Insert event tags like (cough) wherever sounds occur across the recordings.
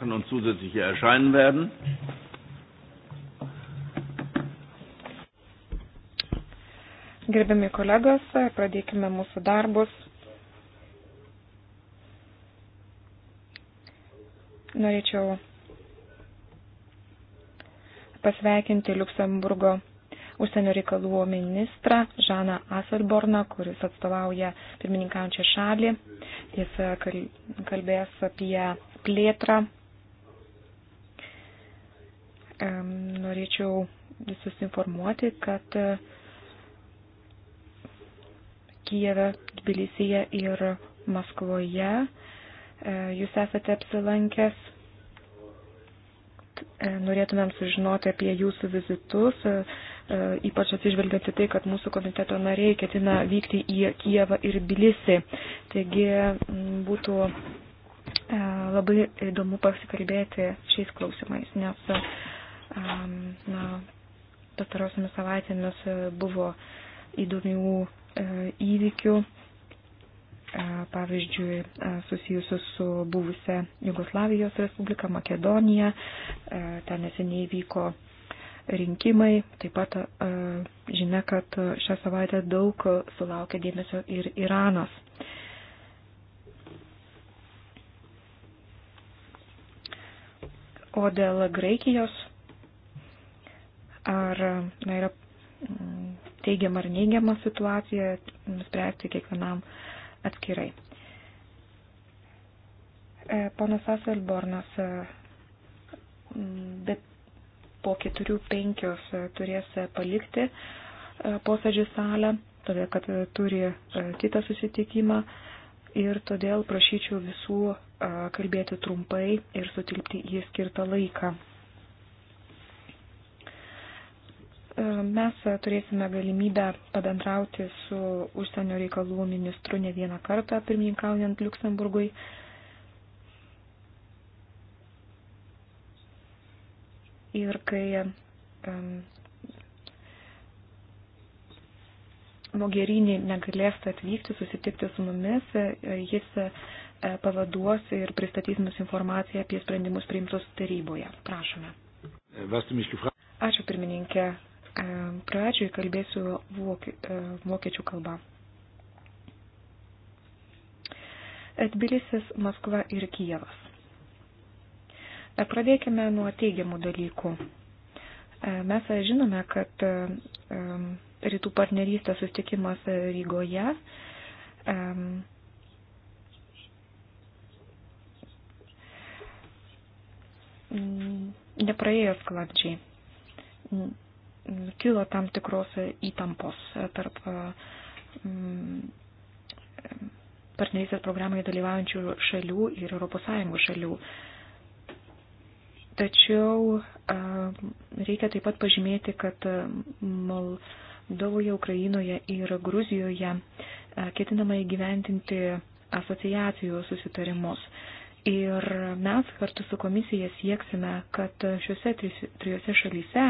und zusätzlich hier erscheinen werden. Gerbiami kolegos, pradėkime mūsų darbus. Norėčiau pasveikinti Luksemburgo užsienio reikalų ministrą Žaną Aselborną, kuris atstovauja pirmininkaujančią šalį. Jis kalbės apie plėtrą norėčiau visus informuoti, kad e, Kijeve, Tbilisyje ir Maskvoje e, jūs esate apsilankęs. E, norėtumėm sužinoti apie jūsų vizitus, ypač atsižvelgiant į tai, kad mūsų komiteto nariai ketina vykti į Kijevą ir Bilisį. Taigi būtų labai įdomu pasikalbėti šiais klausimais, nes Na, pastarosiomis savaitėmis e, buvo įdomių e, įvykių, e, pavyzdžiui, susijusių su buvusią Jugoslavijos Respubliką Makedoniją. Ten neseniai vyko rinkimai. Taip pat žinia, kad šią savaitę daug sulaukė dėmesio ir Iranas. O dėl Graikijos ar na, yra mm, teigiama ar neigiama situacija, nuspręsti kiekvienam atskirai. E, ponas Aselbornas, e, mm, bet po keturių penkios e, turės palikti posėdžių salę, todėl kad turi kitą susitikimą ir todėl prašyčiau visų kalbėti trumpai ir sutilpti į skirtą laiką. E, mes turėsime galimybę pabendrauti su užsienio reikalų ministru ne vieną kartą, pirmininkaujant Luksemburgui. Ir kai um, Mogerinį negalės atvykti, susitikti su mumis, e, jis e, pavaduos ir pristatys mums informaciją apie sprendimus priimtus taryboje. Prašome. Ačiū pirmininkė. E, pradžioj kalbėsiu e, vokiečių kalbą. E, Tbilisis, Maskva ir Kijevas. Pradėkime nuo teigiamų dalykų. Mes žinome, kad rytų partnerystės sustikimas Rygoje nepraėjo sklandžiai kilo tam tikros įtampos tarp e, partnerystės programai dalyvaujančių šalių ir ES šalių. Tačiau e, reikia taip pat pažymėti, kad Moldovoje, Ukrainoje ir Gruzijoje e, ketinama įgyventinti asociacijų susitarimus. Ir mes kartu su komisija sieksime, kad šiuose trijose šalyse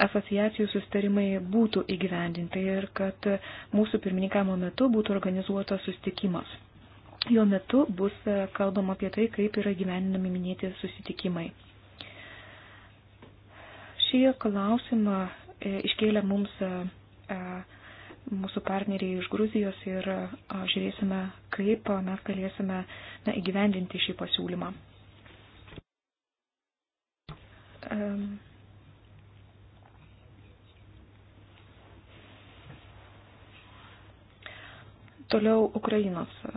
asociacijų sustarimai būtų įgyvendinti ir kad mūsų pirmininkamo metu būtų organizuotas sustikimas. Jo metu bus e, kalbama apie tai, kaip yra gyveninami minėti susitikimai. Šį klausimą e, iškėlė mums e, mūsų partneriai iš Gruzijos ir žiūrėsime, kaip mes galėsime na, įgyvendinti šį pasiūlymą. Um Toliau Ukrainos e,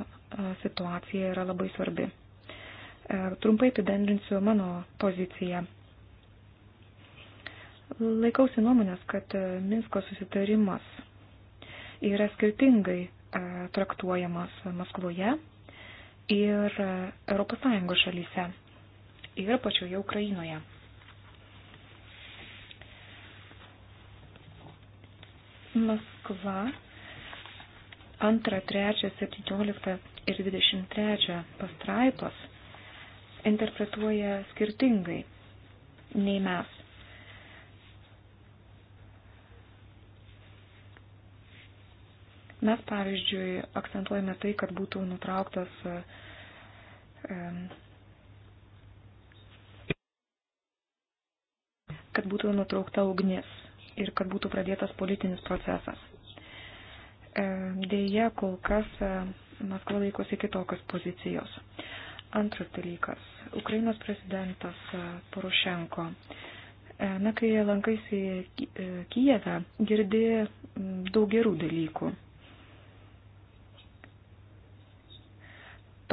situacija yra labai svarbi. E, trumpai apibendrinsiu mano poziciją. Laikausi nuomonės, kad e, Minsko susitarimas yra skirtingai traktuojamas Maskvoje ir ES šalyse ir pačioje Ukrainoje. Maskva 2, 3, 17 ir 23 pastraipos interpretuoja skirtingai nei mes. Mes, pavyzdžiui, akcentuojame tai, kad būtų nutrauktas e, kad būtų nutraukta ugnis ir kad būtų pradėtas politinis procesas. E, dėja, kol kas e, Maskva laikosi kitokios pozicijos. Antras dalykas. Ukrainos prezidentas e, Porošenko. Na, kai lankaisi Kijeve, girdi daug gerų dalykų.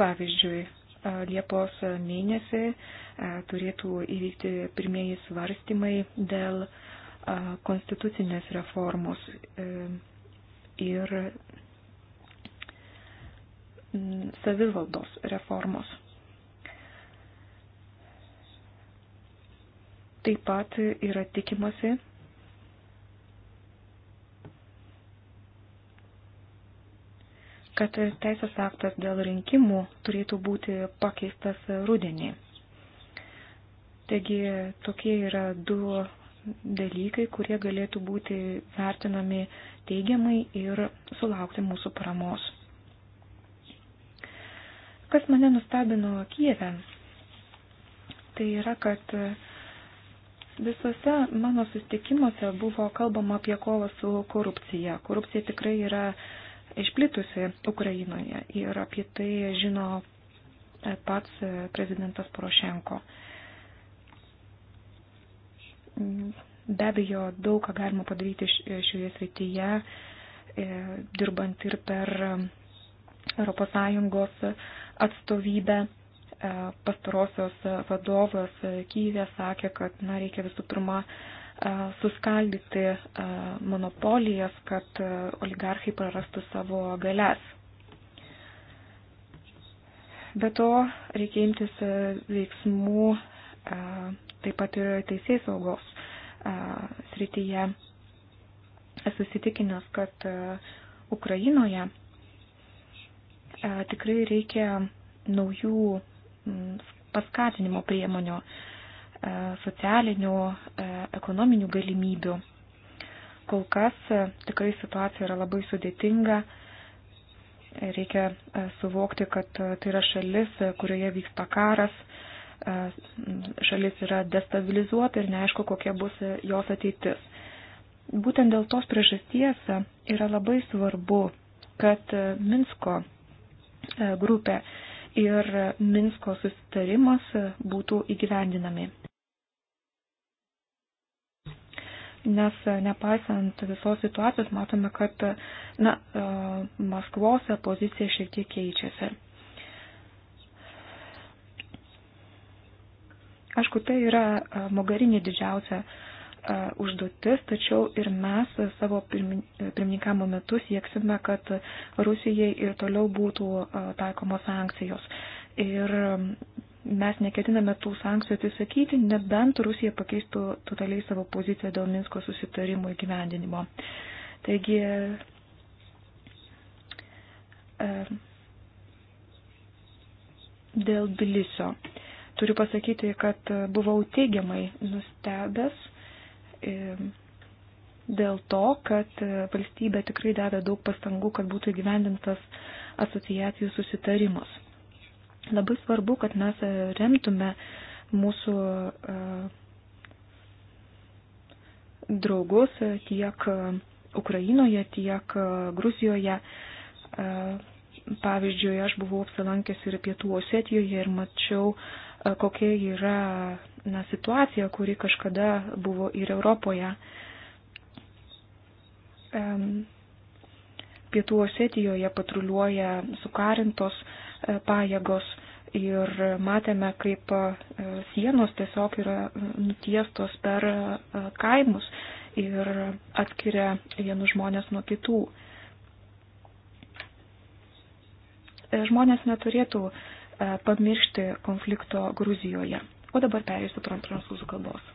Pavyzdžiui, Liepos mėnesį turėtų įvykti pirmieji svarstymai dėl konstitucinės reformos ir mm, savivaldos reformos. Taip pat yra tikimasi, kad teisės aktas dėl rinkimų turėtų būti pakeistas rudenį. Taigi tokie yra du dalykai, kurie galėtų būti vertinami teigiamai ir sulaukti mūsų paramos. Kas mane nustebino Kijeve, tai yra, kad visose mano sustikimuose buvo kalbama apie kovą su korupcija. Korupcija tikrai yra išplitusi Ukrainoje ir apie tai žino pats prezidentas Porošenko Be abejo, daug ką galima padaryti e, šioje srityje, e, dirbant ir per ES atstovybę. E, pastarosios vadovas Kyvė sakė, kad na, reikia visų pirma suskaldyti monopolijas, kad oligarchai prarastų savo galias. Be to reikia imtis veiksmų taip pat ir teisės saugos srityje. Esu įsitikinęs, kad Ukrainoje tikrai reikia naujų paskatinimo priemonių, socialinių, ekonominių galimybių. Kol kas tikrai situacija yra labai sudėtinga. Reikia suvokti, kad tai yra šalis, kurioje vyksta karas, šalis yra destabilizuota ir neaišku, kokia bus jos ateitis. Būtent dėl tos priežasties yra labai svarbu, kad Minsko grupė ir Minsko susitarimas būtų įgyvendinami. Nes nepaisant visos situacijos matome, kad na, Maskvose pozicija šiek tiek keičiasi. Aišku, tai yra mogarinė didžiausia užduotis, tačiau ir mes savo pirmininkamo metu sieksime, kad Rusijai ir toliau būtų taikomos sankcijos. Ir mes neketiname tų sankcijų atsisakyti, nebent Rusija pakeistų totaliai savo poziciją dėl Minsko susitarimų įgyvendinimo. Taigi, dėl Bilisio. E, Turiu pasakyti, kad buvau teigiamai nustebęs dėl to, kad valstybė tikrai davė daug pastangų, kad būtų įgyvendintas asociacijų susitarimas. Labai svarbu, kad mes e, remtume mūsų e, draugus e, tiek Ukrainoje, tiek Gruzijoje. Pavyzdžiui, aš buvau apsilankęs ir pietų Osetijoje ir mačiau kokia yra na, situacija, kuri kažkada buvo ir Europoje. Pietų Osetijoje patruliuoja sukarintos e, pajėgos ir matėme, kaip e, sienos tiesiog yra e, nutiestos per kaimus ir atskiria vienus žmonės nuo kitų. Žmonės neturėtų uh, E, pamiršti konflikto Gruzijoje. O dabar perėsiu prie prancūzų kalbos.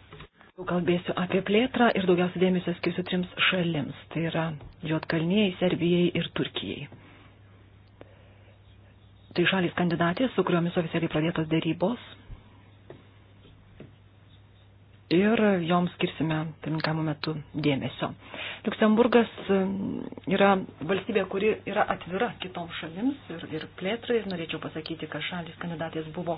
Kalbėsiu apie plėtrą ir daugiausia dėmesio skirsiu trims šalims. Tai yra Juotkalniai, Serbijai ir Turkijai. Tai šalis kandidatės, su kuriomis oficialiai pradėtos dėrybos ir joms skirsime pirmininkamų metu dėmesio. Luksemburgas um, yra valstybė, kuri yra atvira kitoms šalims ir, ir plėtrai. Ir norėčiau pasakyti, kad šalis kandidatės buvo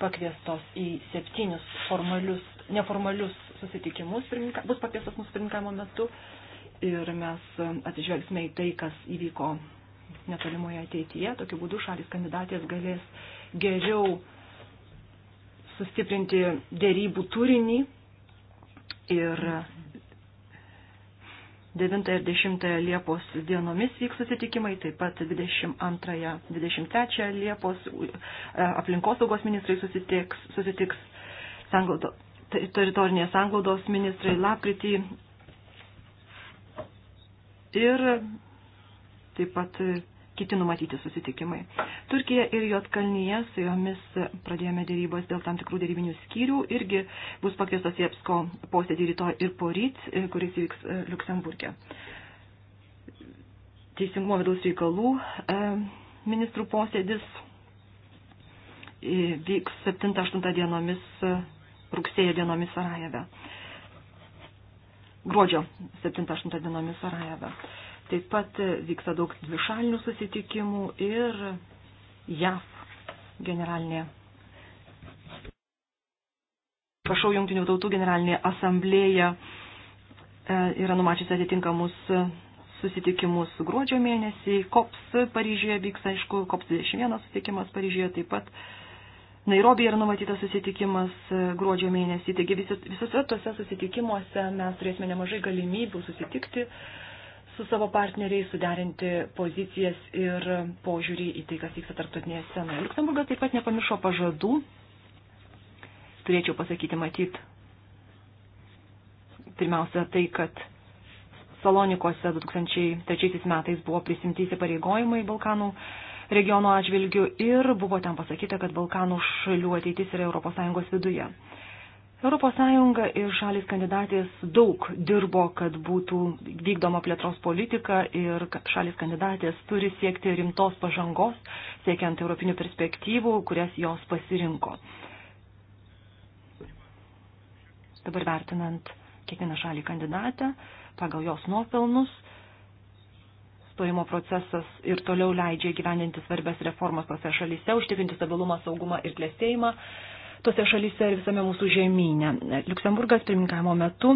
pakviestos į septynis formalius, neformalius susitikimus, bus pakviestos mūsų pirmininkamo metu. Ir mes um, atsižvelgsime į tai, kas įvyko netolimoje ateityje. Tokiu būdu šalis kandidatės galės geriau sustiprinti dėrybų turinį Ir 9 ir 10 Liepos dienomis vyks susitikimai, taip pat 22-23 Liepos e, aplinkosaugos ministrai susitiks, susitiks sanglaudo, teritorinės sanglaudos ministrai lapkritį. Ir taip pat kiti numatyti susitikimai. Turkija ir Jotkalnyje su jomis pradėjome dėrybas dėl tam tikrų dėrybinių skyrių. Irgi bus pakviestas į EPSCO posėdį rytoj ir poryt, e, kuris įvyks e, Luksemburgė. Teisingumo vidaus reikalų e, ministrų posėdis vyks 7-8 dienomis, rugsėjo dienomis Sarajeve. Gruodžio 7-8 dienomis Sarajeve. Taip pat vyksta daug dvišalinių susitikimų ir JAF generalinė. Prašau, Junktinių tautų generalinė asamblėja e, yra numačiusi atitinkamus susitikimus gruodžio mėnesį. COPS Paryžiuje vyks, aišku, COPS 21 susitikimas Paryžiuje taip pat. Nairobi yra numatytas susitikimas e, gruodžio mėnesį, taigi visi, visose tuose susitikimuose mes turėsime nemažai galimybių susitikti su savo partneriais, suderinti pozicijas ir požiūrį į tai, kas vyksta tarptautinėje scenoje. Luksemburgas taip pat nepamiršo pažadų, turėčiau pasakyti matyt, pirmiausia tai, kad Salonikose 2003 metais buvo prisimti įsipareigojimai Balkanų regiono atžvilgių ir buvo ten pasakyta, kad Balkanų šalių ateitis yra ES viduje. ES ir šalis kandidatės daug dirbo, kad būtų vykdoma plėtros politika ir šalis kandidatės turi siekti rimtos pažangos, siekiant europinių perspektyvų, kurias jos pasirinko. Dabar vertinant kiekvieną šalį kandidatę pagal jos nuopelnus, stojimo procesas ir toliau leidžia gyveninti svarbės reformas tose šalyse, užtikrinti stabilumą, saugumą ir klėstėjimą tose šalyse ir visame mūsų žemynė. Luksemburgas pirmininkavimo metu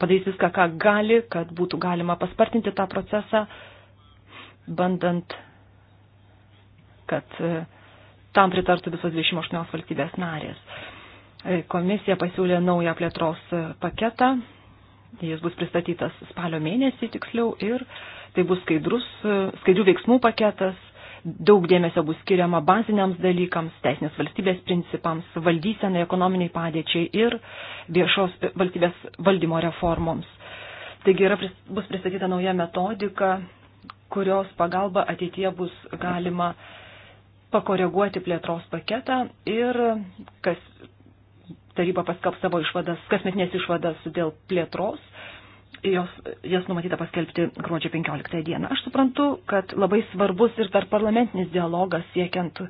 padarys viską, ką gali, kad būtų galima paspartinti tą procesą, bandant, kad e, tam pritartų visos 28 valstybės narės. E, komisija pasiūlė naują plėtros e, paketą, jis bus pristatytas spalio mėnesį tiksliau ir tai bus skaidrus, skaidrių veiksmų paketas, daug dėmesio bus skiriama baziniams dalykams, teisinės valstybės principams, valdysenai, ekonominiai padėčiai ir viešos valstybės valdymo reformoms. Taigi yra, bus pristatyta nauja metodika, kurios pagalba ateityje bus galima pakoreguoti plėtros paketą ir kas taryba paskelb savo išvadas, kasmetinės išvadas dėl plėtros, jos, jas numatyta paskelbti gruodžio 15 dieną. Aš suprantu, kad labai svarbus ir tarp parlamentinis dialogas siekiant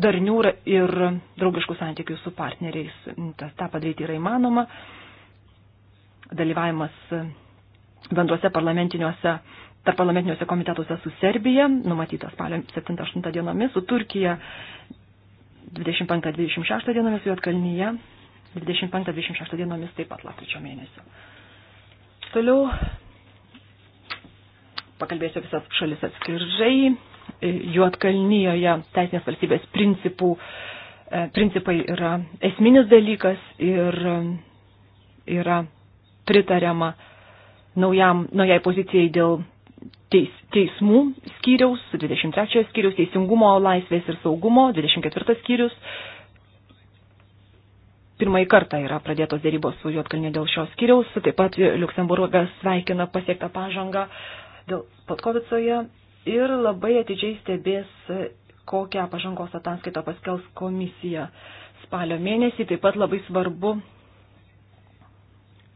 darnių ir draugiškų santykių su partneriais. Tas, tą padaryti yra įmanoma. Dalyvavimas bendruose parlamentiniuose, tarp parlamentiniuose komitetuose su Serbija, numatytas spalio 7-8 dienomis, su Turkija 25-26 dienomis Juotkalnyje 25-26 dienomis taip pat lapkričio mėnesio. Toliau pakalbėsiu visas šalis atskiržai. Juotkalnyjoje teisinės valstybės principų, e, principai yra esminis dalykas ir e, yra pritariama naujam, naujai pozicijai dėl teis, teismų skyriaus, 23 skyriaus teisingumo, laisvės ir saugumo, 24 skyrius pirmąjį kartą yra pradėtos dėrybos su Juotkalnė dėl šios skiriaus. Taip pat Luksemburgas sveikina pasiektą pažangą dėl Podkovicoje ir labai atidžiai stebės, kokią pažangos ataskaitą paskels komisija spalio mėnesį. Taip pat labai svarbu,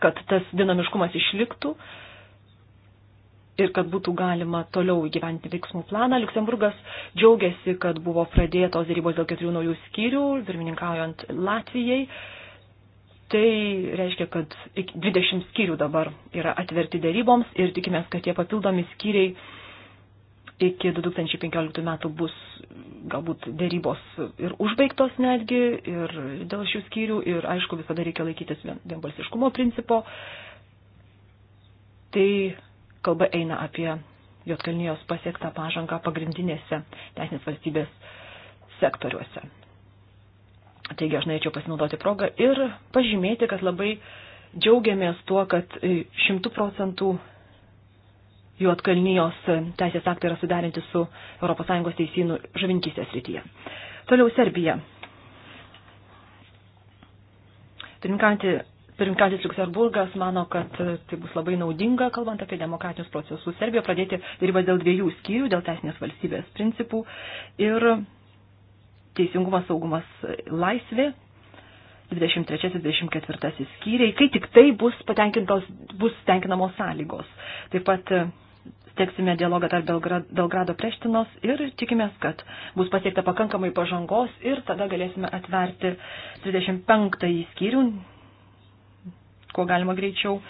kad tas dinamiškumas išliktų. Uh, ir kad būtų galima toliau įgyventi veiksmų planą. Luksemburgas džiaugiasi, kad buvo pradėtos dėrybos dėl keturių naujų skyrių, pirmininkaujant Latvijai. Tai reiškia, kad 20 skyrių dabar yra atverti dėryboms ir tikimės, kad tie papildomi skyriai iki 2015 metų bus galbūt dėrybos ir užbaigtos netgi ir dėl šių skyrių ir aišku visada reikia laikytis vienbalsiškumo principo. Tai kalba eina apie Jotkalnijos pasiektą pažangą pagrindinėse teisinės valstybės sektoriuose. Taigi aš norėčiau pasinaudoti progą ir pažymėti, kad labai džiaugiamės tuo, kad šimtų procentų Juotkalnijos teisės aktai yra suderinti su ES teisynų žavinkystės rytyje. Toliau Serbija. Pirminkantį Pirmkasis Luksemburgas mano, kad tai bus labai naudinga, kalbant apie demokratinius procesus. Serbija pradėti dirba dėl dviejų skyrių, dėl teisinės valstybės principų ir teisingumas, saugumas, laisvė. 23-24 skyriai, kai tik tai bus patenkintos, bus tenkinamos sąlygos. Taip pat steksime dialogą tarp Belgrado Preštinos ir tikimės, kad bus pasiekta pakankamai pažangos ir tada galėsime atverti 25 skyrių, kuo galima greičiau.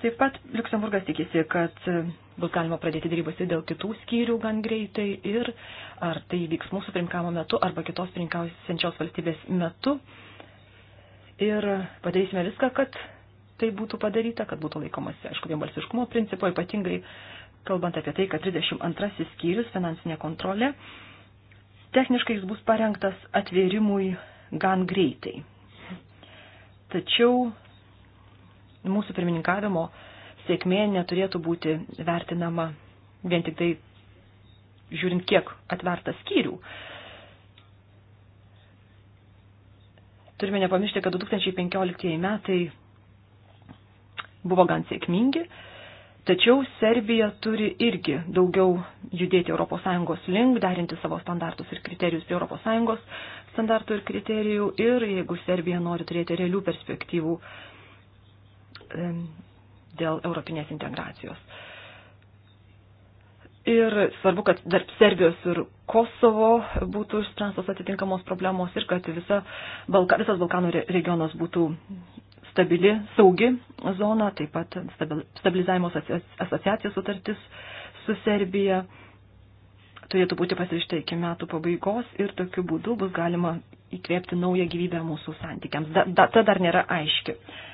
Taip pat Luksemburgas tikisi, kad bus galima pradėti darybasi dėl kitų skyrių gan greitai ir ar tai vyks mūsų prinkamo metu arba kitos prinkausiančios valstybės metu. Ir padarysime viską, kad tai būtų padaryta, kad būtų laikomasi, aišku, vienbalsiškumo principo, ypatingai kalbant apie tai, kad 32 skyrius finansinė kontrolė, techniškai jis bus parengtas atvėrimui gan greitai. Tačiau mūsų pirmininkavimo sėkmė neturėtų būti vertinama vien tik tai žiūrint, kiek atverta skyrių. Turime nepamiršti, kad 2015 metai buvo gan sėkmingi, tačiau Serbija turi irgi daugiau judėti ES link, darinti savo standartus ir kriterijus prie ES standartų ir kriterijų ir jeigu Serbija nori turėti realių perspektyvų dėl europinės integracijos. Ir svarbu, kad tarp Serbijos ir Kosovo būtų išspręstos atitinkamos problemos ir kad visa Balka, visas Balkanų regionas būtų stabili, saugi zona, taip pat stabilizavimo asociacijos sutartis su Serbija turėtų būti pasirišta iki metų pabaigos ir tokiu būdu bus galima įkvėpti naują gyvybę mūsų santykiams. Data da, dar nėra aiški. Uh,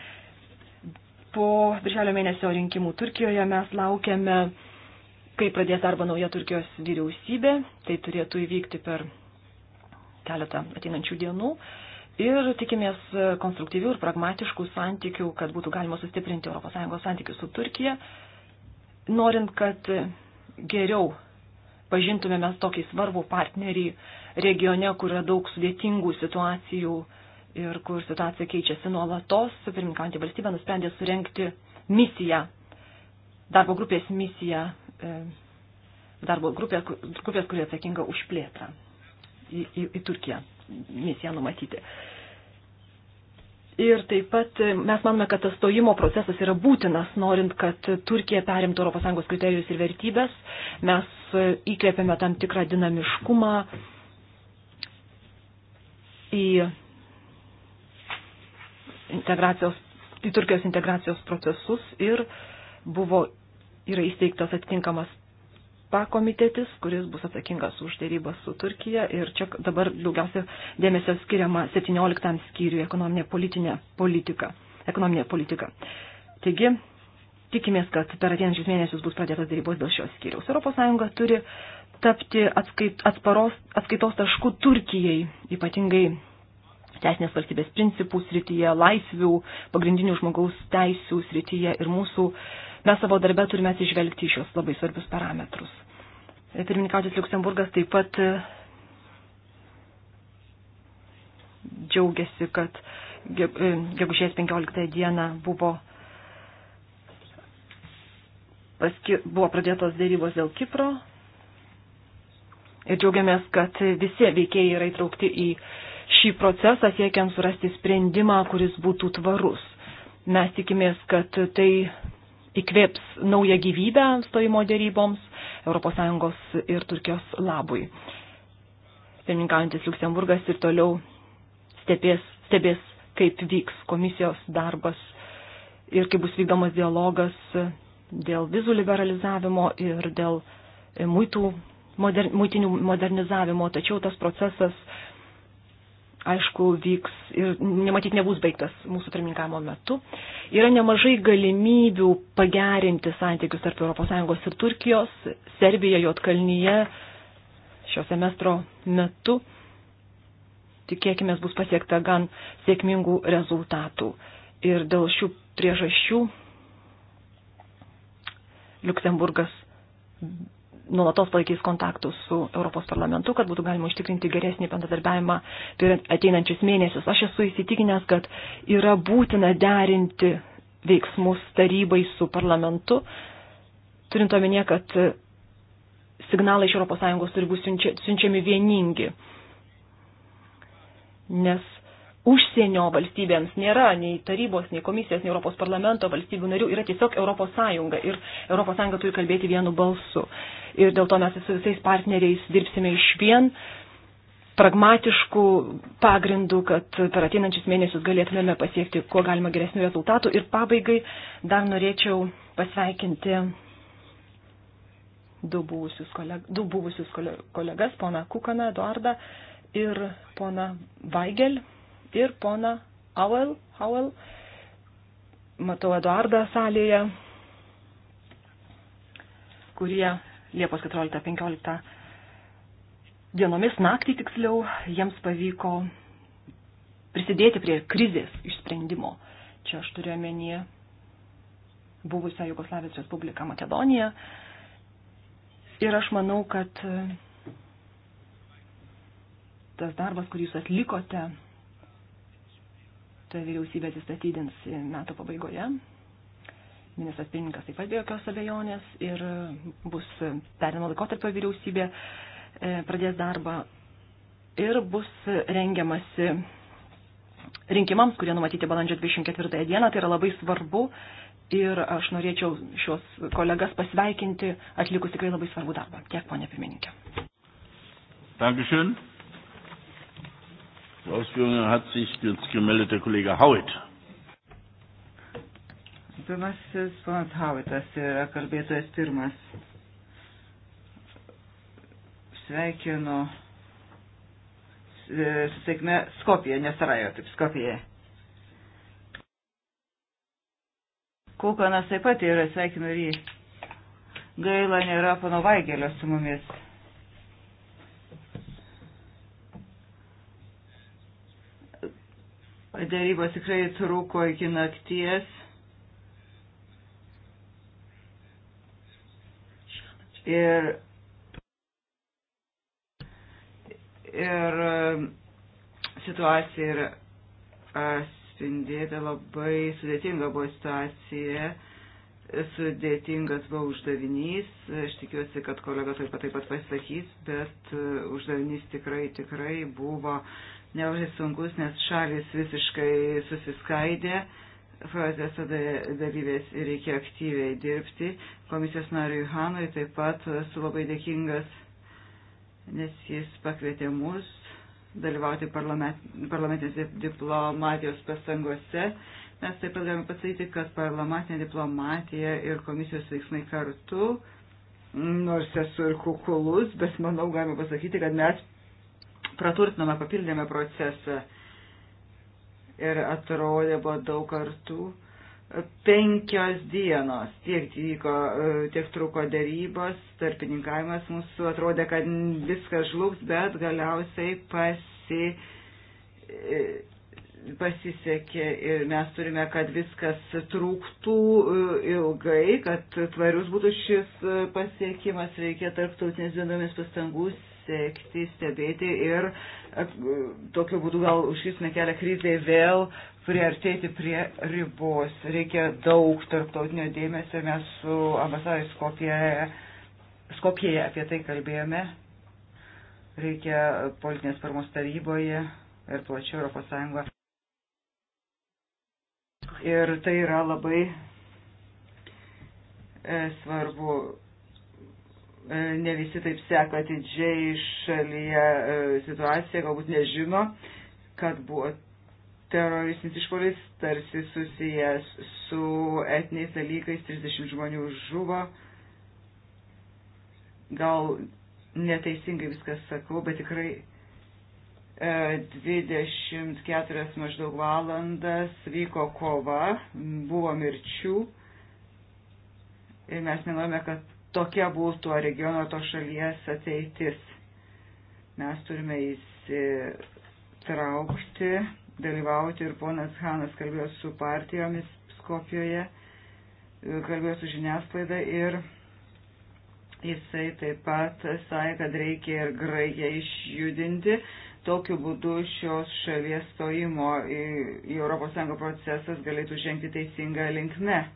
po birželio mėnesio rinkimų Turkijoje mes laukiame, kai pradės darbą nauja Turkijos vyriausybė. Tai turėtų įvykti per keletą ateinančių dienų. Ir tikimės konstruktyvių ir pragmatiškų santykių, kad būtų galima sustiprinti ES santykius su Turkija, norint, kad geriau pažintumėme tokį svarbų partnerį regione, kur yra daug sudėtingų situacijų ir kur situacija keičiasi nuolatos, pirmininkaujantį valstybę nusprendė surenkti misiją, darbo grupės misiją, e, darbo grupės, grupės kurie atsakinga už plėtrą į, į, į Turkiją, misiją numatyti. Ir taip pat e, mes manome, kad tas stojimo procesas yra būtinas, norint, kad Turkija perimtų ES kriterijus ir vertybės. Mes e, įkvėpėme tam tikrą dinamiškumą į integracijos, į Turkijos integracijos procesus ir buvo, yra įsteigtas atitinkamas pakomitetis, kuris bus atsakingas už dėrybas su Turkija ir čia dabar daugiausia dėmesio skiriama 17 skyriui ekonominė politinė politika. Ekonominė politika. Taigi, tikimės, kad per ateinančius mėnesius bus pradėtas dėrybos dėl šios skyriaus. ES turi tapti atskait, atsparos, atskaitos tašku Turkijai, ypatingai teisinės valstybės principų srityje, laisvių, pagrindinių žmogaus teisų srityje ir mūsų, mes savo darbę turime atsižvelgti į šios labai svarbius parametrus. Pirmininkautis Luksemburgas taip pat e, džiaugiasi, kad e, gegužės 15 dieną buvo, paskir, buvo pradėtos dėrybos dėl Kipro ir džiaugiamės, kad visi veikėjai yra įtraukti į šį procesą siekiant surasti sprendimą, kuris būtų tvarus. Mes tikimės, kad tai įkvėps naują gyvybę stojimo dėryboms ES ir Turkijos labui. Pirmininkaujantis Luksemburgas ir toliau stebės, stebės, kaip vyks komisijos darbas ir kaip bus vykdomas dialogas dėl vizų liberalizavimo ir dėl muitų, moder, muitinių modernizavimo. Tačiau tas procesas aišku, vyks ir nematyt nebus baigtas mūsų pirmininkamo metu. Yra nemažai galimybių pagerinti santykius tarp ES ir Turkijos, Serbija, Jotkalnyje šio semestro metu. Tikėkime, bus pasiekta gan sėkmingų rezultatų. Ir dėl šių priežasčių Luksemburgas nuolatos palaikys kontaktus su Europos parlamentu, kad būtų galima užtikrinti geresnį bendradarbiavimą per ateinančius mėnesius. Aš esu įsitikinęs, kad yra būtina derinti veiksmus tarybai su parlamentu, turint omenyje, kad signalai iš ES turi būti siunčia, siunčiami vieningi. Nes užsienio valstybėms nėra nei tarybos, nei komisijos, nei Europos parlamento valstybių narių, yra tiesiog Europos Sąjunga ir Europos Sąjunga turi kalbėti vienu balsu. Ir dėl to mes su visais partneriais dirbsime iš vien pragmatiškų pagrindų, kad per ateinančius mėnesius galėtumėme pasiekti kuo galima geresnių rezultatų. Ir pabaigai dar norėčiau pasveikinti du buvusius, koleg du buvusius kolegas, poną Kukaną, Eduardą ir poną Vaigel ir pona Auel, Auel, matau Eduardą salėje, kurie Liepos 14-15 dienomis naktį tiksliau jiems pavyko prisidėti prie krizės išsprendimo. Čia aš turiu omenyje buvusią Jugoslavijos Respubliką Makedoniją. Ir aš manau, kad tas darbas, kurį jūs atlikote, kad vyriausybė atsistatydins metų pabaigoje. Ministras pirmininkas taip pat be jokios abejonės ir bus perėmo laikotarpio vyriausybė, e, pradės darbą ir bus rengiamasi rinkimams, kurie numatyti balandžio 24 dieną. Tai yra labai svarbu ir aš norėčiau šios kolegas pasveikinti atlikus tikrai labai svarbų darbą. Tiek, ponė pirmininkė. Dankeschön. Zur Ausführung hat sich jetzt gemeldet der Kollege Howitt. Pirmasis ponas Howitas yra kalbėtojas pirmas. Sveikinu e, sėkme Skopija, nesarajo, taip Skopija. Kulkanas taip pat yra, sveikinu ir jį. Gaila nėra pano Vaigelio su mumis. Dėrybos tikrai truko iki nakties. Ir, ir e, situacija yra atspindėta labai sudėtinga buvo situacija, sudėtingas buvo uždavinys. Aš tikiuosi, kad kolega taip pat taip pat pasakys, bet e, uždavinys tikrai, tikrai buvo uh, nelabai sunkus, nes šalis visiškai susiskaidė, proceso dalyvės reikia aktyviai dirbti. Komisijos nariui Hanui taip pat esu labai dėkingas, nes jis pakvietė mus dalyvauti parlament, parlamentinės diplomatijos pastangose. Mes taip pat galime pasakyti, kad parlamentinė diplomatija ir komisijos veiksmai kartu nors esu ir kukulus, bet manau galima pasakyti, kad mes praturtinome, papildėme procesą. Ir atrodė buvo daug kartų. Penkios dienos tiek vyko, tiek truko dėrybos, tarpininkavimas mūsų atrodė, kad viskas žlugs, bet galiausiai pasi, e, pasisekė ir mes turime, kad viskas trūktų e, ilgai, kad tvarius būtų šis e, pasiekimas, reikia tarptautinės dienomis pastangų sekti, stebėti ir e, tokiu būdu gal užkisime kelią krizai vėl priartėti prie ribos. Reikia daug tarptautinio dėmesio, mes su ambasadai Skopijoje, Skopijoje apie tai kalbėjome. Reikia politinės paramos taryboje ir plačiau Europos Sąjungoje. Ir tai yra labai e, svarbu E, ne visi taip seka atidžiai šalyje e, situaciją, galbūt nežino, kad buvo teroristinis išpolis tarsi susijęs su etiniais dalykais, 30 žmonių žuvo. Gal neteisingai viskas sakau, bet tikrai 24 e, maždaug valandas vyko kova, buvo mirčių ir mes nenorime, kad tokia būtų regiono to šalies ateitis. Mes turime įsitraukti, dalyvauti ir ponas Hanas kalbėjo su partijomis Skopijoje, kalbėjo su žiniasklaida ir jisai taip pat sąja, kad reikia ir Graikiją išjudinti. Tokiu būdu šios šalies stojimo į, į ES procesas galėtų žengti teisinga linkme. E,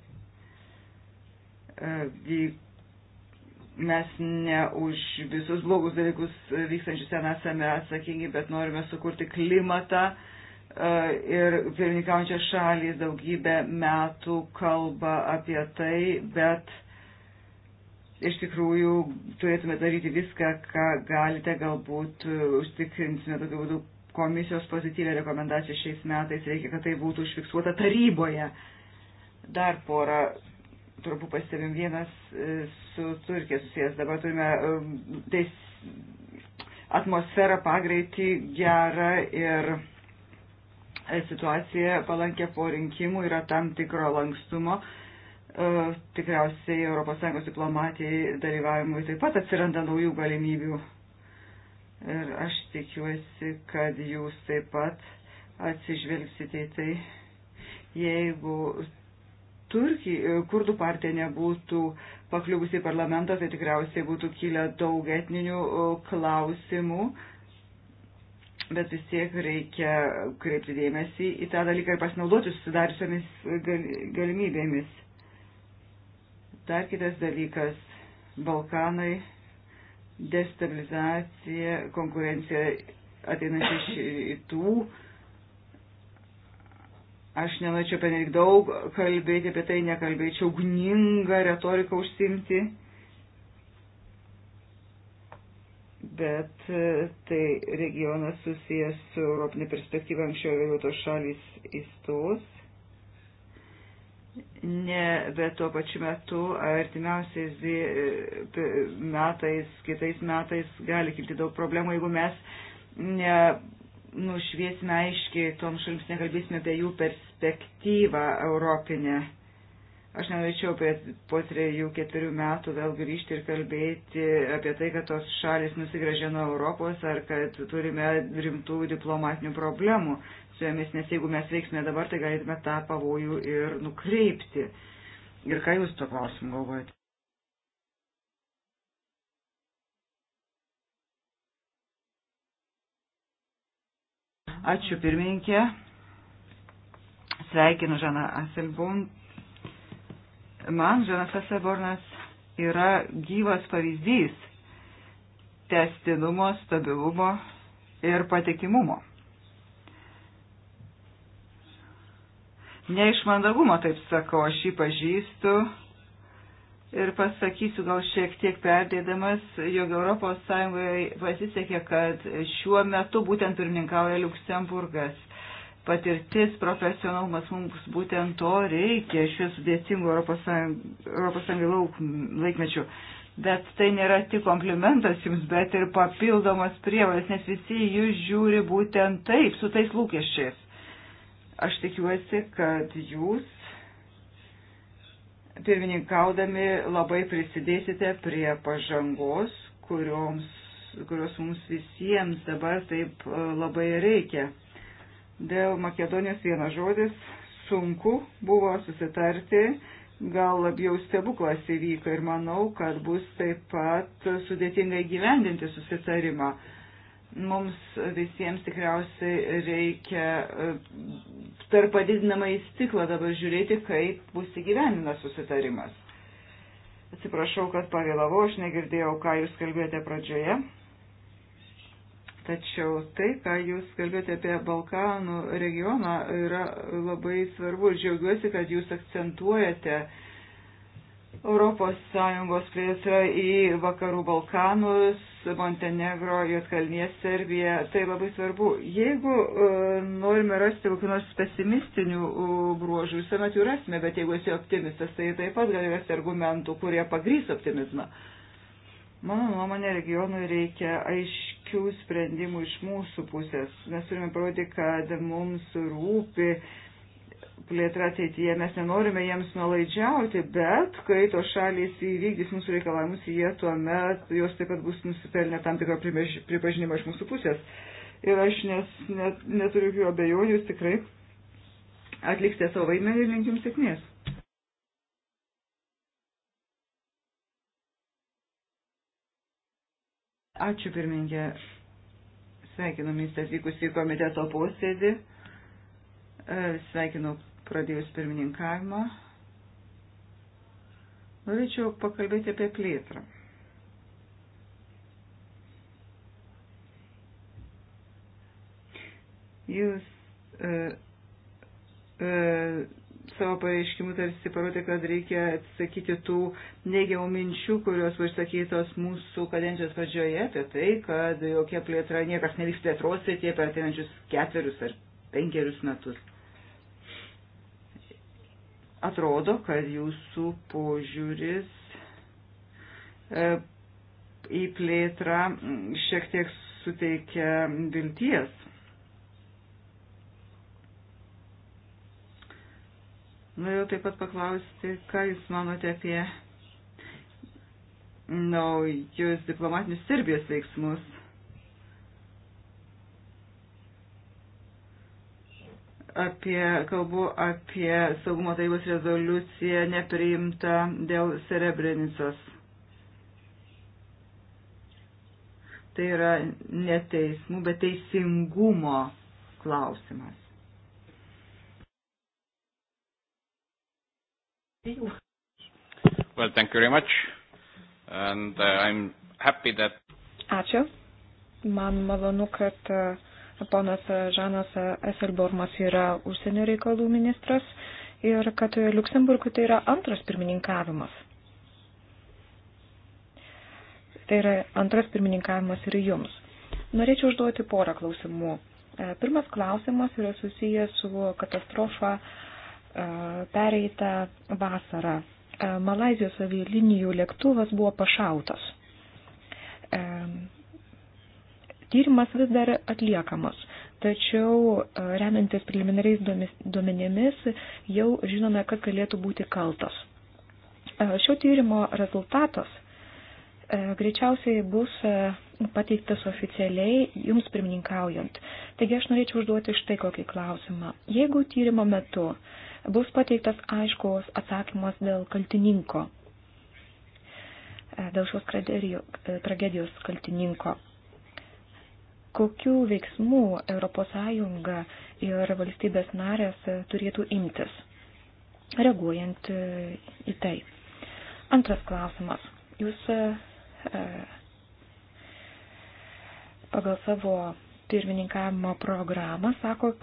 vyk mes ne už visus blogus dalykus vykstančius ten esame atsakingi, bet norime sukurti klimatą e, ir pirmininkaujančios šalys daugybę metų kalba apie tai, bet iš tikrųjų turėtume daryti viską, ką galite, galbūt užtikrinsime tokiu būdu komisijos pozityvę rekomendaciją šiais metais, reikia, kad tai būtų užfiksuota taryboje. Dar porą trumpų pastebim. Vienas e, su Turkija susijęs. Dabar turime e, teis, atmosferą pagreitį gerą ir e, situacija palankė po rinkimų yra tam tikro lankstumo. Tikriausiai ES diplomatijai dalyvavimui taip pat atsiranda naujų galimybių. Ir aš tikiuosi, kad jūs taip pat atsižvelgsite į tai, jeigu Turkija, e, kurdų partija nebūtų pakliuvusi į parlamentą, tai tikriausiai būtų kilę daug etninių e, klausimų. Bet vis tiek reikia kreipti dėmesį į tą dalyką ir pasinaudoti susidariusiamis galimybėmis. Dar kitas dalykas - Balkanai, destabilizacija, konkurencija ateinanti iš rytų Aš nenorėčiau penelik daug kalbėti apie tai, nekalbėčiau gningą retoriką užsimti. bet e, tai regionas susijęs su Europinė perspektyva anksčiau vėliau tos šalys įstos. Ne, bet tuo pačiu metu artimiausiais e, metais, kitais metais gali kilti daug problemų, jeigu mes ne nušviesime aiškiai toms šalims, nekalbėsime apie jų perspektyvą europinę. Aš nenorėčiau apie po trejų, ketverių metų vėl grįžti ir kalbėti apie tai, kad tos šalis nusigražė nuo Europos ar kad turime rimtų diplomatinių problemų su jomis, nes jeigu mes veiksime dabar, tai galėtume tą pavojų ir nukreipti. Ir ką jūs to klausimu galvojate? Ačiū pirmininkė. Sveikinu Žaną Aselbun. Man Žanas Aselbornas yra gyvas pavyzdys testinumo, stabilumo ir patikimumo. Ne iš mandagumo, taip sakau, aš jį pažįstu ir pasakysiu gal šiek tiek perdėdamas, jog ES pasisekė, kad šiuo metu būtent pirmininkauja Luksemburgas. Patirtis, profesionalumas mums būtent to reikia šiuo sudėtingu ES laikmečiu. Bet tai nėra tik komplimentas jums, bet ir papildomas prievalės, nes visi jūs žiūri būtent taip, su tais lūkesčiais. Aš tikiuosi, kad jūs pirmininkaudami labai prisidėsite prie pažangos, kurioms, kurios mums visiems dabar taip e, labai reikia. Dėl Makedonijos vienas žodis sunku buvo susitarti, gal labiau stebuklas įvyko ir manau, kad bus taip pat sudėtingai gyvendinti susitarimą. Mums visiems tikriausiai reikia e, per padidinamą įstiklą dabar žiūrėti, kaip bus įgyveninas susitarimas. Atsiprašau, kad pavėlavau, aš negirdėjau, ką jūs kalbėjote pradžioje. Tačiau tai, ką jūs kalbėjote apie Balkanų regioną, yra labai svarbu ir džiaugiuosi, kad jūs akcentuojate ES plėtrą į Vakarų Balkanus, Montenegro, Jotkalnie, Serbija. Tai labai svarbu. Jeigu e, norime rasti kokių nors pesimistinių e, bruožų, visuomet jų rasime, bet jeigu esi optimistas, tai taip pat gali rasti argumentų, kurie pagrys optimizmą. Mano nuomonė, regionui reikia aiškių sprendimų iš mūsų pusės. Mes turime parodyti, kad mums rūpi uh, plėtra ateityje. Mes nenorime jiems nuolaidžiauti, bet kai tos šalys įvykdys mūsų reikalavimus, jie tuomet jos taip pat bus nusipelnę tam tikro pripažinimo iš mūsų pusės. Ir aš nes, net, neturiu jokių abejonių, jūs tikrai atliksite savo vaidmenį ir linkim sėkmės. Ačiū pirmininkė. Sveikinu ministrą atvykus į komiteto posėdį. E, sveikinu pradėjus pirmininkavimą. Norėčiau pakalbėti apie plėtrą. Jūs e, e, savo pareiškimu tarsi parodė, kad reikia atsakyti tų neigiamų minčių, kurios buvo išsakytos mūsų kadencijos pradžioje apie tai, kad jokia plėtra, niekas nevyks plėtros ir tie per ateinančius ketverius ar penkerius metus atrodo, kad jūsų požiūris e, į plėtrą šiek tiek suteikia vilties. Norėjau nu, taip pat paklausti, ką Jūs manote apie naujus diplomatinius Serbijos veiksmus apie, kalbu apie saugumo tarybos rezoliuciją nepriimtą dėl Serebrenicos. Tai yra ne teismų, bet teisingumo klausimas. Well, thank you very much. And uh, I'm happy that. Ačiū. Man malonu, kad uh, ponas Žanas Eselbormas yra užsienio reikalų ministras ir kad Luksemburgui tai yra antras pirmininkavimas. Tai yra antras pirmininkavimas ir jums. Norėčiau užduoti porą klausimų. E, pirmas klausimas yra susijęs su katastrofa e, pereitą vasarą. E, Malazijos avialinijų lėktuvas buvo pašautas tyrimas vis dar atliekamas, tačiau e, remiantis preliminariais duomenėmis jau žinome, kas galėtų būti kaltas. E, šio tyrimo rezultatas e, greičiausiai bus pateiktas oficialiai jums pirmininkaujant. Taigi aš norėčiau užduoti štai kokį klausimą. Jeigu tyrimo metu bus pateiktas aiškus atsakymas dėl kaltininko, dėl šios tragedijos kaltininko, Kokių veiksmų ES ir valstybės narės turėtų imtis, reaguojant e, į tai? Antras klausimas. Jūs e, e, pagal savo pirmininkavimo programą sako,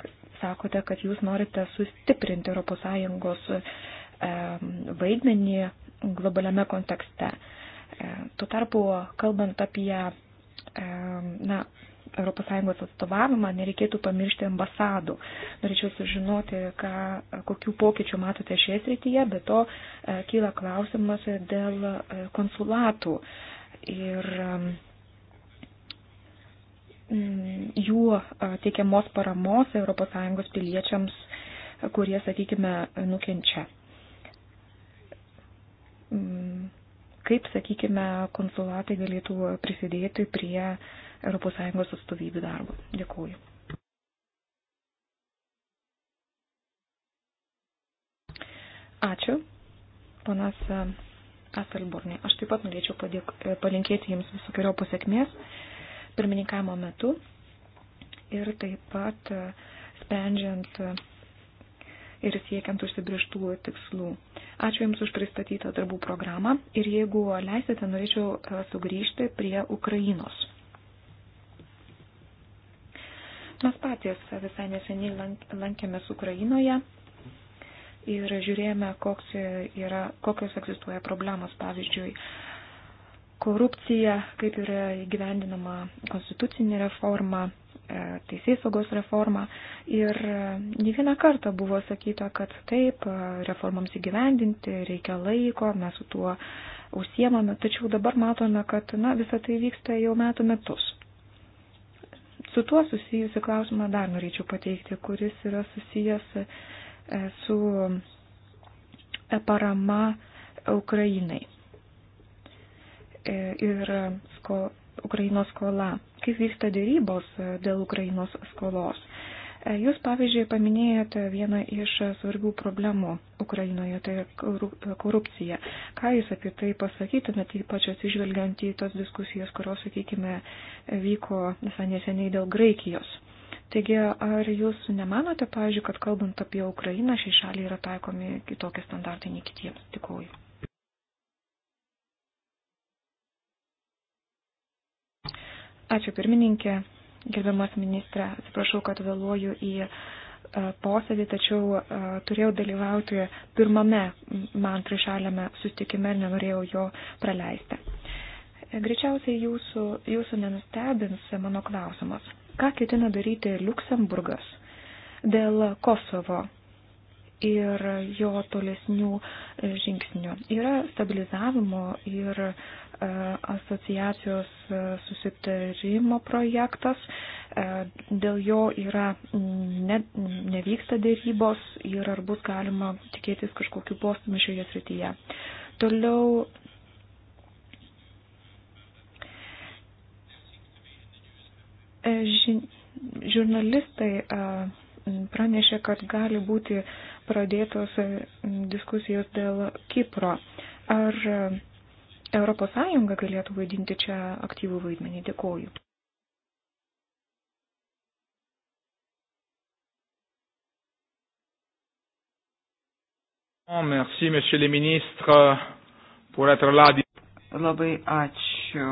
sakote, kad jūs norite sustiprinti ES vaidmenį globaliame kontekste. Tuo tarpu, kalbant apie na, ES atstovavimą, nereikėtų pamiršti ambasadų. Norėčiau sužinoti, ką, kokių pokyčių matote šioje srityje, bet to e, kyla klausimas dėl e, konsulatų ir mm, jų e, teikiamos paramos ES piliečiams, kurie, sakykime, nukenčia. Mm, kaip, sakykime, konsulatai galėtų prisidėti prie uh, ES atstovybių darbo. Dėkuoju. Ačiū, panas e, Aselbornai. Aš taip pat norėčiau padėk, e, palinkėti jums visokiojo pasiekmės pirmininkavimo metu ir taip pat e, sprendžiant ir siekiant užsibrieštų tikslų. Ačiū Jums už pristatytą darbų programą ir jeigu leisite, norėčiau sugrįžti prie Ukrainos. Mes patys visai neseniai lankėmės Ukrainoje ir žiūrėjome, koks yra, kokios egzistuoja problemos, pavyzdžiui, korupcija, kaip yra įgyvendinama konstitucinė reforma, e, teisės saugos reforma. Ir e, ne vieną kartą buvo sakyta, kad taip, e, reformams įgyvendinti reikia laiko, mes su tuo užsiemame, tačiau dabar matome, kad na, visą tai vyksta jau metų metus. Su tuo susijusi klausimą dar norėčiau pateikti, kuris yra susijęs e, su e, parama Ukrainai e, ir sko, Ukrainos skola. Kaip vyksta dėrybos dėl Ukrainos skolos? Jūs, pavyzdžiui, paminėjote vieną iš svarbių problemų Ukrainoje, tai korupcija. Ką Jūs apie tai pasakytumėte, ypač atsižvelgiant į tos diskusijas, kurios, sakykime, vyko visai neseniai dėl Graikijos? Taigi, ar Jūs nemanote, pavyzdžiui, kad kalbant apie Ukrainą, šiai šaliai yra taikomi kitokie standartai nei kitiems? Tikuoju. Ačiū pirmininkė, Gerbiamas ministrė, atsiprašau, kad vėluoju į e, posėdį, tačiau e, turėjau dalyvauti pirmame man trišalėme sustikime ir nenorėjau jo praleisti. Greičiausiai jūsų, jūsų nenustebins mano klausimas. Ką ketina daryti Luksemburgas dėl Kosovo ir jo tolesnių e, žingsnių. Yra stabilizavimo ir e, asociacijos e, susitarimo projektas, dėl jo yra ne, nevyksta dėrybos ir ar bus galima tikėtis kažkokiu postumiu šioje srityje. Toliau ži, žurnalistai pranešė, kad gali būti uh, pradėtos e, diskusijos dėl Kipro. Ar ES galėtų vaidinti čia aktyvų vaidmenį? Dėkoju. Oh, merci, monsieur le ministre, pour être là. Labai ačiū.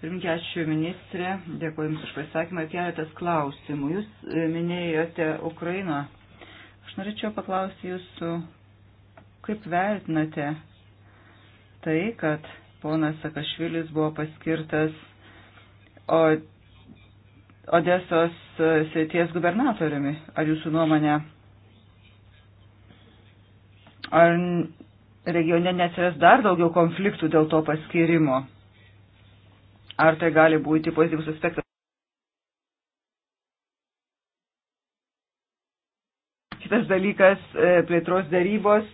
Pirmininkė, ačiū ministrė, dėkuoju Jums už pasakymą. Keletas klausimų. Jūs e, minėjote Ukrainą Norėčiau paklausti jūsų, kaip vertinate tai, kad ponas Sakašvilis buvo paskirtas Odesos srities gubernatoriumi? Ar jūsų nuomonė? Ar regione neatsiras dar daugiau konfliktų dėl to paskirimo? Ar tai gali būti pozityvus aspektas? Kitas dalykas e, - plėtros darybos.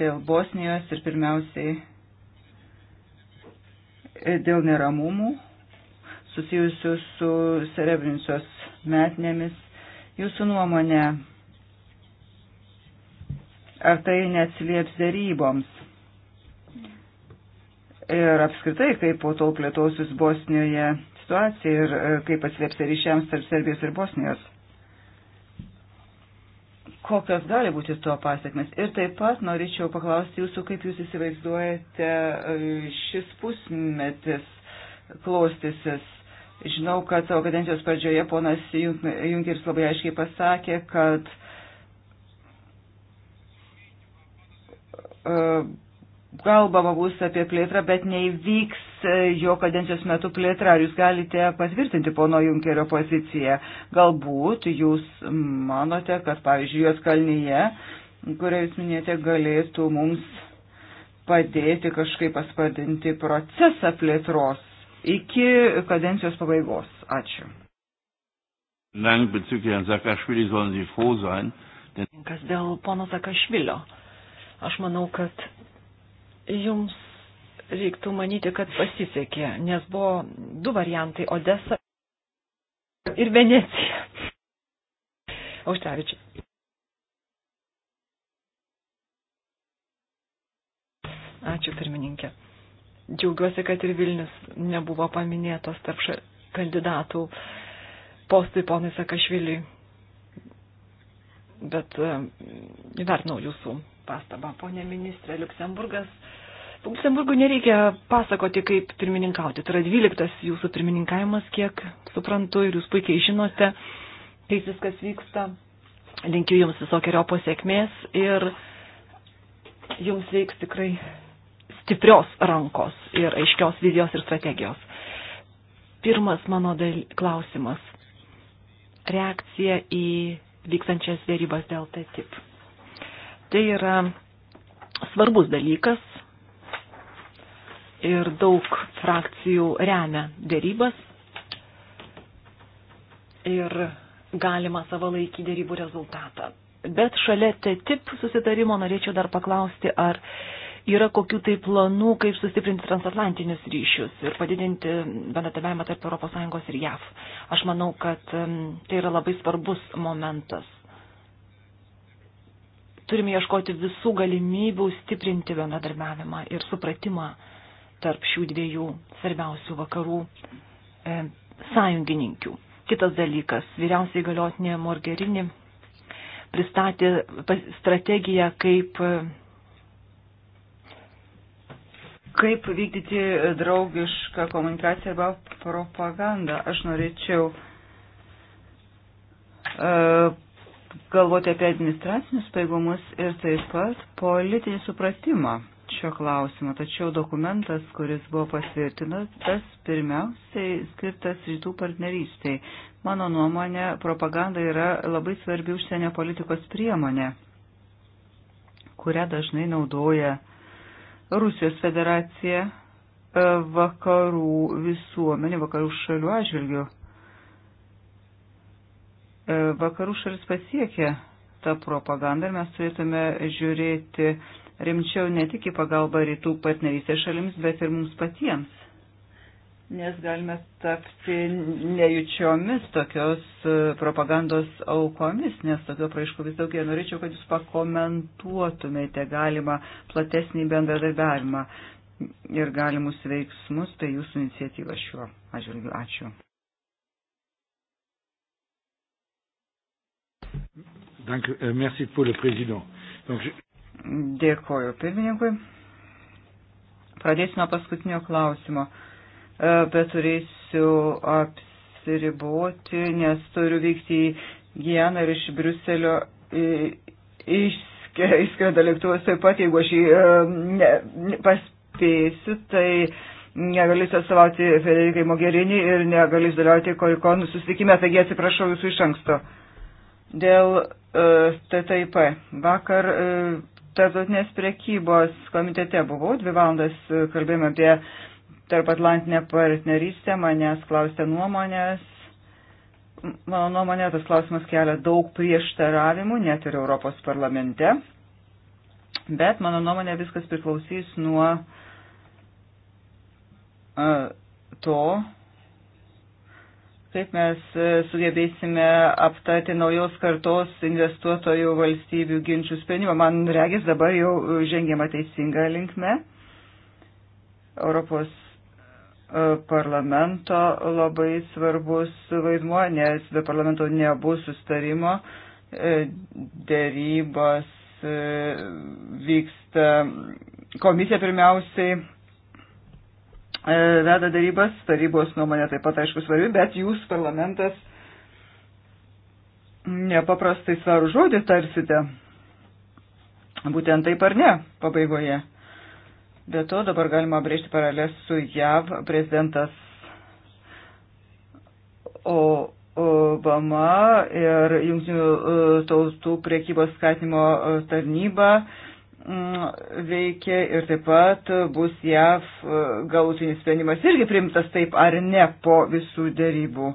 Dėl Bosnijos ir pirmiausiai e, dėl neramumų susijusių su Serebrincios metnėmis. Jūsų nuomonė, ar tai neatsilieps daryboms? ir apskritai, kaip po to plėtosius Bosnijoje situacija ir e, kaip atsiliepsia ryšiams tarp Serbijos ir Bosnijos. Kokios gali būti to pasiekmes? Ir taip pat norėčiau paklausti jūsų, kaip jūs įsivaizduojate e, šis pusmetis klostysis. Žinau, kad savo kadencijos pradžioje ponas Junkeris labai aiškiai pasakė, kad e, kalbama bus apie plėtrą, bet neįvyks E, jo kadencijos metu plėtra. Ar jūs galite patvirtinti pono Junkerio poziciją? Galbūt jūs manote, kad, pavyzdžiui, jos kalnyje, kurią jūs minėjote, galėtų mums padėti kažkaip paspadinti procesą plėtros iki kadencijos pabaigos. Ačiū. Kas dėl pono Zakašvilio? Aš manau, kad jums reiktų manyti, kad pasisekė, nes buvo du variantai - Odessa ir Venecija. Auštevičiai. Ačiū pirmininkė. Džiaugiuosi, kad ir Vilnius nebuvo paminėtos tarp ša... kandidatų postui ponui Sakašviliui. Bet e, įvertinau jūsų pastabą, ponė ministrė. Luksemburgas Luksemburgui nereikia pasakoti, kaip pirmininkauti. Tai yra 12 jūsų pirmininkavimas, kiek suprantu, ir jūs puikiai žinote, kaip viskas vyksta. Linkiu jums visokiojo pasiekmės ir jums reiks tikrai stiprios rankos ir aiškios vizijos ir strategijos. Pirmas mano dal... klausimas. Reakcija į vykstančias dėrybas dėl TTIP. Tai yra svarbus dalykas, ir daug frakcijų remia dėrybas ir galima savalaikį dėrybų rezultatą. Bet šalia TTIP susitarimo norėčiau dar paklausti, ar yra kokių tai planų, kaip sustiprinti transatlantinius ryšius ir padidinti bendradarbiavimą tarp ES ir JAV. Aš manau, kad tai yra labai svarbus momentas. Turime ieškoti visų galimybių stiprinti bendradarbiavimą ir supratimą tarp šių dviejų svarbiausių vakarų e, sąjungininkių. Kitas dalykas, vyriausiai galiotinė Morgerini pristatė strategiją, kaip, kaip vykdyti draugišką komunikaciją arba propagandą. Aš norėčiau e, galvoti apie administracinius paėgumus ir taip pat politinį supratimą šio klausimo, tačiau dokumentas, kuris buvo patvirtinas, tas pirmiausiai skirtas rytų partnerystiai. Mano nuomonė, propaganda yra labai svarbi užsienio politikos priemonė, kurią dažnai naudoja Rusijos federacija e, vakarų visuomenė, vakarų šalių atžvilgių. E, vakarų šalis pasiekė tą propagandą ir mes turėtume žiūrėti rimčiau ne tik į pagalbą rytų partnerystės šalims, bet ir mums patiems. Nes galime tapti nejučiomis tokios e, propagandos aukomis, nes tokio praaiškų vis daugiau. Norėčiau, kad jūs pakomentuotumėte galimą platesnį bendradarbiavimą ir galimus veiksmus, tai jūsų iniciatyva šiuo atžvilgiu. Ačiū. Dank, euh, merci pour le président. Donc, je... Dėkoju pirmininkui. Pradėsiu nuo paskutinio klausimo, e, bet turėsiu apsiriboti, nes turiu vykti į Gijaną ir iš Briuselio išskrenda lėktuvas taip pat, jeigu aš jį e, ne, ne, paspėsiu, tai negalėsiu atstovauti Federikai Mogherini ir negalėsiu dalyvauti Korikonų susitikime, taigi atsiprašau jūsų iš anksto. Dėl uh, e, TTIP. Vakar uh, tarptautinės priekybos komitete buvau, dvi valandas e, kalbėjome apie tarp Atlantinę partnerystę, manęs klausė nuomonės. Mano nuomonė, tas klausimas kelia daug prieštaravimų, net ir Europos parlamente. Bet mano nuomonė viskas priklausys nuo e, to, Taip mes e, sugebėsime aptarti naujos kartos investuotojų valstybių ginčių sprendimą. Man regis dabar jau žengiama teisinga linkme. Europos e, parlamento labai svarbus vaidmuo, nes be parlamento nebus sustarimo. E, dėrybos vyksta komisija pirmiausiai E, veda darybas, tarybos nuomonė taip pat aišku svarbi, bet jūs parlamentas nepaprastai svarų žodį tarsite. Būtent taip ar ne pabaigoje. Be to dabar galima brėžti paralės su JAV prezidentas o Obama ir Junktinių e, tautų priekybos skatinimo e, tarnyba Mm, veikia ir taip pat bus JAV e, galutinis sprendimas irgi primtas taip ar ne po visų dėrybų.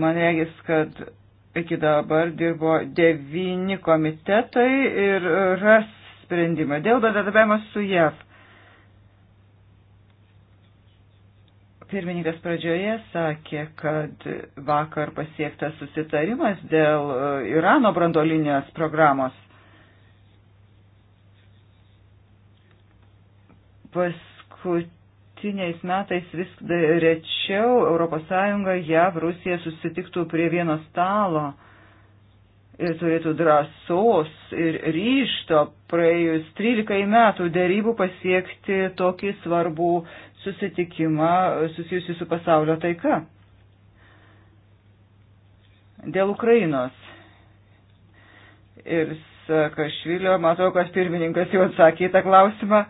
Man regis, kad iki dabar dirbo devyni komitetai ir ras sprendimą dėl bendradarbiavimo su JAV. pirmininkas pradžioje sakė, kad vakar pasiektas susitarimas dėl e, Irano brandolinės programos. paskutiniais metais vis rečiau ES, JAV, Rusija susitiktų prie vieno stalo ir turėtų drąsos ir ryšto praėjus 13 metų dėrybų pasiekti tokį svarbų susitikimą susijusi su pasaulio taika. Dėl Ukrainos. Ir Sakašvilio, matau, kad pirmininkas jau atsakė į tą klausimą.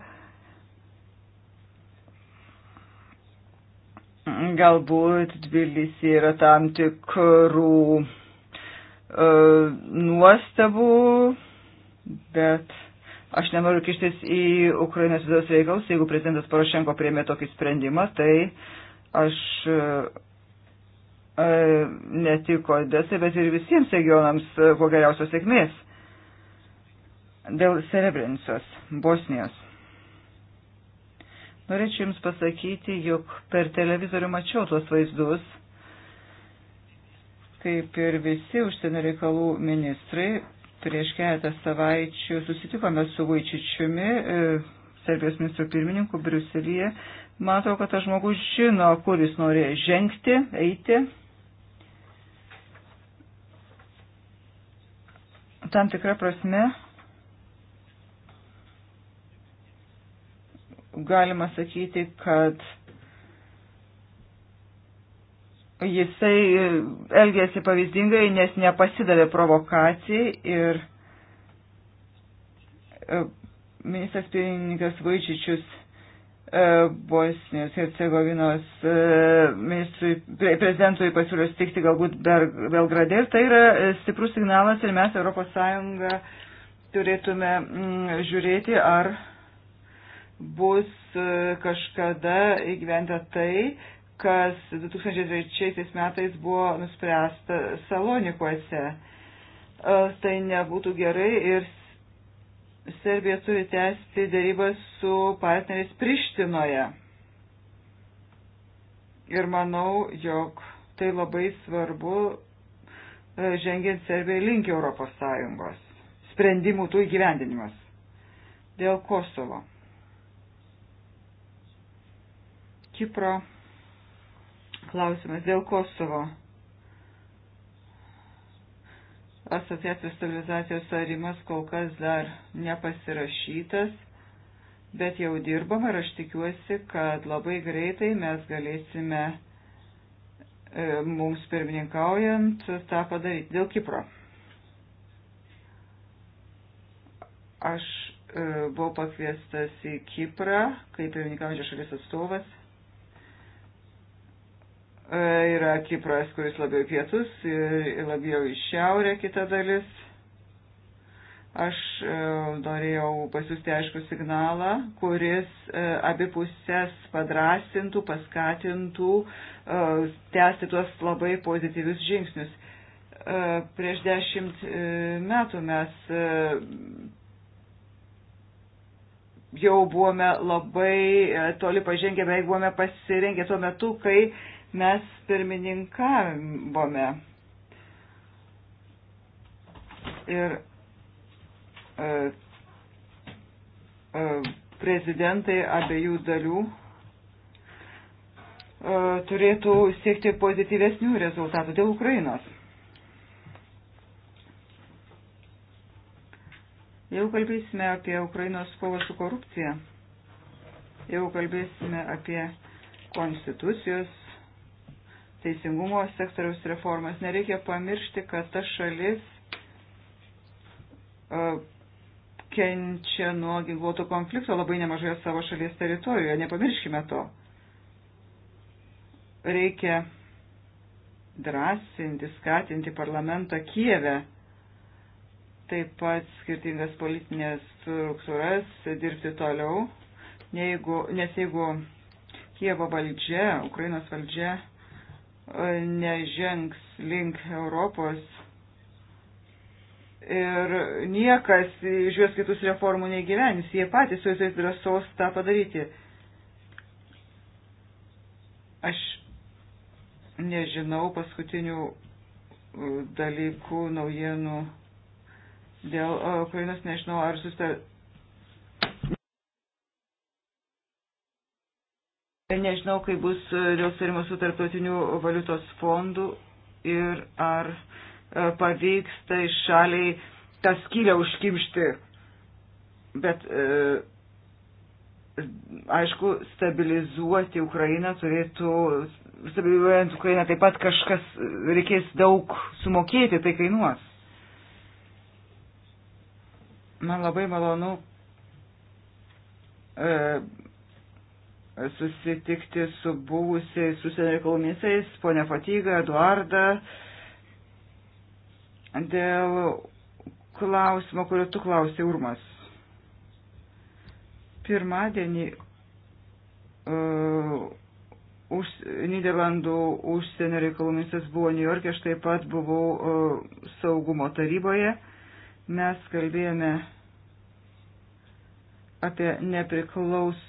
Galbūt Tbilisi yra tam tikrų uh, nuostabų, bet aš nenoriu kištis į Ukrainos vidaus reikalus. Jeigu prezidentas Porošenko priemė tokį sprendimą, tai aš uh, ne tik Odesai, bet ir visiems regionams e, kuo geriausios sėkmės. Dėl Serebrinicos, Bosnijos. Norėčiau Jums pasakyti, jog per televizorių mačiau tuos vaizdus, kaip ir visi užsienio reikalų ministrai. Prieš keletą savaičių susitikome su Vaičičiumi, e, Serbijos ministru pirmininku Briuselyje. Matau, kad tas žmogus žino, kur jis nori žengti, eiti. Tam tikrą prasme galima sakyti, kad jisai elgėsi pavyzdingai, nes nepasidavė provokacijai ir e, ministras pirmininkas Vaičičius e, Bosnijos ir Cegovinos e, ministrui, prezidentui pasiūlė sutikti galbūt Belgrade ir tai yra stiprus signalas ir mes ES turėtume mm, žiūrėti, ar bus e, kažkada įgyventa tai, kas 2003 metais buvo nuspręsta Salonikuose. E, tai nebūtų gerai ir Serbija turi tęsti dėrybas su partneriais Prištinoje. Ir manau, jog tai labai svarbu e, žengiant Serbijai link Europos Sąjungos sprendimų tų įgyvendinimas dėl Kosovo. Kipro klausimas dėl Kosovo asociacijos stabilizacijos sarimas kol kas dar nepasirašytas, bet jau dirbam ir aš tikiuosi, kad labai greitai mes galėsime e, mums pirmininkaujant tą padaryti dėl Kipro. Aš e, buvau pakviestas į Kiprą kaip pirmininkaujančio šalies atstovas E, yra Kipras, kuris labiau pietus, e, labiau į šiaurę kita dalis. Aš e, norėjau pasiūsti aišku signalą, kuris abipusės padrasintų, paskatintų tęsti tuos labai pozityvius žingsnius. Prieš dešimt metų mes jau buvome labai toli pažengę, beveik buvome pasirengę tuo metu, kai Mes pirmininkavome ir e, e, prezidentai abiejų dalių e, turėtų siekti pozityvesnių rezultatų dėl Ukrainos. Jau kalbėsime apie Ukrainos kovą su korupcija, jau kalbėsime apie konstitucijos teisingumo sektoriaus reformas. Nereikia pamiršti, kad ta šalis e, kenčia nuo ginkluoto konflikto labai nemažoje savo šalies teritorijoje. Nepamirškime to. Reikia drąsinti, skatinti parlamentą Kijeve, taip pat skirtingas politinės struktūras dirbti toliau, jeigu, nes jeigu Kievo valdžia, Ukrainos valdžia nežengs link Europos. Ir niekas iš juos kitus reformų neįgyvenys, jie patys su jais drąsos tą padaryti. Aš nežinau paskutinių uh, dalykų, naujienų dėl uh, Ukrainos, nežinau, ar susitar, Nežinau, kaip bus e, dėl sutarimo su tarptautiniu valiutos fondu ir ar e, pavyks tai šaliai tą skylę užkimšti. Bet, e, aišku, stabilizuoti Ukrainą turėtų, stabilizuojant Ukrainą taip pat kažkas reikės daug sumokėti, tai kainuos. Man labai malonu e, susitikti su buvusiais užsienio reikalų ministrais, ponia Fatyga, Eduarda, dėl klausimo, kurio tu klausai, Urmas. Pirmadienį uh, už, Niderlandų užsienio reikalų ministras buvo New York'e, aš taip pat buvau uh, saugumo taryboje. Mes kalbėjome apie nepriklaus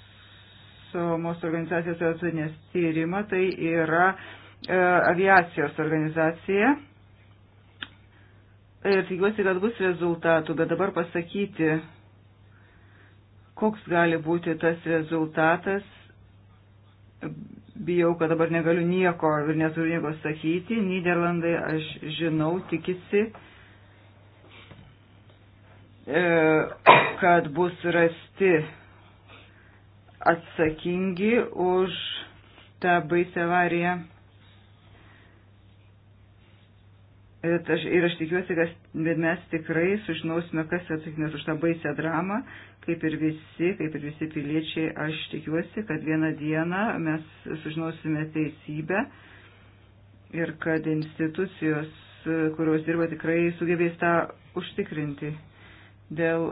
mūsų organizacijos atsakinės tyrimą, tai yra e, aviacijos organizacija. Ir tikiuosi, kad bus rezultatų, bet dabar pasakyti, koks gali būti tas rezultatas, bijau, kad dabar negaliu nieko ir neturiu nieko sakyti. Niderlandai, aš žinau, tikisi, e, kad bus rasti atsakingi už tą baisę avariją. Ir aš, ir aš tikiuosi, kad mes tikrai sužinosime, kas atsakingas už tą baisę dramą, kaip ir visi, kaip ir visi piliečiai. Aš tikiuosi, kad vieną dieną mes sužinosime teisybę ir kad institucijos, kurios dirba, tikrai sugebės tą užtikrinti. Dėl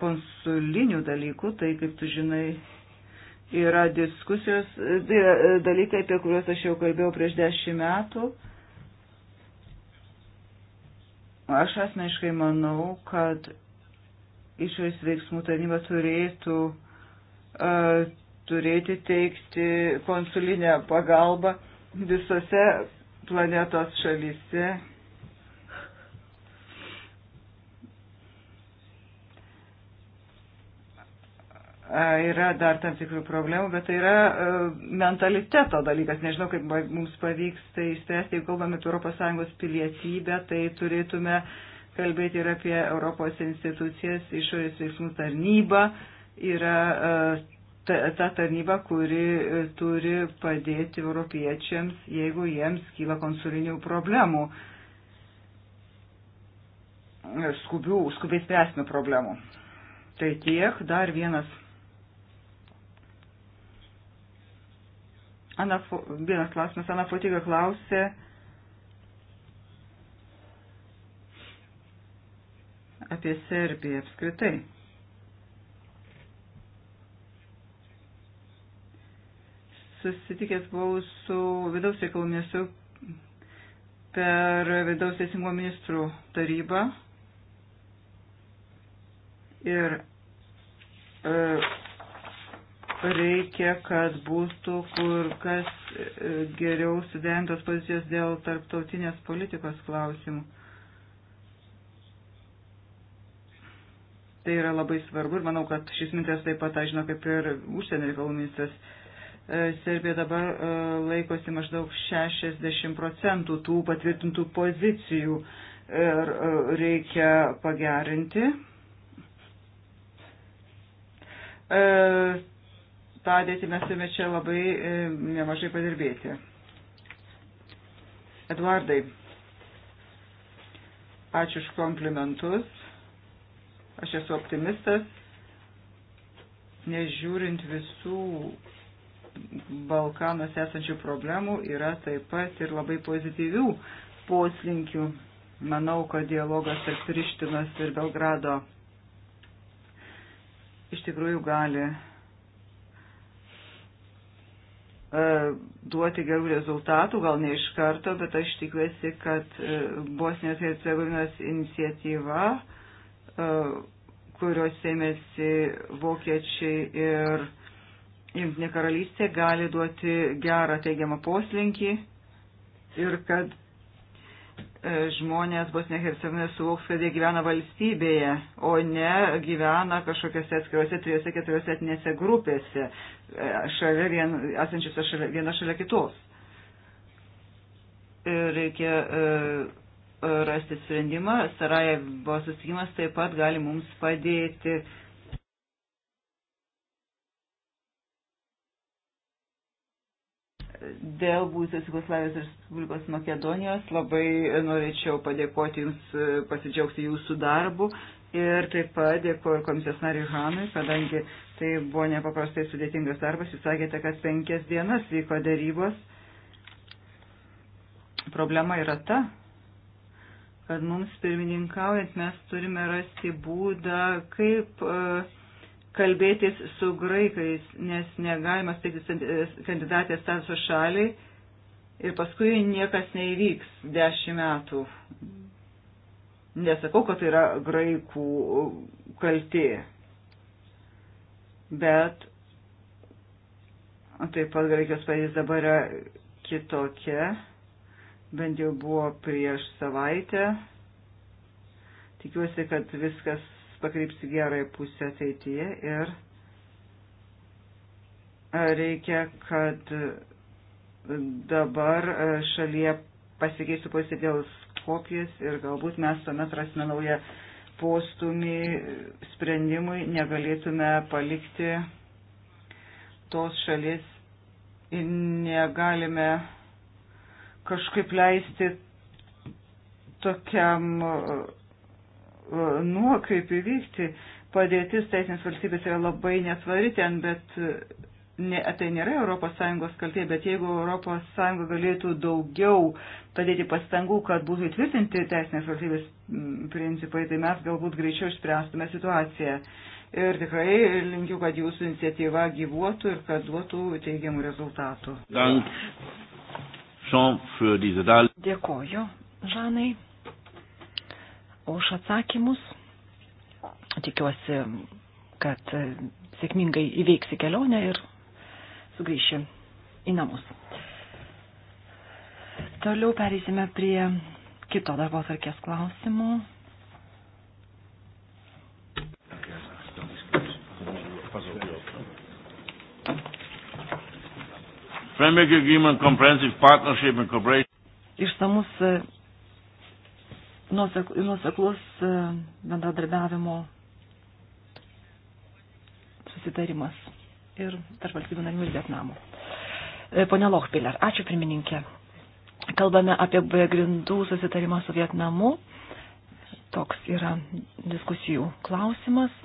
konsulinių dalykų, tai kaip tu žinai, yra diskusijos, tai e, yra dalykai, apie kuriuos aš jau kalbėjau prieš dešimt metų. Aš asmeniškai manau, kad išorės veiksmų tarnyba turėtų uh, turėti teikti konsulinę pagalbą visose planetos šalyse yra dar tam tikrų problemų, bet tai yra e, mentaliteto dalykas. Nežinau, kaip mums pavyks tai spręsti, jeigu kalbame apie ES pilietybę, tai turėtume kalbėti ir apie Europos institucijas, išorės veiksmų tarnybą. Yra e, ta, ta tarnyba, kuri e, turi padėti europiečiams, jeigu jiems kyla konsulinių problemų, skubių, skubiai spręsnių problemų. Tai tiek, dar vienas Anafo, vienas klausimas, Ana Fotiga klausė apie Serbiją apskritai. Susitikęs buvau su vidaus reikalų ministru per vidaus teisingumo ministrų tarybą ir e, reikia, kad būtų kur kas e, geriau sudėntos pozicijos dėl tarptautinės politikos klausimų. Tai yra labai svarbu ir manau, kad šis ministras taip pat, aš žinau, kaip ir užsienio reikalų ministras. E, Serbija dabar e, laikosi maždaug 60 procentų tų patvirtintų pozicijų ir reikia pagerinti padėtį mes turime čia labai e, nemažai padirbėti. Eduardai, ačiū už komplimentus. Aš esu optimistas, nežiūrint visų Balkanos esančių problemų, yra taip pat ir labai pozityvių poslinkių. Manau, kad dialogas tarp Prištinos ir Belgrado iš tikrųjų gali E, duoti gerų rezultatų, gal ne iš karto, bet aš tikiuosi, kad e, Bosnijos Hercegovinos iniciatyva, e, kurios ėmėsi vokiečiai ir Junktinė karalystė, gali duoti gerą teigiamą poslinkį ir kad E, žmonės Bosnė Hercegovina suvoks, kad jie gyvena valstybėje, o ne gyvena kažkokiose atskiruose trijose, keturiose etinėse grupėse, e, šalia vien, esančiose šalia, viena šalia kitos. Ir reikia e, rasti sprendimą. Sarajevo susitikimas taip pat gali mums padėti e, dėl būsios Jugoslavijos Respublikos Makedonijos. Labai norėčiau padėkoti Jums, pasidžiaugti Jūsų darbu ir taip pat dėkoju komisijos nariui Hanui, kadangi tai buvo nepaprastai sudėtingas darbas. Jūs sakėte, kad penkias dienas vyko dėrybos. Problema yra ta, kad mums pirmininkaujant mes turime rasti būdą, kaip uh, kalbėtis su graikais, nes negalima steigti kandidatės statuso šaliai ir paskui niekas neįvyks dešimt metų. Nesakau, kad tai yra graikų kaltė, bet taip pat graikijos padėtis dabar yra kitokia, bent jau buvo prieš savaitę tikiuosi, kad viskas pakreips į gerąją pusę ateityje ir e, reikia, kad e, dabar e, šalyje pasikeistų pozicija dėl kopijas ir galbūt mes tuomet rasime naują postumį sprendimui, negalėtume palikti tos šalies ir negalime kažkaip leisti tokiam nuokreipį vykti. Padėtis teisinės valstybės yra labai netvari ten, bet ne, tai nėra ES kaltė, bet jeigu ES galėtų daugiau padėti pastangų, kad būtų įtvirtinti teisinės valstybės principai, tai mes galbūt greičiau išspręstume situaciją. Ir tikrai linkiu, kad jūsų iniciatyva gyvuotų ir kad duotų teigiamų rezultatų. Dank. Dėkoju, Žanai už atsakymus. Tikiuosi, kad sėkmingai įveiksi kelionę ir sugrįši į namus. Toliau pereisime prie kito darbo tarkės klausimų. Framework Agreement Comprehensive Partnership and Cooperation. Išsamus nuoseklus e, bendradarbiavimo susitarimas ir tarp valstybių narių ir Vietnamo. E, Pone Lochpiller, ačiū pirmininkė. Kalbame apie grindų susitarimą su Vietnamu. Toks yra diskusijų klausimas.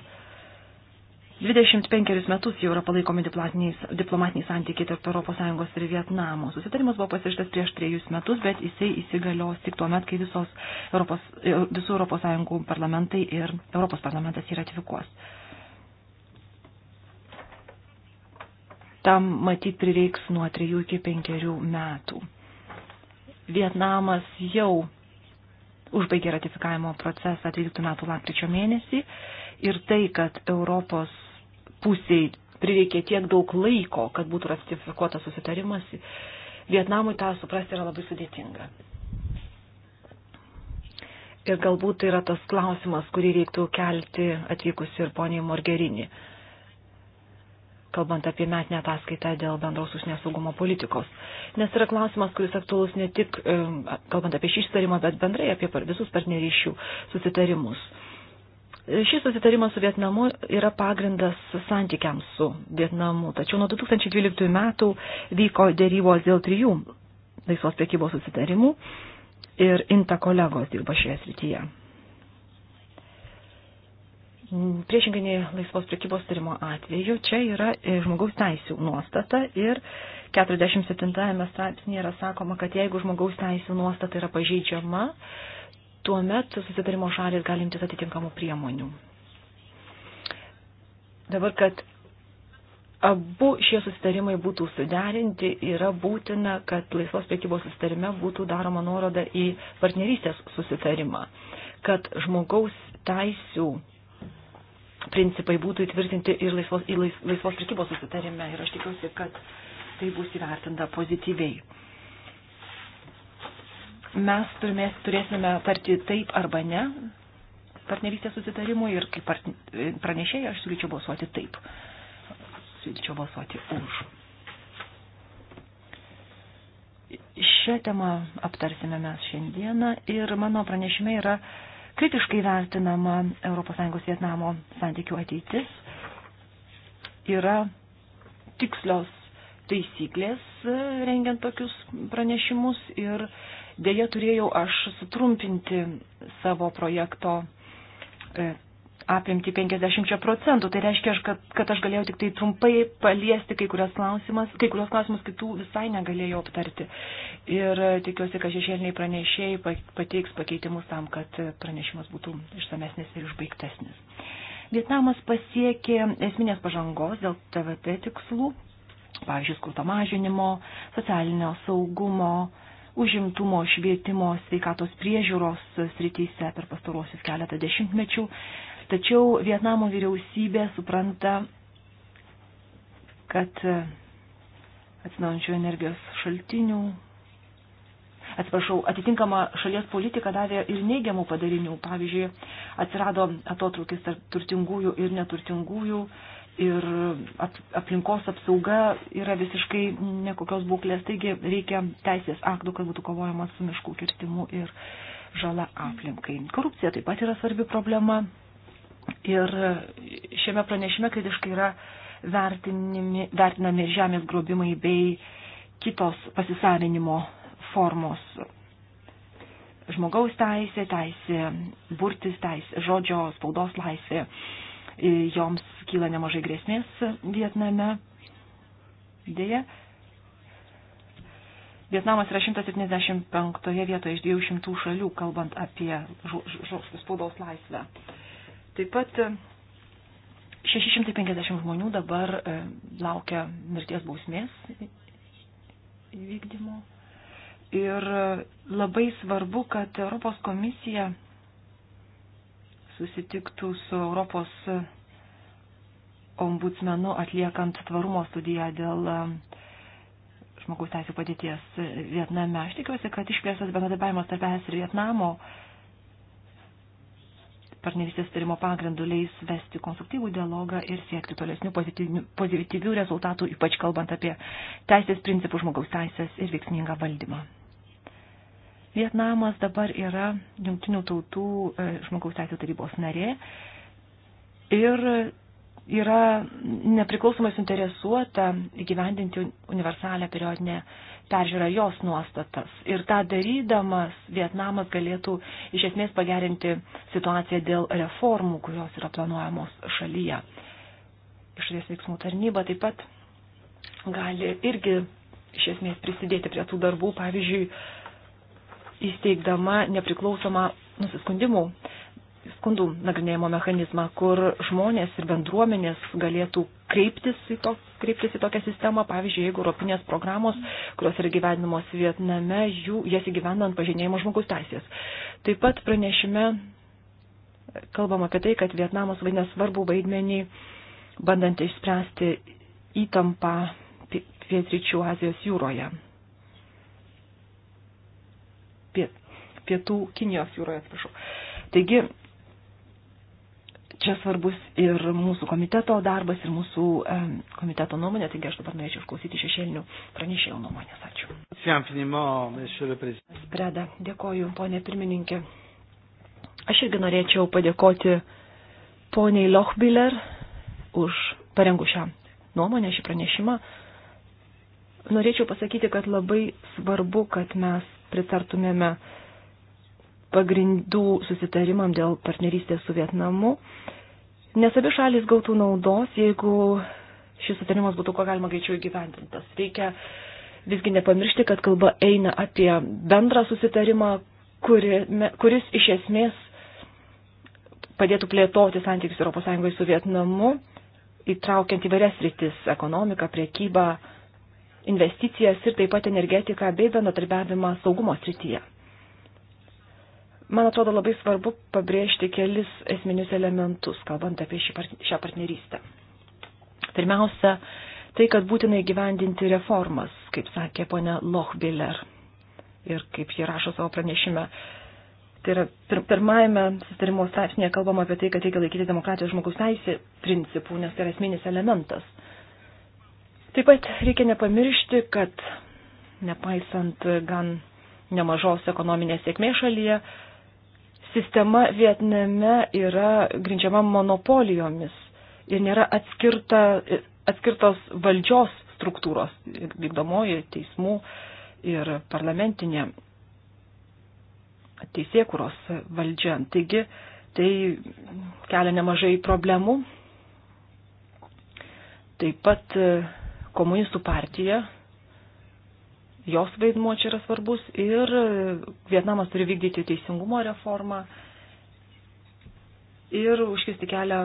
25 metus jau yra palaikomi diplomatiniai santykiai tarp ES ir Vietnamo. Susitarimas buvo pasirašytas prieš trejus metus, bet jisai įsigalios tik tuo met, kai visos Europos, e, visų ES parlamentai ir Europos parlamentas jį ratifikuos. Tam matyt prireiks nuo 3 iki 5 metų. Vietnamas jau užbaigė ratifikavimo procesą 13 metų lakryčio mėnesį ir tai, kad Europos pusiai prireikė tiek daug laiko, kad būtų ratifikuotas susitarimas, Vietnamui tą suprasti yra labai sudėtinga. Ir galbūt tai yra tas klausimas, kurį reiktų kelti atvykus ir poniai Morgerini, kalbant apie metinę ataskaitą dėl bendros užsienio saugumo politikos. Nes yra klausimas, kuris aktuolus ne tik, kalbant apie šį sutarimą, bet bendrai apie visus partnerysčių susitarimus Šis susitarimas su Vietnamu yra pagrindas santykiams su Vietnamu, tačiau nuo 2012 metų vyko dėrybos dėl trijų laisvos priekybos susitarimų ir inta kolegos dirba šioje srityje. Priešingai nei laisvos priekybos tarimo atveju, čia yra e, žmogaus teisų nuostata ir 47 straipsnėje yra sakoma, kad jeigu žmogaus teisų nuostata yra pažeidžiama, tuomet susidarimo šalis galimtis atitinkamų priemonių. Dabar, kad abu šie susitarimai būtų suderinti, yra būtina, kad laisvos priekybos susitarime būtų daroma nuoroda į partnerystės susitarimą, kad žmogaus teisių principai būtų įtvirtinti ir laisvos, ir laisvos priekybos susitarime. Ir aš tikiuosi, kad tai bus įvertinta pozityviai mes turime, turėsime tarti taip arba ne partnerystės susitarimui ir kaip part... pranešėjai aš siūlyčiau balsuoti taip. Siūlyčiau balsuoti už. Šią temą aptarsime mes šiandieną ir mano pranešime yra kritiškai vertinama ES Vietnamo santykių ateitis. Yra tikslios taisyklės rengiant tokius pranešimus ir uh, Dėja turėjau aš sutrumpinti savo projekto e, apimti 50 procentų. Tai reiškia, kad, kad aš galėjau tik tai trumpai paliesti kai kurios klausimas, kai kurios klausimus kitų visai negalėjau aptarti. Ir tikiuosi, kad šešėliniai pranešėjai pateiks pakeitimus tam, kad pranešimas būtų išsamesnis ir išbaigtesnis. Vietnamas pasiekė esminės pažangos dėl TVT tikslų, pavyzdžiui, skurto mažinimo, socialinio saugumo, užimtumo, švietimo, sveikatos priežiūros srityse per pastaruosius keletą dešimtmečių. Tačiau Vietnamo vyriausybė supranta, kad e, atsinaujančių energijos šaltinių, atsiprašau, atitinkama šalies politika davė ir neigiamų padarinių. Pavyzdžiui, atsirado atotrukis tarp turtingųjų ir neturtingųjų ir aplinkos apsauga yra visiškai nekokios būklės, taigi reikia teisės aktų, kad būtų kovojama su miškų kirtimu ir žala aplinkai. Korupcija taip pat yra svarbi problema ir šiame pranešime kritiškai yra vertinami ir žemės grobimai bei kitos pasisavinimo formos. Žmogaus teisė, teisė burtis, teisė žodžio, spaudos laisvė. Uh, joms kyla nemažai grėsmės Vietname. Dėja, Vietnamas yra 175 vietoje iš 200 šalių, kalbant apie spaudos laisvę. Taip pat 650 e, žmonių dabar e, laukia mirties bausmės įvykdymo. Ir e, labai svarbu, kad Europos komisija susitiktų su Europos ombudsmenu atliekant tvarumo studiją dėl e, žmogaus teisų padėties Vietname. Aš tikiuosi, kad išplėstas bendradarbiavimas tarp ES ir Vietnamo partnerystės tarimo pagrindų leis vesti konstruktyvų dialogą ir siekti tolesnių pozityvių, pozityvių rezultatų, ypač kalbant apie teisės principų žmogaus teisės ir veiksmingą valdymą. Vietnamas dabar yra Junktinių tautų e, žmogaus teisų tarybos narė ir yra nepriklausomai suinteresuota įgyvendinti universalę periodinę peržiūrą jos nuostatas. Ir tą darydamas Vietnamas galėtų iš esmės pagerinti situaciją dėl reformų, kurios yra planuojamos šalyje. Išorės veiksmų tarnyba taip pat gali irgi iš esmės prisidėti prie tų darbų, pavyzdžiui, įsteigdama nepriklausomą nusiskundimų skundų nagrinėjimo mechanizmą, kur žmonės ir bendruomenės galėtų kreiptis į, to, kreiptis į tokią sistemą. Pavyzdžiui, jeigu europinės programos, kurios yra gyvenimos Vietname, jų, jas įgyvendant pažinėjimo žmogus teisės. Taip pat pranešime kalbam apie tai, kad Vietnamas vaidina svarbų vaidmenį, bandant išspręsti įtampą pietryčių Azijos jūroje piet, pietų Kinijos jūroje, atsiprašau. Taigi, čia svarbus ir mūsų komiteto darbas, ir mūsų e, komiteto nuomonė, taigi aš dabar norėčiau išklausyti šešėlinių pranešėjų nuomonės. Ačiū. Spreda, dėkoju, ponė pirmininkė. Aš irgi norėčiau padėkoti poniai Lochbiller už parengų šią nuomonę, šį pranešimą. Norėčiau pasakyti, kad labai svarbu, kad mes pritartumėme pagrindų susitarimam dėl partnerystės su Vietnamu, nes abi šalis gautų naudos, jeigu šis sutarimas būtų kuo galima greičiau įgyvendintas. Reikia visgi nepamiršti, kad kalba eina apie bendrą susitarimą, kuri, kuris iš esmės padėtų plėtoti santykius ES su Vietnamu, įtraukiant įvairias rytis - ekonomiką, priekybą, investicijas ir taip pat energetiką bei bendradarbiavimą saugumo srityje. Man atrodo labai svarbu pabrėžti kelis esminius elementus, kalbant apie šią partnerystę. Pirmiausia, tai, kad būtina įgyvendinti reformas, kaip sakė ponia Lochbiller ir kaip ji rašo savo pranešime. Tai yra pir pirmajame sustarimo straipsnėje kalbama apie tai, kad reikia laikyti demokratijos žmogus teisė principų, nes tai yra esminis elementas. Taip pat reikia nepamiršti, kad nepaisant gan nemažos ekonominės sėkmės šalyje, sistema Vietname yra grindžiama monopolijomis ir nėra atskirta, atskirtos valdžios struktūros vykdomoji teismų ir parlamentinė teisėkuros valdžia. Taigi tai kelia nemažai problemų. Taip pat komunistų partija, jos vaidmuo čia yra svarbus ir Vietnamas turi vykdyti teisingumo reformą ir užkisti kelią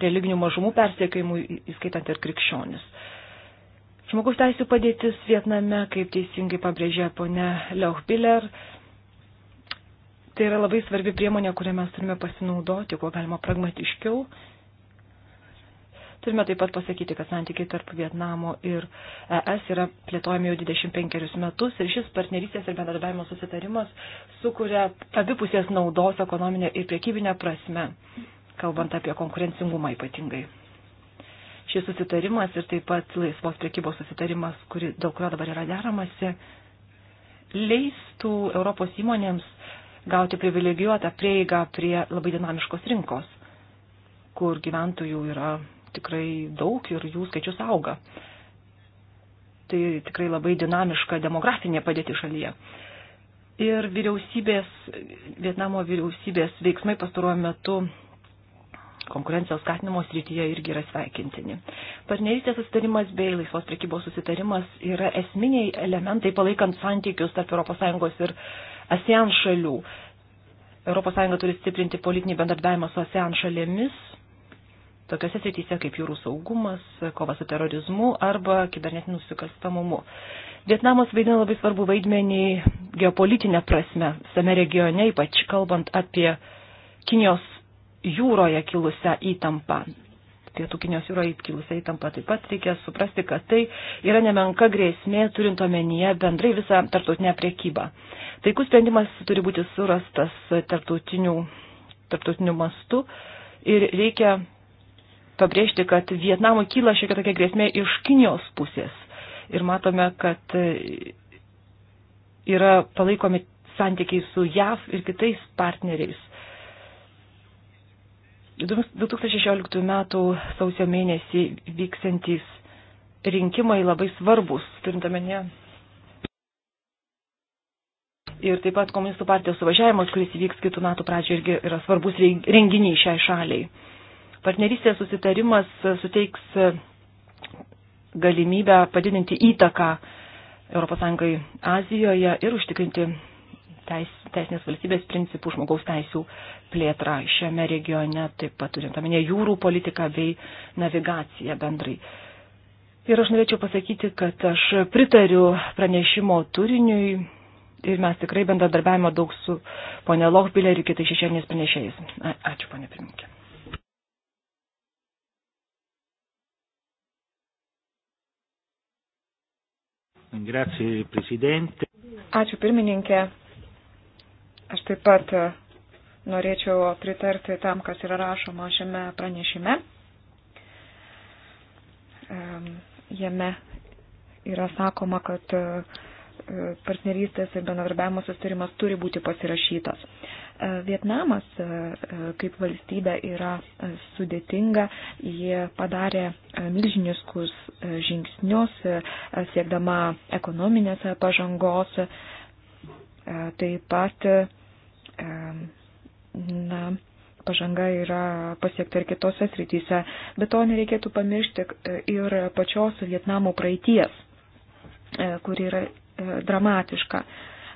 religinių mažumų persiekimui, įskaitant ir krikščionis. Žmogus teisų padėtis Vietname, kaip teisingai pabrėžė ponė Leuchbiller, tai yra labai svarbi priemonė, kurią mes turime pasinaudoti, kuo galima pragmatiškiau Turime taip pat pasakyti, kad santykiai tarp Vietnamo ir ES yra plėtojami jau 25 metus ir šis partnerystės ir bendradarbiavimo susitarimas sukuria abipusės naudos ekonominė ir priekybinė prasme, kalbant apie konkurencingumą ypatingai. Šis susitarimas ir taip pat laisvos priekybos susitarimas, kuri, dėl kurio dabar yra deramasi, leistų Europos įmonėms gauti privilegijuotą prieigą prie labai dinamiškos rinkos, kur gyventojų yra tikrai daug ir jų skaičius auga. Tai tikrai labai dinamiška demografinė padėti šalyje. Ir vyriausybės, Vietnamo vyriausybės veiksmai pastaruoju metu konkurencijos skatinimo srityje irgi yra sveikintini. Partnerystės susitarimas bei laisvos prekybos susitarimas yra esminiai elementai palaikant santykius tarp ES ir ASEAN šalių. ES turi stiprinti politinį bendradarbiavimą su ASEAN šalėmis, tokiose srityse kaip jūrų saugumas, kova su terorizmu arba kibernetiniu nusikalstamumu. Vietnamas vaidina labai svarbu vaidmenį geopolitinę prasme visame regione, ypač kalbant apie Kinijos jūroje kilusią įtampą. Pietų Kinijos jūroje kilusią įtampą taip pat reikia suprasti, kad tai yra nemenka grėsmė, turint omenyje bendrai visą tarptautinę priekybą. Taikus sprendimas turi būti surastas tarptautiniu, tarptautiniu mastu ir reikia pabrėžti, kad Vietnamui kyla šiek tiek tokia grėsmė iš Kinijos pusės. Ir matome, kad e, yra palaikomi santykiai su JAV ir kitais partneriais. 2016 m. sausio mėnesį vyksantys rinkimai labai svarbus, turintamenė. Ir taip pat komunistų partijos suvažiavimas, kuris įvyks kitų metų pradžioje, irgi yra svarbus renginys šiai šaliai. Partnerystės susitarimas e, suteiks e, galimybę padidinti įtaką ES Azijoje ir užtikrinti teis, teisinės valstybės principų žmogaus teisų plėtrą šiame regione, taip pat turint omenyje jūrų politiką bei navigaciją bendrai. Ir aš norėčiau pasakyti, kad aš pritariu pranešimo turiniui ir mes tikrai bendradarbiavimo daug su ponė Lochbilė ir kitais šešėliniais pranešėjais. Ačiū, ponė pirmininkė. Grazie, prezidente. Ačiū pirmininkė. Aš taip pat e, norėčiau pritarti tam, kas yra rašoma šiame pranešime. Jame yra sakoma, kad e, partnerystės ir bendradarbiavimo sustarimas turi būti pasirašytas. Vietnamas e, e, kaip valstybė yra e, sudėtinga, jie padarė milžiniškus žingsnius siekdama ekonominės pažangos, taip pat na, pažanga yra pasiekta ir kitose srityse, bet to nereikėtų pamiršti ir pačios Vietnamo praeities, kuri yra dramatiška.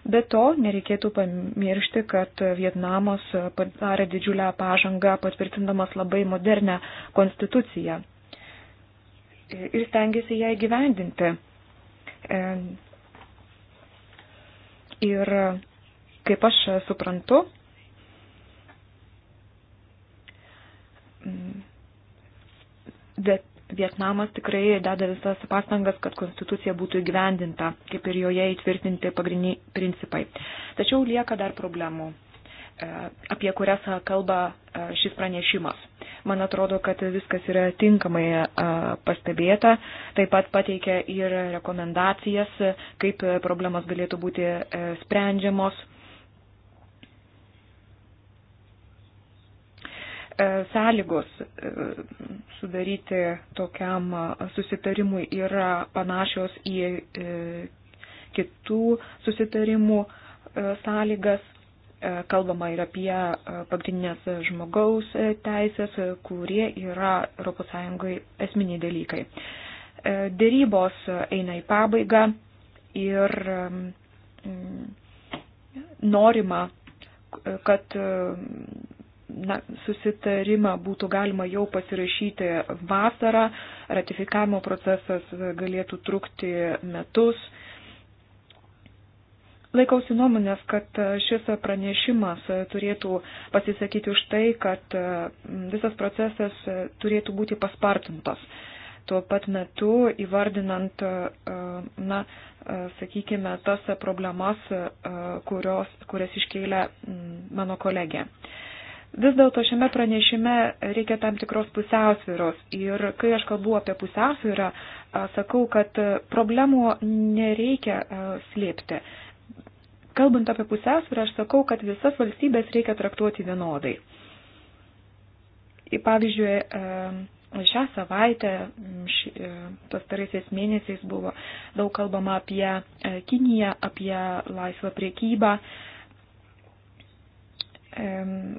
Be to, nereikėtų pamiršti, kad Vietnamas padarė didžiulę pažangą patvirtindamas labai modernę konstituciją ir stengiasi ją įgyvendinti. E, ir kaip aš suprantu, bet Vietnamas tikrai deda visas pastangas, kad konstitucija būtų įgyvendinta, kaip ir joje įtvirtinti pagrindiniai principai. Tačiau lieka dar problemų, e, apie kurias kalba e, šis pranešimas. Man atrodo, kad viskas yra tinkamai e, pastebėta, taip pat pateikia ir rekomendacijas, kaip problemas galėtų būti sprendžiamos E, sąlygos e, sudaryti tokiam e, susitarimui yra panašios į kitų susitarimų sąlygas. Kalbama ir apie pagrindinės žmogaus teisės, kurie yra ES esminiai dalykai. Dėrybos eina į pabaigą ir norima, kad na, susitarimą būtų galima jau pasirašyti vasarą, ratifikavimo procesas galėtų trukti metus. Laikausi nuomonės, kad šis pranešimas turėtų pasisakyti už tai, kad visas procesas turėtų būti paspartintas. Tuo pat metu įvardinant, na, sakykime, tas problemas, kurios, kurias iškėlė mano kolegė. Vis dėlto šiame pranešime reikia tam tikros pusiausviros ir kai aš kalbu apie pusiausvirą, sakau, kad problemų nereikia slėpti. Kalbant apie pusiausvirą, aš sakau, kad visas valstybės reikia traktuoti vienodai. Pavyzdžiui, šią savaitę, pastaraisiais mėnesiais buvo daug kalbama apie Kiniją, apie laisvą priekybą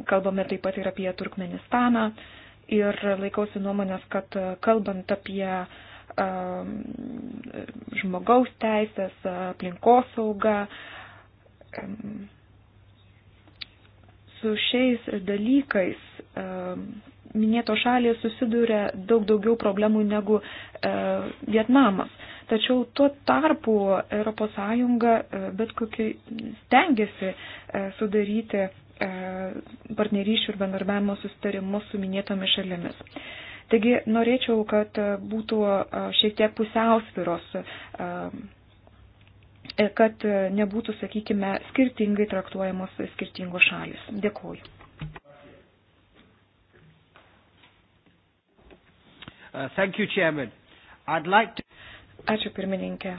kalbame taip pat ir apie Turkmenistaną ir laikausi nuomonės, kad e, kalbant apie žmogaus teisės, aplinkosaugą, su šiais dalykais minėto šalis susiduria daug daugiau problemų negu e, Vietnamas. Tačiau tuo tarpu ES e, bet kokiai stengiasi sudaryti E, partnerysčių ir bendarbiavimo sustarimus su minėtomis šalimis. Taigi norėčiau, kad būtų e, šiek tiek pusiausviros, e, kad nebūtų, sakykime, skirtingai traktuojamos skirtingos šalis. Dėkuoju. Uh, thank you, Chairman. I'd like to... Ačiū pirmininkė.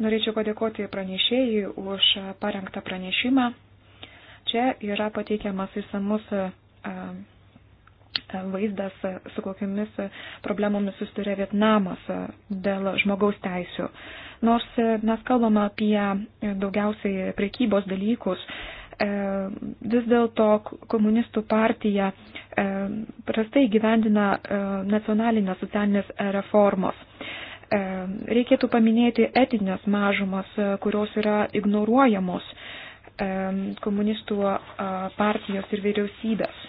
Norėčiau padėkoti pranešėjai už parengtą pranešimą. Čia yra pateikiamas įsamus e, e, e, vaizdas, su kokiamis problemomis susiduria Vietnamas dėl žmogaus teisių. Nors mes kalbame apie daugiausiai prekybos dalykus, vis dėlto komunistų partija prastai gyvendina nacionalinės socialinės reformos. Reikėtų paminėti etinės mažumas, kurios yra ignoruojamos komunistų partijos ir vyriausybės.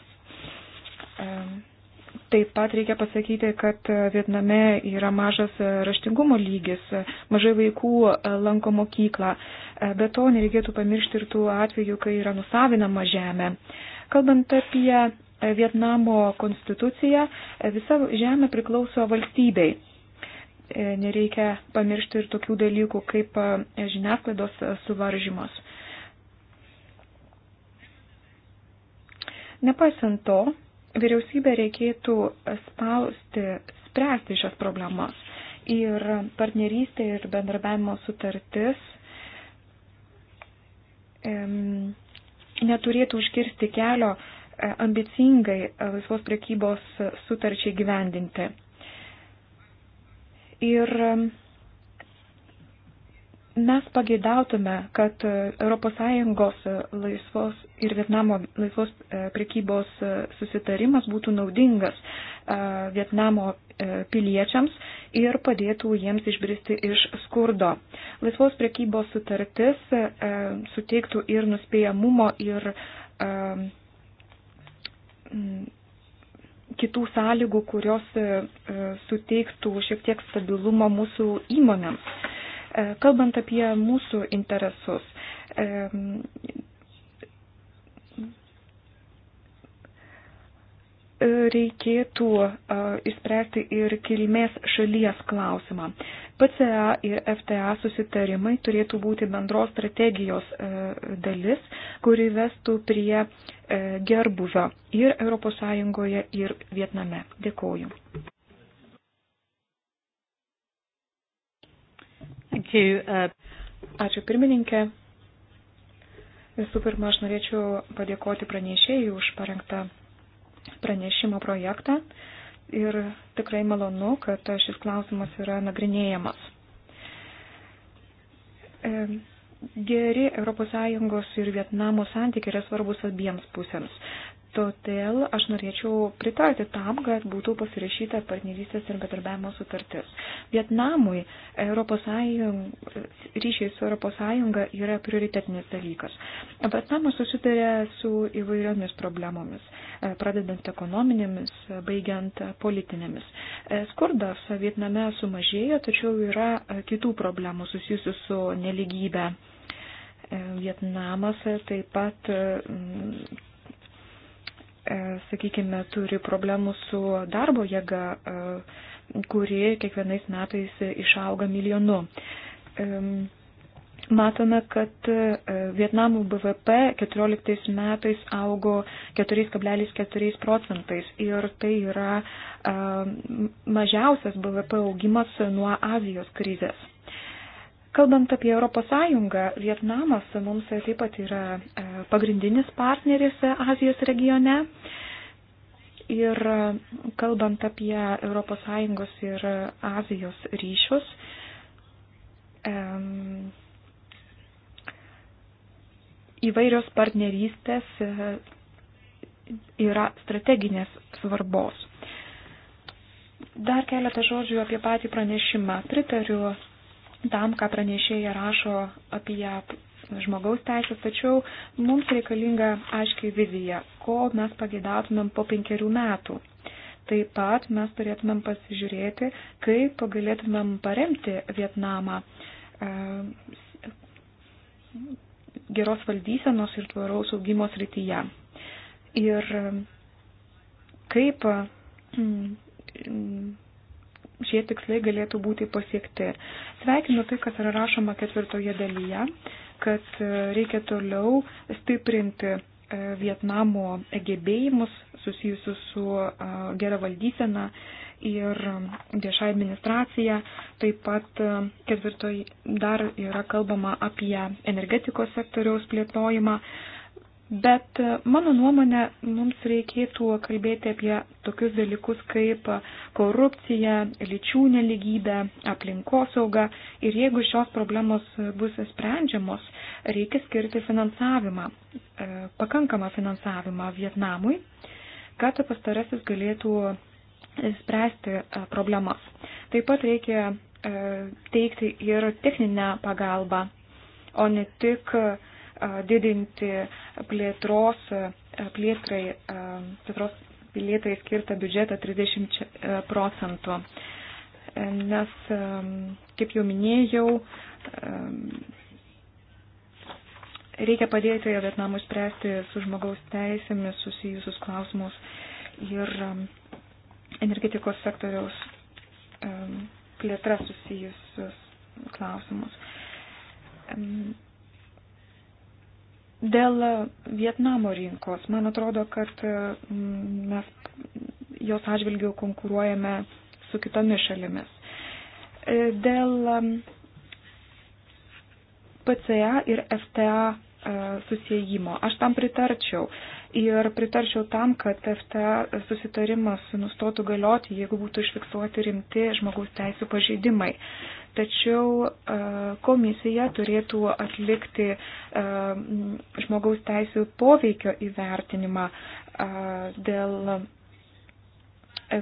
Taip pat reikia pasakyti, kad Vietname yra mažas raštingumo lygis, mažai vaikų lanko mokyklą. Be to nereikėtų pamiršti ir tų atvejų, kai yra nusavinama žemė. Kalbant apie Vietnamo konstituciją, visa žemė priklauso valstybei. E, nereikia pamiršti ir tokių dalykų kaip žiniasklaidos suvaržymas. Nepaisant to, vyriausybė reikėtų spausti, spręsti šias problemas. Ir partnerystė ir bendrabiavimo sutartis em, neturėtų užkirsti kelio e, ambicingai e, laisvos priekybos sutarčiai gyvendinti. Ir Mes pageidautume, kad ES e, laisvos ir Vietnamo laisvos e, prekybos e, susitarimas būtų naudingas Vietnamo piliečiams ir padėtų jiems išbristi iš skurdo. Laisvos prekybos sutartis suteiktų ir nuspėjamumo, ir kitų sąlygų, kurios suteiktų šiek tiek stabilumo mūsų įmonėms E, kalbant apie mūsų interesus, e, reikėtų e, išspręsti ir kilmės šalies klausimą. PCA ir FTA susitarimai turėtų būti bendros strategijos dalis, kuri vestų prie gerbuvio ir ES, ir Vietname. Dėkoju. Thank you. Uh... Ačiū pirmininkė. Visų pirma, aš norėčiau padėkoti pranešėjai už parengtą pranešimo projektą ir tikrai malonu, kad šis klausimas yra nagrinėjamas. E, geri ES ir Vietnamo santykiai yra svarbus abiems pusėms. Todėl aš norėčiau pritarti tam, kad būtų pasirašyta partnerystės ir bendradarbiavimo sutartis. Vietnamui ryšiai su ES yra prioritetinis dalykas. Vietnamas susiduria su įvairiomis problemomis, pradedant ekonominėmis, baigiant politinėmis. Skurdas Vietname sumažėjo, tačiau yra kitų problemų susijusių su neligybė. Vietnamas taip pat E, sakykime, turi problemų su darbo jėga, e, kuri kiekvienais metais išauga milijonu. E, matome, kad Vietnamo BVP 14 metais augo 4,4 procentais ir tai yra mažiausias BVP augimas nuo Azijos krizės. Kalbant apie Europos Sąjungą, Vietnamas mums taip pat yra e, pagrindinis partneris e, Azijos regione. Ir e, kalbant apie Europos Sąjungos ir Azijos ryšius, įvairios partnerystės yra strateginės svarbos. Dar keletą žodžių apie patį pranešimą. Pritariu tam, ką pranešėja rašo apie žmogaus teisės, tačiau mums reikalinga aiškiai vizija, ko mes pageidautumėm po penkerių metų. Taip pat mes turėtumėm pasižiūrėti, kaip galėtumėm paremti Vietnamą e, geros valdysenos ir tvaraus augimo srityje. Ir kaip mm, šie tikslai galėtų būti pasiekti. Sveikinu tai, kas yra rašoma ketvirtoje dalyje, kad e, reikia toliau stiprinti e, Vietnamo gebėjimus susijusius su e, gera valdysena ir vieša administracija. Taip pat ketvirtoj dar yra kalbama apie energetikos sektoriaus plėtojimą, Bet e, mano nuomonė, mums reikėtų kalbėti apie tokius dalykus kaip korupcija, lyčių neligybė, aplinkosauga ir jeigu šios problemos bus sprendžiamos, reikia skirti finansavimą, e, pakankamą finansavimą Vietnamui, kad pastarasis galėtų spręsti e, problemas. Taip pat reikia teikti ir techninę pagalbą, o ne tik uh, didinti plėtros, plėtrai, plėtros pilietai skirtą biudžetą 30 procentų. E, nes, kaip jau minėjau, reikia padėti Vietnamui spręsti su žmogaus teisėmis susijusius klausimus ir energetikos sektoriaus plėtra susijusius klausimus. Dėl Vietnamo rinkos, man atrodo, kad mm, mes jos atžvilgių konkuruojame su kitomis šalimis. E, dėl mm, PCA ir FTA e, susijimo. Aš tam pritarčiau ir pritarčiau tam, kad FTA susitarimas nustotų galioti, jeigu būtų išfiksuoti rimti žmogaus teisų pažeidimai tačiau e, komisija turėtų atlikti e, žmogaus teisų poveikio įvertinimą e, dėl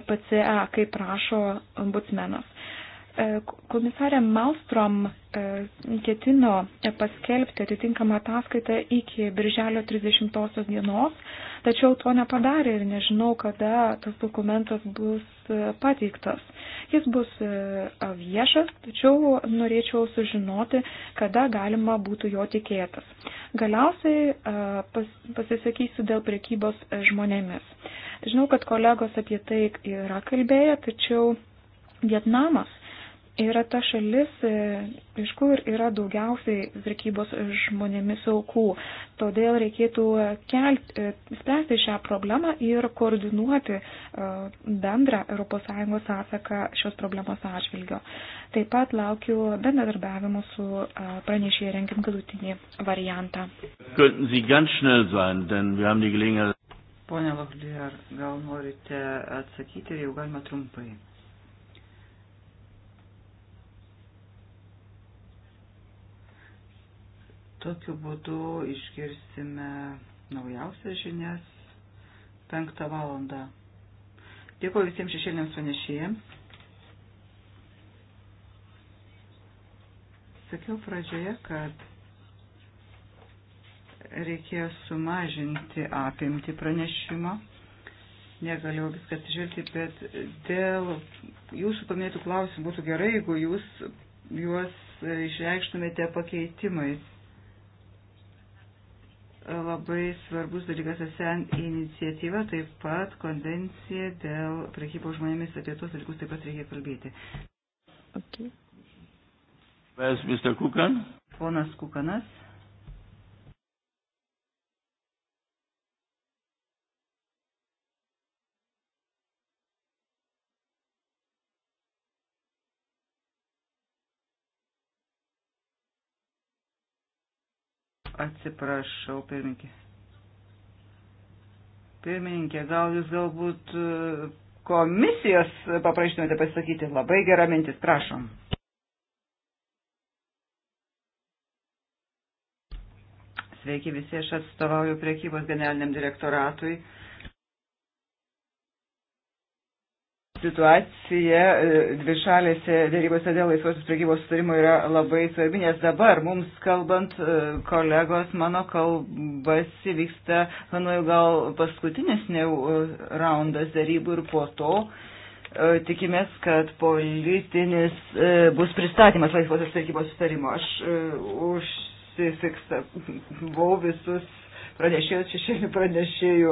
PCA, kaip prašo ombudsmenas. E, komisarė Malstrom e, ketino paskelbti atitinkamą ataskaitą iki birželio 30 dienos, tačiau to nepadarė ir nežinau, kada tas dokumentas bus e, pateiktas. Jis bus viešas, tačiau norėčiau sužinoti, kada galima būtų jo tikėtas. Galiausiai pasisakysiu dėl prekybos žmonėmis. Žinau, kad kolegos apie tai yra kalbėję, tačiau Vietnamas yra ta šalis, e, iš kur yra daugiausiai prekybos žmonėmis aukų. Todėl reikėtų kelti, e, spręsti šią problemą ir koordinuoti e, bendrą ES atsaką šios problemos atžvilgio. Taip pat laukiu bendradarbiavimo su pranešėjai renkim galutinį variantą. Pone Lohlier, gal norite atsakyti ir jau galima trumpai. Tokiu būdu išgirsime naujausias žinias penktą valandą. Dėkuoju visiems šešėliams pranešėjams. Sakiau pradžioje, kad reikėjo sumažinti apimti pranešimo. Negalėjau viską atsižvelgti, bet dėl jūsų paminėtų klausimų būtų gerai, jeigu jūs juos išreikštumėte pakeitimais labai svarbus dalykas ASEAN iniciatyva, taip pat konvencija dėl prekybos žmonėmis apie tuos dalykus taip pat reikia kalbėti. Okay. Ponas Kukanas. Atsiprašau, pirmininkė. Pirmininkė, gal jūs galbūt e, komisijos paprašytumėte pasakyti. Labai gera mintis, prašom. Sveiki visi, aš atstovauju priekybos generaliniam direktoratui. situacija e, dvišalėse dėrybose dėl laisvosios prekybos sutarimo yra labai svarbi, nes dabar mums kalbant, e, kolegos mano kalbas įvyksta, manau, gal paskutinis ne e, raundas dėrybų ir po to. Tikimės, kad politinis bus pristatymas laisvosios prekybos sutarimo. Aš užsifiksavau visus pranešėjus šešėlių pranešėjų. pranešėjų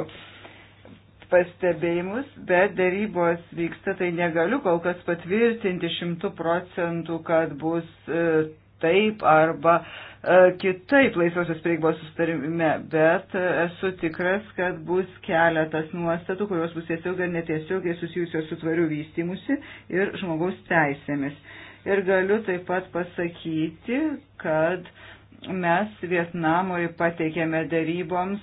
pastebėjimus, bet darybos vyksta, tai negaliu kol kas patvirtinti šimtų procentų, kad bus e, taip arba e, kitaip laisvosios prieigos sustarime, bet e, esu tikras, kad bus keletas nuostatų, kurios bus tiesiog ar netiesiogiai susijusios su tvariu vystimusi ir žmogaus teisėmis. Ir galiu taip pat pasakyti, kad mes Vietnamui pateikėme daryboms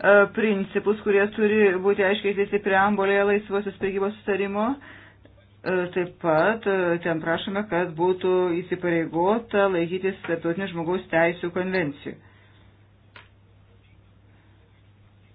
E, principus, kurie turi būti aiškiai tiesi preambolėje laisvosios prekybos sustarimo. E, taip pat e, ten prašome, kad būtų įsipareigota laikytis tarptautinės žmogaus teisų konvencijų.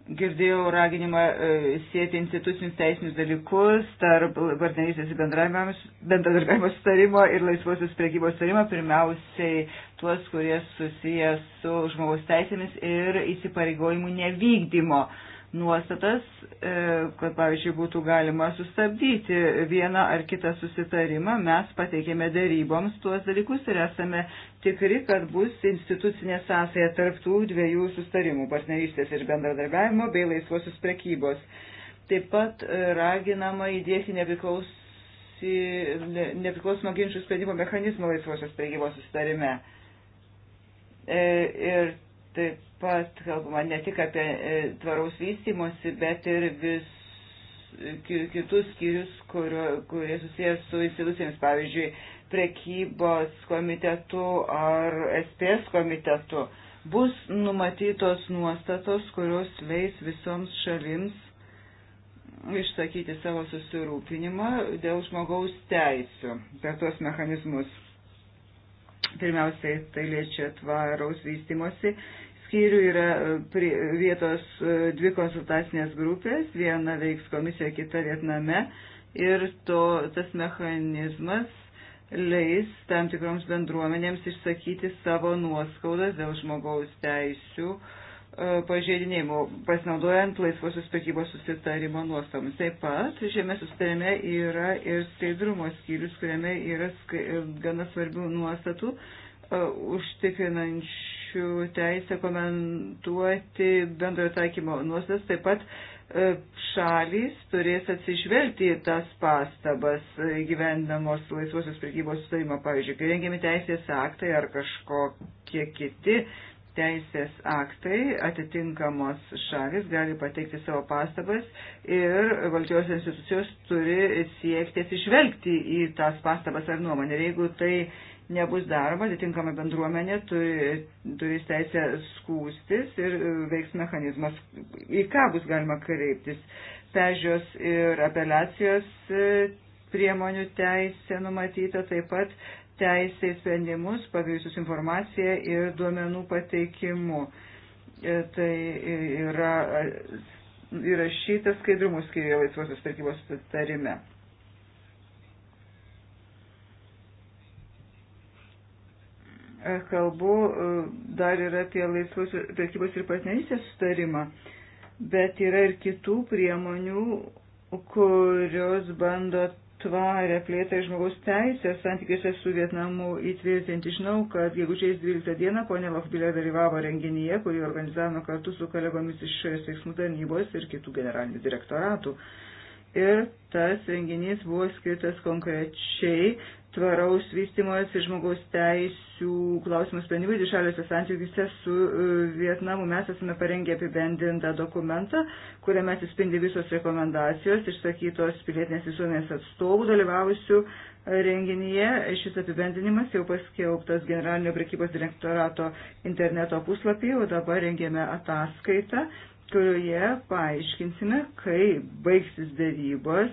Girdėjau raginimą e, sėti institucinius teisinius dalykus tarp partnerystės ir bendradarbiavimo sutarimo ir laisvosios priekybos sutarimo, pirmiausiai tuos, kurie susiję su žmogaus teisėmis ir įsipareigojimų nevykdymo. Uh, nuostatas, e, kad, pavyzdžiui, būtų galima sustabdyti vieną ar kitą susitarimą. Mes pateikėme daryboms tuos dalykus ir esame tikri, kad bus institucinė sąsaja tarptų dviejų sustarimų - partnerystės ir bendradarbiavimo bei laisvosios prekybos. Taip pat e, raginama įdėti nepriklausomą ginčių sprendimo mechanizmą laisvosios prekybos sustarime. E, ir Taip pat kalbama ne tik apie e, tvaraus vystimosi, bet ir vis kitus skyrius, kurio, kurie susijęs su institucijomis, pavyzdžiui, prekybos komitetu ar SPS komitetu, bus numatytos nuostatos, kurios leis visoms šalims išsakyti savo susirūpinimą dėl žmogaus teisų per tuos mechanizmus. Pirmiausiai tai liečia tvaraus vystimosi skyrių yra e, vietos e, dvi konsultacinės grupės, viena veiks komisija, kita Vietname ir to, tas mechanizmas leis tam tikroms bendruomenėms išsakyti savo nuoskaudas dėl žmogaus teisių e, pažeidinėjimų, pasinaudojant laisvosios prekybos susitarimo nuostomis. Taip pat šiame susitarime yra ir skaidrumo skyrius, kuriame yra skai, gana svarbių nuostatų užtikrinančių piliečių teisę komentuoti bendrojo taikymo nuostas, taip pat e, šalys turės atsižvelgti į tas pastabas gyvendamos laisvosios prekybos sutarimą, pavyzdžiui, kai rengiami teisės aktai ar kažkokie kiti teisės aktai, atitinkamos šalis gali pateikti savo pastabas ir valdžios institucijos turi siekti atsižvelgti į tas pastabas ar nuomonę. Ir jeigu tai nebus daroma, atitinkama bendruomenė turi, turi teisę skūstis ir e, veiks mechanizmas, į ką bus galima kreiptis. Pežios ir apeliacijos e, priemonių teisė numatyta taip pat teisė į sprendimus, pavyzdžius informaciją ir duomenų pateikimu. E, tai yra įrašyta skaidrumų skyriuje laisvosios prekybos sutarime. kalbu e, dar ir apie laisvos prekybos ir partnerystės sustarimą, bet yra ir kitų priemonių, kurios bando tvarę plėtą žmogaus teisės santykiuose su Vietnamu įtvirtinti. Žinau, kad gegužės 12 dieną ponė Lofbilė dalyvavo renginyje, kurį organizavome kartu su kolegomis iš šalies veiksmų tarnybos ir kitų generalinių direktoratų. Ir tas renginys buvo skirtas konkrečiai tvaraus vystimas ir žmogaus teisų klausimų sprendimai dvišaliuose santykiuose su e, Vietnamu. Mes esame parengę apibendrintą dokumentą, kuriame atsispindi visos rekomendacijos išsakytos pilietinės visuomenės atstovų dalyvavusių renginyje. Šis apibendrinimas jau paskelbtas generalinio prekybos direktorato interneto puslapyje, o dabar rengėme ataskaitą, kurioje paaiškinsime, kai baigsis dėrybos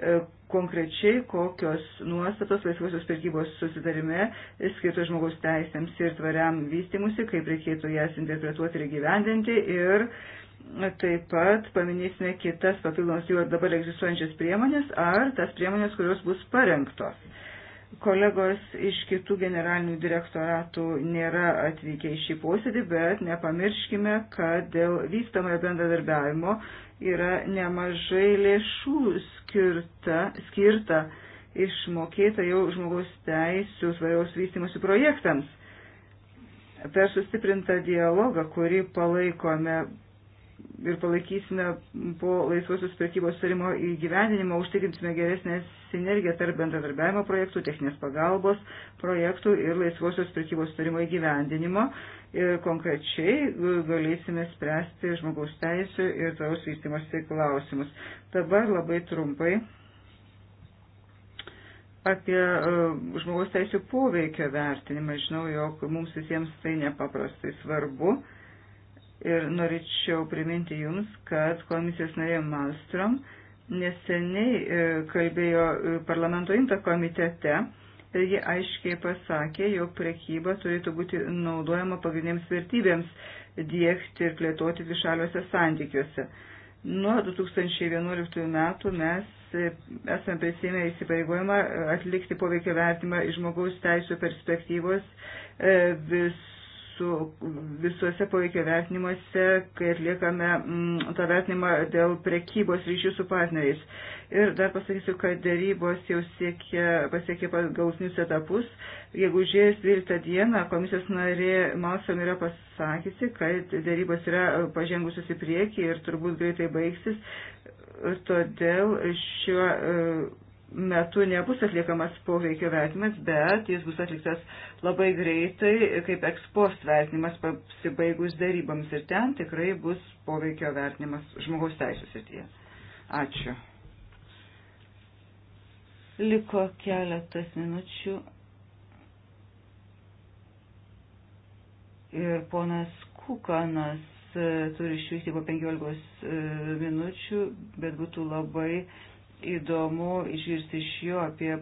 e, konkrečiai, kokios nuostatos laisvosios pirkybos susidarime skirto žmogaus teisėms ir tvariam vystimusi, kaip reikėtų jas interpretuoti ir gyvendinti. Ir taip pat paminėsime kitas papildomas jau dabar egzistuojančias priemonės ar tas priemonės, kurios bus parengtos. Kolegos iš kitų generalinių direktoratų nėra atvykę į šį posėdį, bet nepamirškime, kad dėl vystamojo bendradarbiavimo yra nemažai lėšų skirta, skirta išmokėta jau žmogaus teisų svariaus vystimusi projektams. Per sustiprintą dialogą, kurį palaikome ir palaikysime po laisvosios prekybos sarimo įgyvendinimo, užtikrinsime geresnę sinergiją tarp bendradarbiavimo projektų, techninės pagalbos projektų ir laisvosios prekybos sarimo įgyvendinimo ir konkrečiai galėsime spręsti žmogaus teisų ir tvaraus vystimosi klausimus. Dabar labai trumpai apie e, žmogaus teisų poveikio vertinimą. Žinau, jog mums visiems tai nepaprastai svarbu. Ir norėčiau priminti Jums, kad komisijos narė Malstrom neseniai e, kalbėjo e, parlamento inta komitete ji aiškiai pasakė, jog prekyba turėtų būti naudojama pagrindiniams vertybėms dėkti ir plėtoti dvišaliuose santykiuose. Nuo 2011 metų mes esame prisėmę įsipareigojimą atlikti poveikio vertimą iš žmogaus teisų perspektyvos e, vis su visuose poveikio vertinimuose, kai atliekame m, mm, tą vertinimą dėl prekybos ryšių su partneriais. Ir dar pasakysiu, kad dėrybos jau siekia, pasiekė gausnius etapus. Jeigu žiūrės 12 dieną, komisijos narė Malsom yra pasakysi, kad dėrybos yra pažengusios į priekį ir turbūt greitai baigsis. Ir todėl šiuo. Uh, metu nebus atliekamas poveikio vertimas, bet jis bus atliktas labai greitai, kaip ekspost vertinimas pasibaigus darybams ir ten tikrai bus poveikio vertinimas žmogaus teisų srityje. Ačiū. Liko keletas minučių. Ir ponas Kukanas e, turi išvykti po 15 e, minučių, bet būtų labai uh, įdomu išgirsti iš jo apie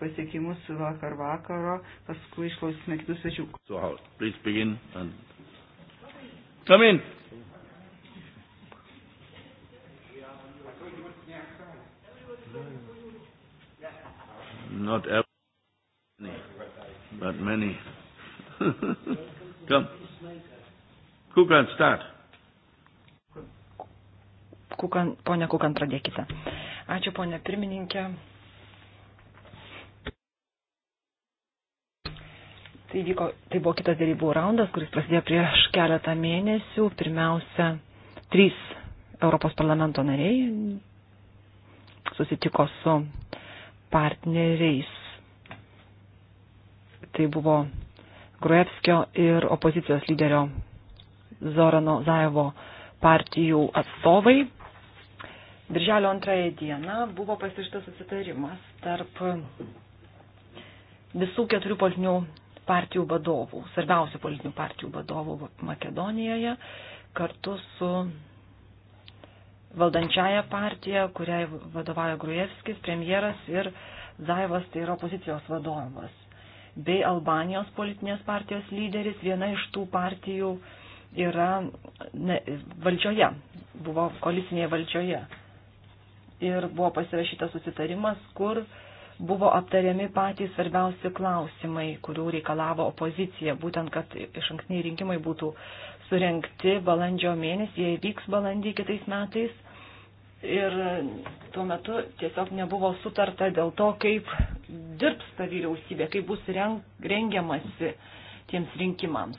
pasiekimus vakar vakaro, paskui išklausysime kitų svečių. So, please begin and come in. Not every, but many. (laughs) come. Kukan, start. Kukan, ponia Kukan, pradėkite. Uh, Ačiū, ponė pirmininkė. Tai, vyko, tai buvo kitas dėrybų raundas, kuris prasidėjo prieš keletą mėnesių. Pirmiausia, trys Europos parlamento nariai susitiko su partneriais. Tai buvo Gruevskio ir opozicijos lyderio Zorano Zaevo partijų atstovai Birželio antrąją dieną buvo pasirštas susitarimas tarp visų keturių politinių partijų vadovų, svarbiausių politinių partijų vadovų Makedonijoje, kartu su valdančiaja partija, kuriai vadovauja Grujevskis, premjeras ir Zaivas, tai yra opozicijos vadovas, bei Albanijos politinės partijos lyderis, viena iš tų partijų yra ne, valdžioje, buvo koalicinėje valdžioje ir buvo pasirašytas susitarimas, kur buvo aptariami patys svarbiausi klausimai, kurių reikalavo opozicija, būtent, kad iš ankstiniai rinkimai būtų surenkti balandžio mėnesį, jie vyks balandį kitais metais. Ir tuo metu tiesiog nebuvo sutarta dėl to, kaip dirbs ta vyriausybė, kaip bus rengiamasi tiems rinkimams.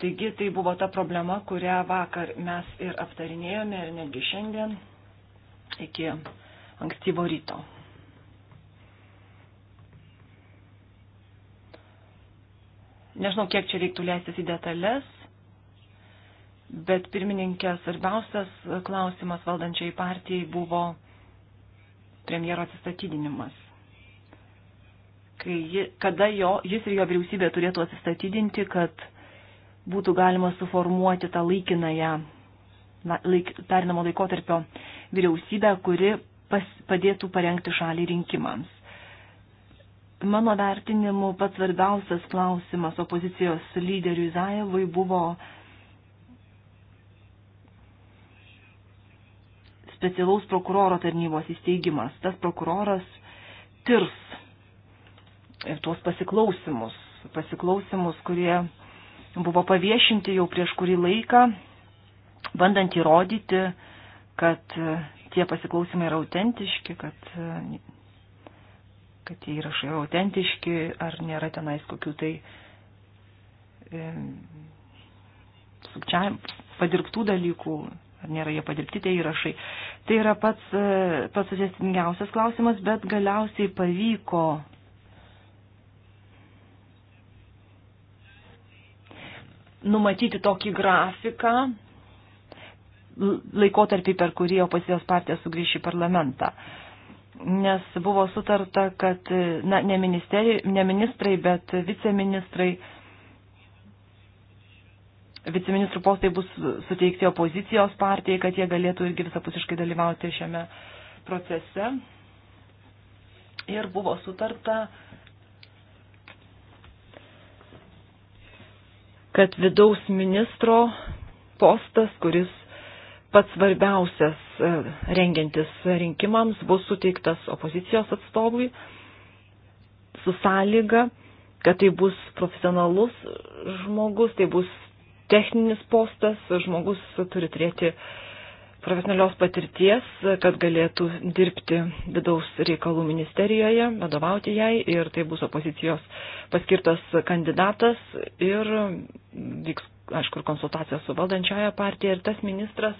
Taigi tai buvo ta problema, kurią vakar mes ir aptarinėjome ir netgi šiandien iki ankstyvo ryto. Nežinau, kiek čia reiktų leistis į detalės, bet pirmininkė svarbiausias klausimas valdančiai partijai buvo premjero atsistatydinimas. Kai ji, kada jo, jis ir jo vyriausybė turėtų atsistatydinti, kad būtų galima suformuoti tą laikinąją laik, perinamo laikotarpio vyriausybę, kuri pas, padėtų parengti šalį rinkimams. Mano vertinimu pats svarbiausias klausimas opozicijos lyderiui Zajevui buvo specialaus prokuroro tarnybos įsteigimas. Tas prokuroras tirs tuos pasiklausimus, pasiklausimus, kurie buvo paviešinti jau prieš kurį laiką bandant įrodyti, kad e, tie pasiklausimai yra autentiški, kad, e, kad tie įrašai yra autentiški, ar nėra tenais kokių tai e, sukčia, padirbtų dalykų, ar nėra jie padirbti tie įrašai. Tai yra pats, e, pats sudėtingiausias klausimas, bet galiausiai pavyko numatyti tokį grafiką, laikotarpį, per kurį opozicijos partija sugrįš į parlamentą. Nes buvo sutarta, kad na, ne, ne ministrai, bet viceministrai, viceministrų postai bus suteikti opozicijos partijai, kad jie galėtų irgi visapusiškai dalyvauti šiame procese. Ir buvo sutarta, kad vidaus ministro postas, kuris pats svarbiausias e, rengiantis rinkimams bus suteiktas opozicijos atstovui su sąlyga, kad tai bus profesionalus žmogus, tai bus techninis postas, žmogus turi turėti profesionalios patirties, kad galėtų dirbti vidaus reikalų ministerijoje, vadovauti jai ir tai bus opozicijos paskirtas kandidatas ir vyks, aišku, konsultacija su valdančiaja partija ir tas ministras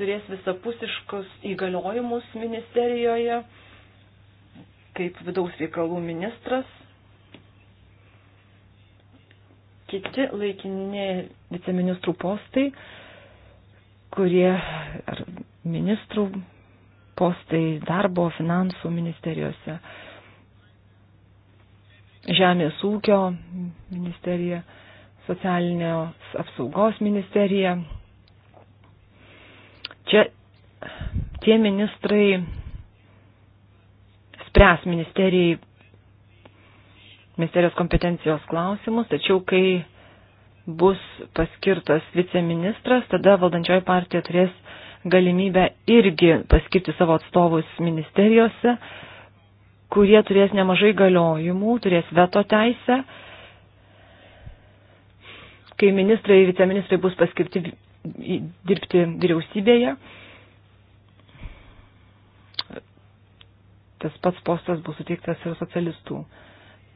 turės visapusiškus įgaliojimus ministerijoje kaip vidaus reikalų ministras. Kiti laikinė viceministrų postai, kurie ar ministrų postai darbo finansų ministerijose, žemės ūkio ministerija, socialinės apsaugos ministerija, Čia tie ministrai spręs ministerijai ministerijos kompetencijos klausimus, tačiau kai bus paskirtas viceministras, tada valdančioji partija turės galimybę irgi paskirti savo atstovus ministerijose, kurie turės nemažai galiojimų, turės veto teisę. Kai ministrai ir viceministrai bus paskirti dirbti vyriausybėje. Tas pats postas bus suteiktas ir socialistų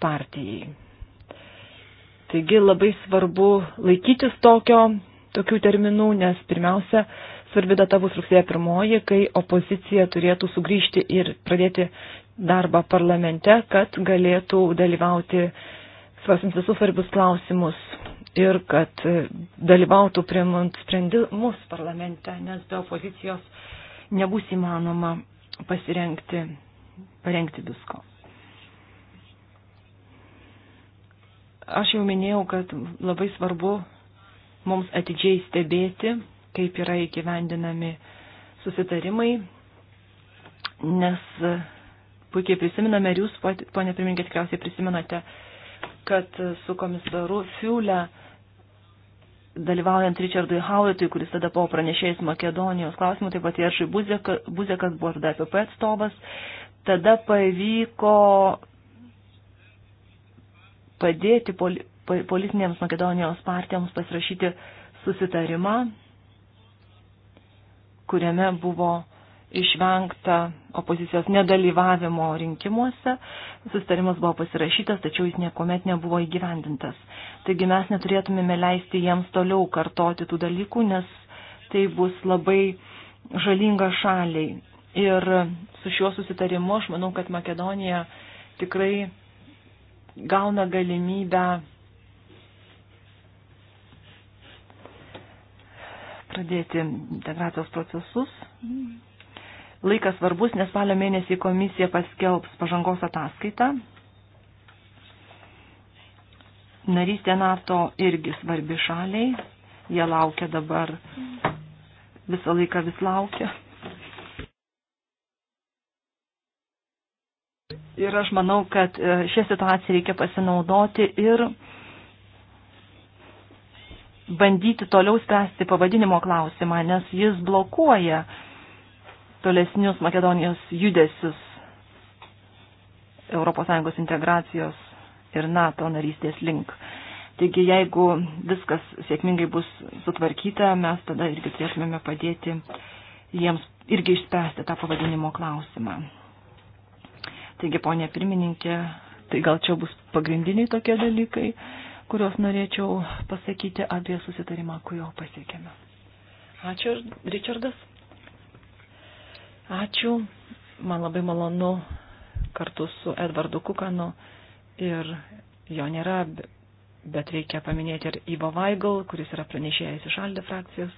partijai. Taigi labai svarbu laikytis tokio, tokių terminų, nes pirmiausia, svarbi data bus rugsėjo pirmoji, kai opozicija turėtų sugrįžti ir pradėti darbą parlamente, kad galėtų dalyvauti svarstant visus svarbius klausimus ir kad dalyvautų priimant sprendimus parlamente, nes be opozicijos nebus įmanoma pasirengti, parengti visko. Aš jau minėjau, kad labai svarbu mums atidžiai stebėti, kaip yra įgyvendinami susitarimai, nes puikiai prisiminame ir jūs, ponė pirmininkė, tikriausiai prisimenate, kad su komisaru Fiule dalyvaujant Richardui Howitui, kuris tada buvo pranešėjęs Makedonijos klausimų, taip pat Jeržai Buzekas, Buzekas buvo tada APP atstovas, tada pavyko padėti poli, politinėms Makedonijos partijoms pasirašyti susitarimą, kuriame buvo išvengta opozicijos nedalyvavimo rinkimuose. Sustarimas buvo pasirašytas, tačiau jis niekuomet nebuvo įgyvendintas. Taigi mes neturėtumėme leisti jiems toliau kartoti tų dalykų, nes tai bus labai žalinga šaliai. Ir su šiuo susitarimu aš manau, kad Makedonija tikrai gauna galimybę pradėti integracijos procesus laikas svarbus, nes spalio mėnesį komisija paskelbs pažangos ataskaitą. Narystė NATO irgi svarbi šaliai. Jie laukia dabar, visą laiką vis laukia. Ir aš manau, kad e, šią situaciją reikia pasinaudoti ir bandyti toliau spręsti pavadinimo klausimą, nes jis blokuoja uh, tolesnius Makedonijos judesius ES integracijos ir NATO narystės link. Taigi, jeigu viskas sėkmingai bus sutvarkyta, mes tada irgi turėtumėme padėti jiems irgi išspręsti tą pavadinimo klausimą. Taigi, ponė pirmininkė, tai gal čia bus pagrindiniai tokie dalykai, kuriuos norėčiau pasakyti apie susitarimą, kurio pasiekėme. Ačiū, Richardas. Ačiū. Man labai malonu kartu su Edvardu Kukanu ir jo nėra, bet reikia paminėti ir Ivo Vaigal, kuris yra pranešėjęs iš Alde frakcijos.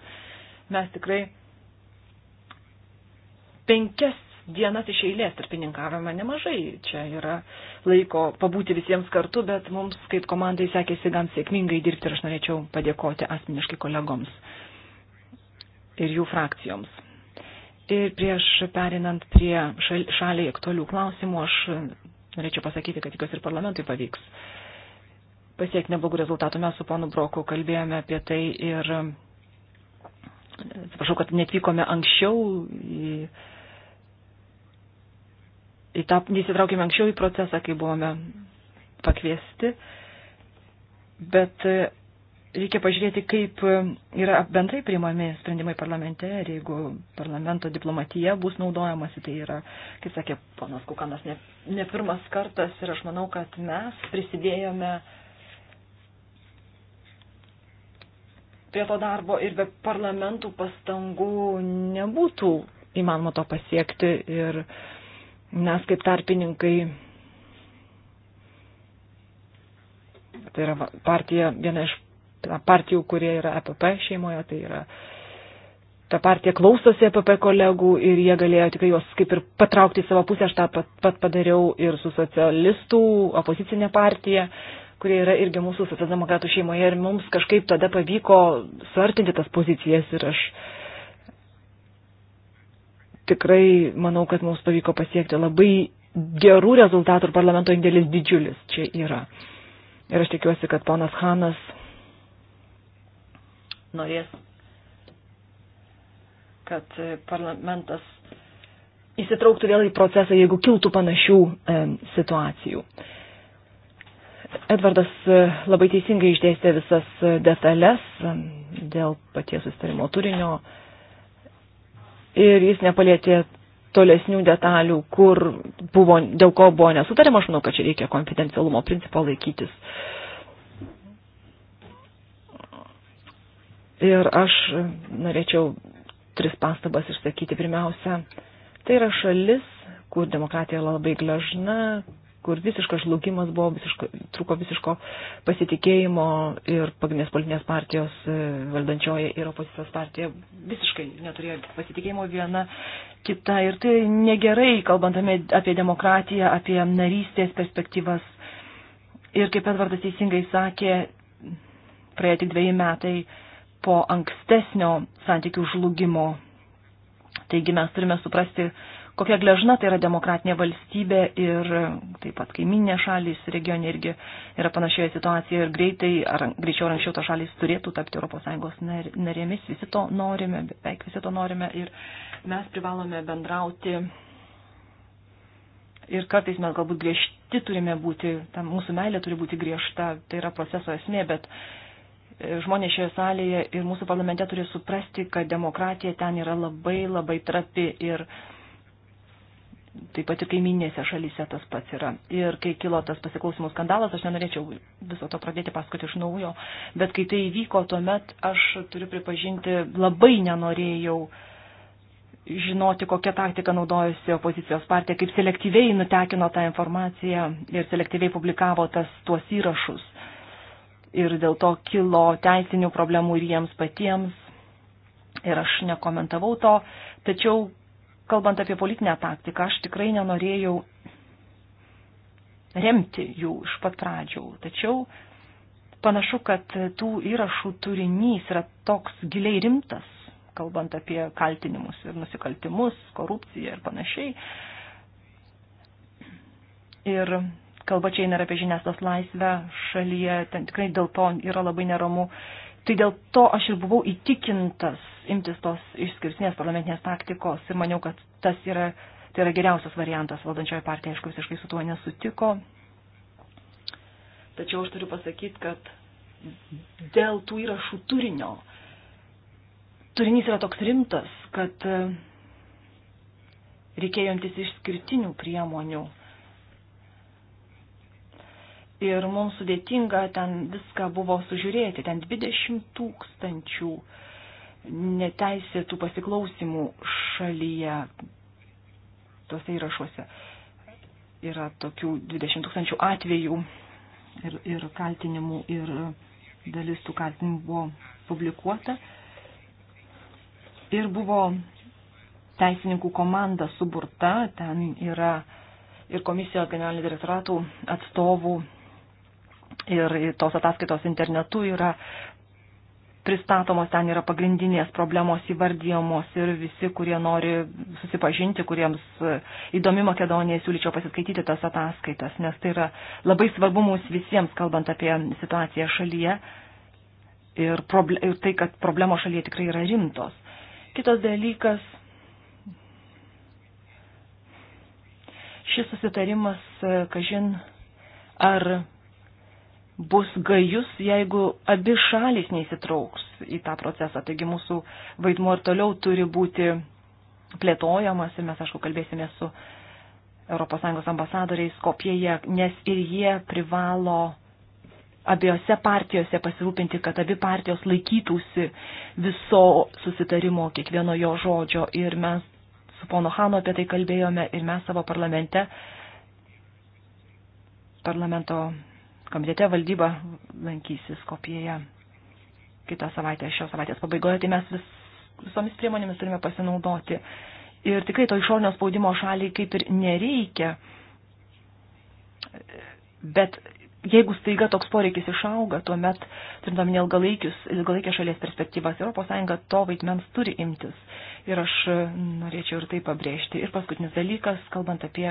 Mes tikrai penkias dienas iš eilės tarpininkavome nemažai. Čia yra laiko pabūti visiems kartu, bet mums kaip komandai sekėsi gan sėkmingai dirbti ir aš norėčiau padėkoti asmeniškai kolegoms ir jų frakcijoms. Ir prieš perinant prie šal, šaliai aktualių klausimų, aš norėčiau pasakyti, kad tikiuosi ir parlamentui pavyks pasiekti neblogų rezultatų. Mes su ponu Broku kalbėjome apie tai ir atsiprašau, kad netvykome anksčiau į, į tą, nesitraukėme anksčiau į procesą, kai buvome pakviesti, bet reikia pažiūrėti, kaip e, yra bendrai priimami sprendimai parlamente ir jeigu parlamento diplomatija bus naudojamasi, tai yra, kaip sakė ponas Kukanas, ne, ne pirmas kartas ir aš manau, kad mes prisidėjome prie to darbo ir be parlamentų pastangų nebūtų įmanoma to pasiekti ir mes kaip tarpininkai tai yra partija, viena iš partijų, kurie yra EPP šeimoje, tai yra ta partija klausosi EPP kolegų ir jie galėjo tikrai juos kaip ir patraukti į savo pusę, aš tą pat, pat padariau ir su socialistų opozicinė partija, kurie yra irgi mūsų socialdemokratų šeimoje ir mums kažkaip tada pavyko suartinti tas pozicijas ir aš tikrai manau, kad mums pavyko pasiekti labai gerų rezultatų ir parlamento indėlis didžiulis čia yra. Ir aš tikiuosi, kad ponas Hanas norės, kad parlamentas įsitrauktų vėl į procesą, jeigu kiltų panašių e, situacijų. Edvardas e, labai teisingai išdėstė visas e, detalės dėl paties sustarimo turinio ir jis nepalėtė tolesnių detalių, kur buvo, dėl ko buvo nesutarima, aš manau, kad čia reikia konfidencialumo principo laikytis. E, Ir aš norėčiau tris pastabas išsakyti. Pirmiausia, tai yra šalis, kur demokratija yra labai gležna, kur visiškas žlugimas buvo, visiško, truko visiško pasitikėjimo ir pagrindinės politinės partijos e, valdančioji ir opozicijos partija visiškai neturėjo pasitikėjimo viena kita. Ir tai negerai, kalbant apie demokratiją, apie narystės perspektyvas. Ir kaip Edvardas teisingai sakė, praėjo tik dviejai metai po ankstesnio santykių žlugimo. Taigi mes turime suprasti, kokia gležna tai yra demokratinė valstybė ir taip pat kaiminė šalis regione irgi yra panašioje situacijoje ir greitai, ar greičiau ar anksčiau tos šalis turėtų tapti ES narėmis, visi to norime, beveik visi to norime ir mes privalome bendrauti ir kartais mes galbūt griežti turime būti, ta mūsų meilė turi būti griežta, tai yra proceso esmė, bet žmonės šioje salėje ir mūsų parlamente turi suprasti, kad demokratija ten yra labai labai trapi ir taip pat ir kaiminėse šalyse tas pats yra. Ir kai kilo tas pasiklausimų skandalas, aš nenorėčiau viso to pradėti pasakoti iš naujo, bet kai tai įvyko, tuomet aš turiu pripažinti, labai nenorėjau žinoti, kokią taktiką naudojusi opozicijos partija, kaip selektyviai nutekino tą informaciją ir selektyviai publikavo tas, tuos įrašus ir dėl to kilo teisinių problemų ir jiems patiems. Ir aš nekomentavau to, tačiau kalbant apie politinę taktiką, aš tikrai nenorėjau remti jų iš pat pradžių. Tačiau panašu, kad tų įrašų turinys yra toks giliai rimtas, kalbant apie kaltinimus ir nusikaltimus, korupciją ir panašiai. Ir kalba čia eina ir apie žiniasklaidos laisvę šalyje, ten tikrai dėl to yra labai neramu. Tai dėl to aš ir buvau įtikintas imtis tos išskirtinės parlamentinės taktikos ir maniau, kad tas yra, tai yra geriausias variantas. Valdančioji partija, aišku, visiškai su tuo nesutiko. Tačiau aš turiu pasakyti, kad dėl tų įrašų turinio, turinys yra toks rimtas, kad reikėjo imtis išskirtinių priemonių ir mums sudėtinga ten viską buvo sužiūrėti, ten 20 tūkstančių neteisėtų pasiklausimų šalyje tuose įrašuose yra tokių 20 tūkstančių atvejų ir, ir kaltinimų ir dalis tų kaltinimų buvo publikuota. Ir buvo teisininkų komanda suburta, ten yra ir komisijos generalinio direktoratų atstovų ir tos ataskaitos internetu yra pristatomos, ten yra pagrindinės problemos įvardyjamos ir visi, kurie nori susipažinti, kuriems įdomi Makedonija, siūlyčiau pasiskaityti tas ataskaitas, nes tai yra labai svarbu mums visiems, kalbant apie situaciją šalyje ir, proble ir tai, kad problemos šalyje tikrai yra rimtos. Kitas dalykas, šis susitarimas, kažin, ar bus gajus, jeigu abi šalis neįsitrauks į tą procesą. Taigi mūsų vaidmuo ir toliau turi būti plėtojamas ir mes, aišku, kalbėsime su ES ambasadoriais Kopijoje, nes ir jie privalo abiejose partijose pasirūpinti, kad abi partijos laikytųsi viso susitarimo, kiekvieno jo žodžio. Ir mes su pono Hanu apie tai kalbėjome ir mes savo parlamente, parlamento komitete valdyba lankysis kopijoje kitą savaitę, šios savaitės pabaigoje, tai mes vis, visomis priemonėmis turime pasinaudoti. Ir tikrai to išorinio spaudimo šaliai kaip ir nereikia. Bet jeigu staiga toks poreikis išauga, tuomet, turintamini ilgalaikės šalies perspektyvas, ES to vaidmens turi imtis. Ir aš norėčiau ir tai pabrėžti. Ir paskutinis dalykas, kalbant apie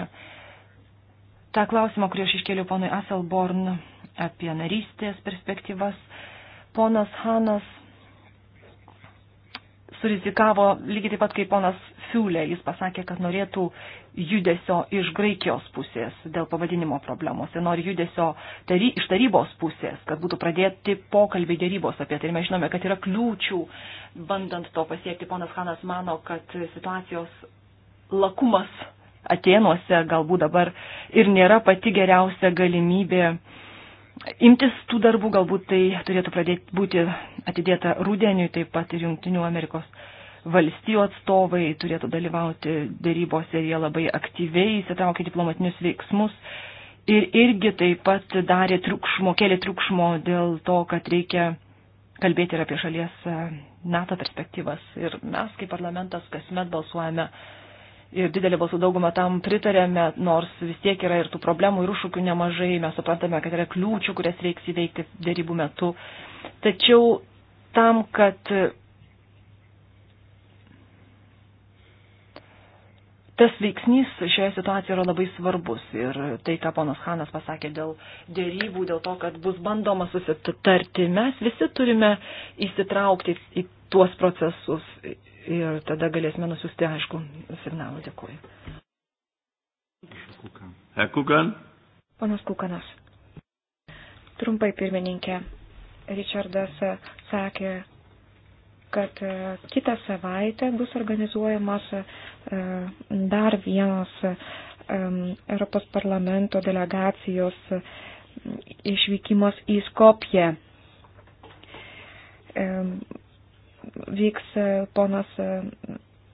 tą klausimą, kurį aš iškėliau ponui Aselborn apie narystės perspektyvas. Ponas Hanas surizikavo lygiai taip pat kaip ponas Fiulė. Jis pasakė, kad norėtų judesio iš Graikijos pusės dėl pavadinimo problemos. Ir nori judesio tary, iš tarybos pusės, kad būtų pradėti pokalbiai dėrybos apie tai. Ir mes žinome, kad yra kliūčių, bandant to pasiekti. Ponas Hanas mano, kad situacijos lakumas Atenuose galbūt dabar ir nėra pati geriausia galimybė imtis tų darbų, galbūt tai turėtų pradėti būti atidėta rūdieniui, taip pat ir Junktinių Amerikos valstijų atstovai turėtų dalyvauti dėrybose ir jie labai aktyviai įsitraukia diplomatinius veiksmus. Ir irgi taip pat darė triukšmo, kėlė triukšmo dėl to, kad reikia kalbėti ir apie šalies e, NATO perspektyvas. Ir mes kaip parlamentas kasmet balsuojame uh, ir didelė balsų dauguma tam pritarėme, nors vis tiek yra ir tų problemų ir užšūkių nemažai, mes suprantame, kad yra kliūčių, kurias reiks įveikti dėrybų metu. Tačiau tam, kad tas veiksnys šioje situacijoje yra labai svarbus ir tai, ką ponas Hanas pasakė dėl dėrybų, dėl to, kad bus bandoma susitarti, mes visi turime įsitraukti į tuos procesus ir tada galėsime nusiųsti aišku signalą. Dėkuoju. Herr Kukan. Panas Kukanas. Trumpai pirmininkė. Richardas e, sakė, kad e, kitą savaitę bus organizuojamas e, dar vienas Europos parlamento delegacijos išvykimas į Skopje vyks e, ponas e,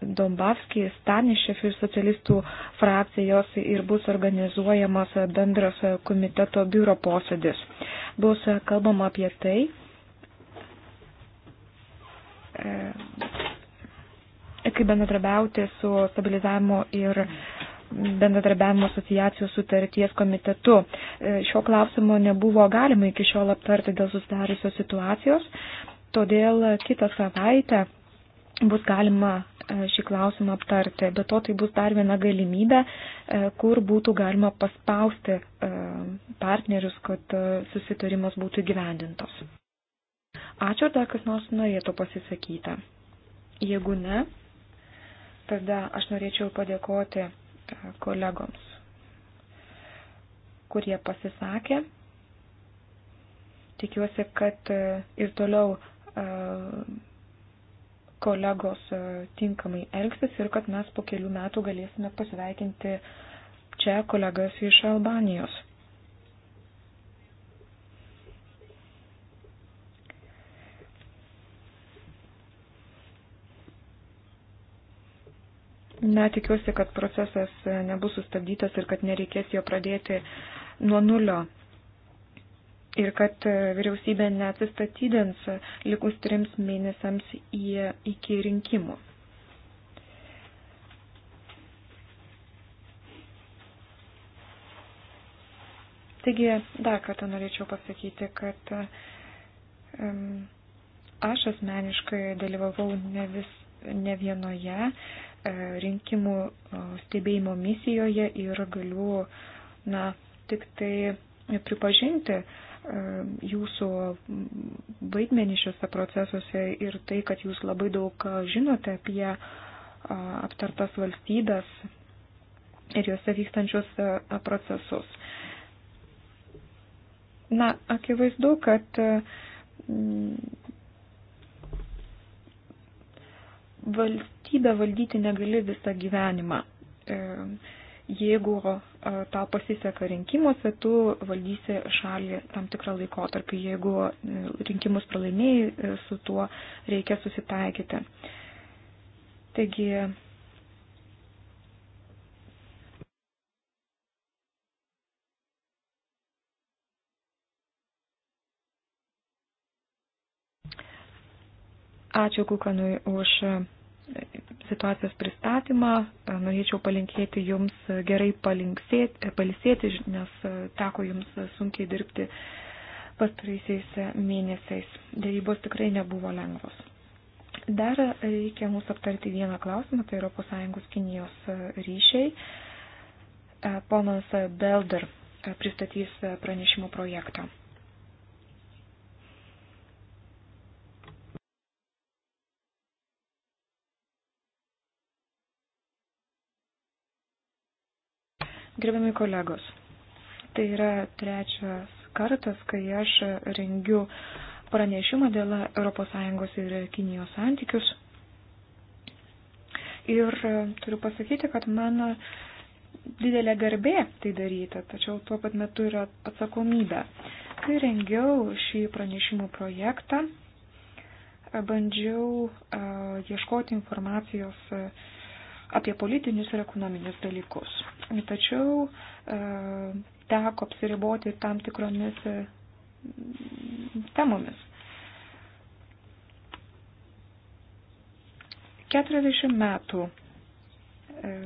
Dombavskis, Stanišev ir socialistų frakcijos ir bus organizuojamas bendras komiteto biuro posėdis. Bus kalbama apie tai, e, kaip bendradarbiauti su stabilizavimo ir bendradarbiavimo asociacijos sutarties komitetu. Šio klausimo nebuvo galima iki šiol aptarti dėl susidariusios situacijos, Todėl kitą savaitę bus galima e, šį klausimą aptarti. Be to, tai bus dar viena galimybė, e, kur būtų galima paspausti e, partnerius, kad susitarimas būtų gyvendintos. Ačiū, ar dar kas nors norėtų pasisakyti. Jeigu ne, tada aš norėčiau padėkoti kolegoms, kurie pasisakė. Tikiuosi, kad ir toliau E, kolegos e, tinkamai elgsis ir kad mes po kelių metų galėsime pasveikinti čia kolegas iš Albanijos. Na, tikiuosi, kad procesas e, nebus sustabdytas ir kad nereikės jo pradėti nuo nulio ir kad e, vyriausybė neatsistatydins e, likus trims mėnesiams į, iki rinkimų. Taigi, dar kartą norėčiau pasakyti, kad um, aš asmeniškai dalyvavau ne, vis, ne vienoje rinkimų stebėjimo misijoje ir galiu, na, tik tai pripažinti uh, jūsų vaidmenį šiuose procesuose ir tai, kad jūs labai daug žinote apie aptartas valstybės ir juose vykstančius procesus. Na, akivaizdu, kad valstybę valdyti negali visą gyvenimą. E, jeigu e, tau pasiseka rinkimuose, tu valdysi šalį tam tikrą laikotarpį, jeigu e, rinkimus pralaimėjai, e, su tuo reikia susitaikyti. Taigi, ačiū Kukanui už situacijos pristatymą. Norėčiau palinkėti jums gerai palisėti, nes teko jums sunkiai dirbti pastaraisiais mėnesiais. Dėrybos tikrai nebuvo lengvos. Dar reikia mums aptarti vieną klausimą, tai ES Kinijos ryšiai. Ponas Belder pristatys pranešimo projektą. Gerbiami kolegos, tai yra trečias kartas, kai aš rengiu pranešimą dėl ES ir Kinijos santykius. Ir turiu pasakyti, kad man didelė garbė tai daryti, tačiau tuo pat metu yra atsakomybė. Kai rengiau šį pranešimų projektą, bandžiau ieškoti informacijos uh, apie politinius ir ekonominius dalykus. Tačiau e, teko apsiriboti tam tikromis e, temomis. 40 metų e,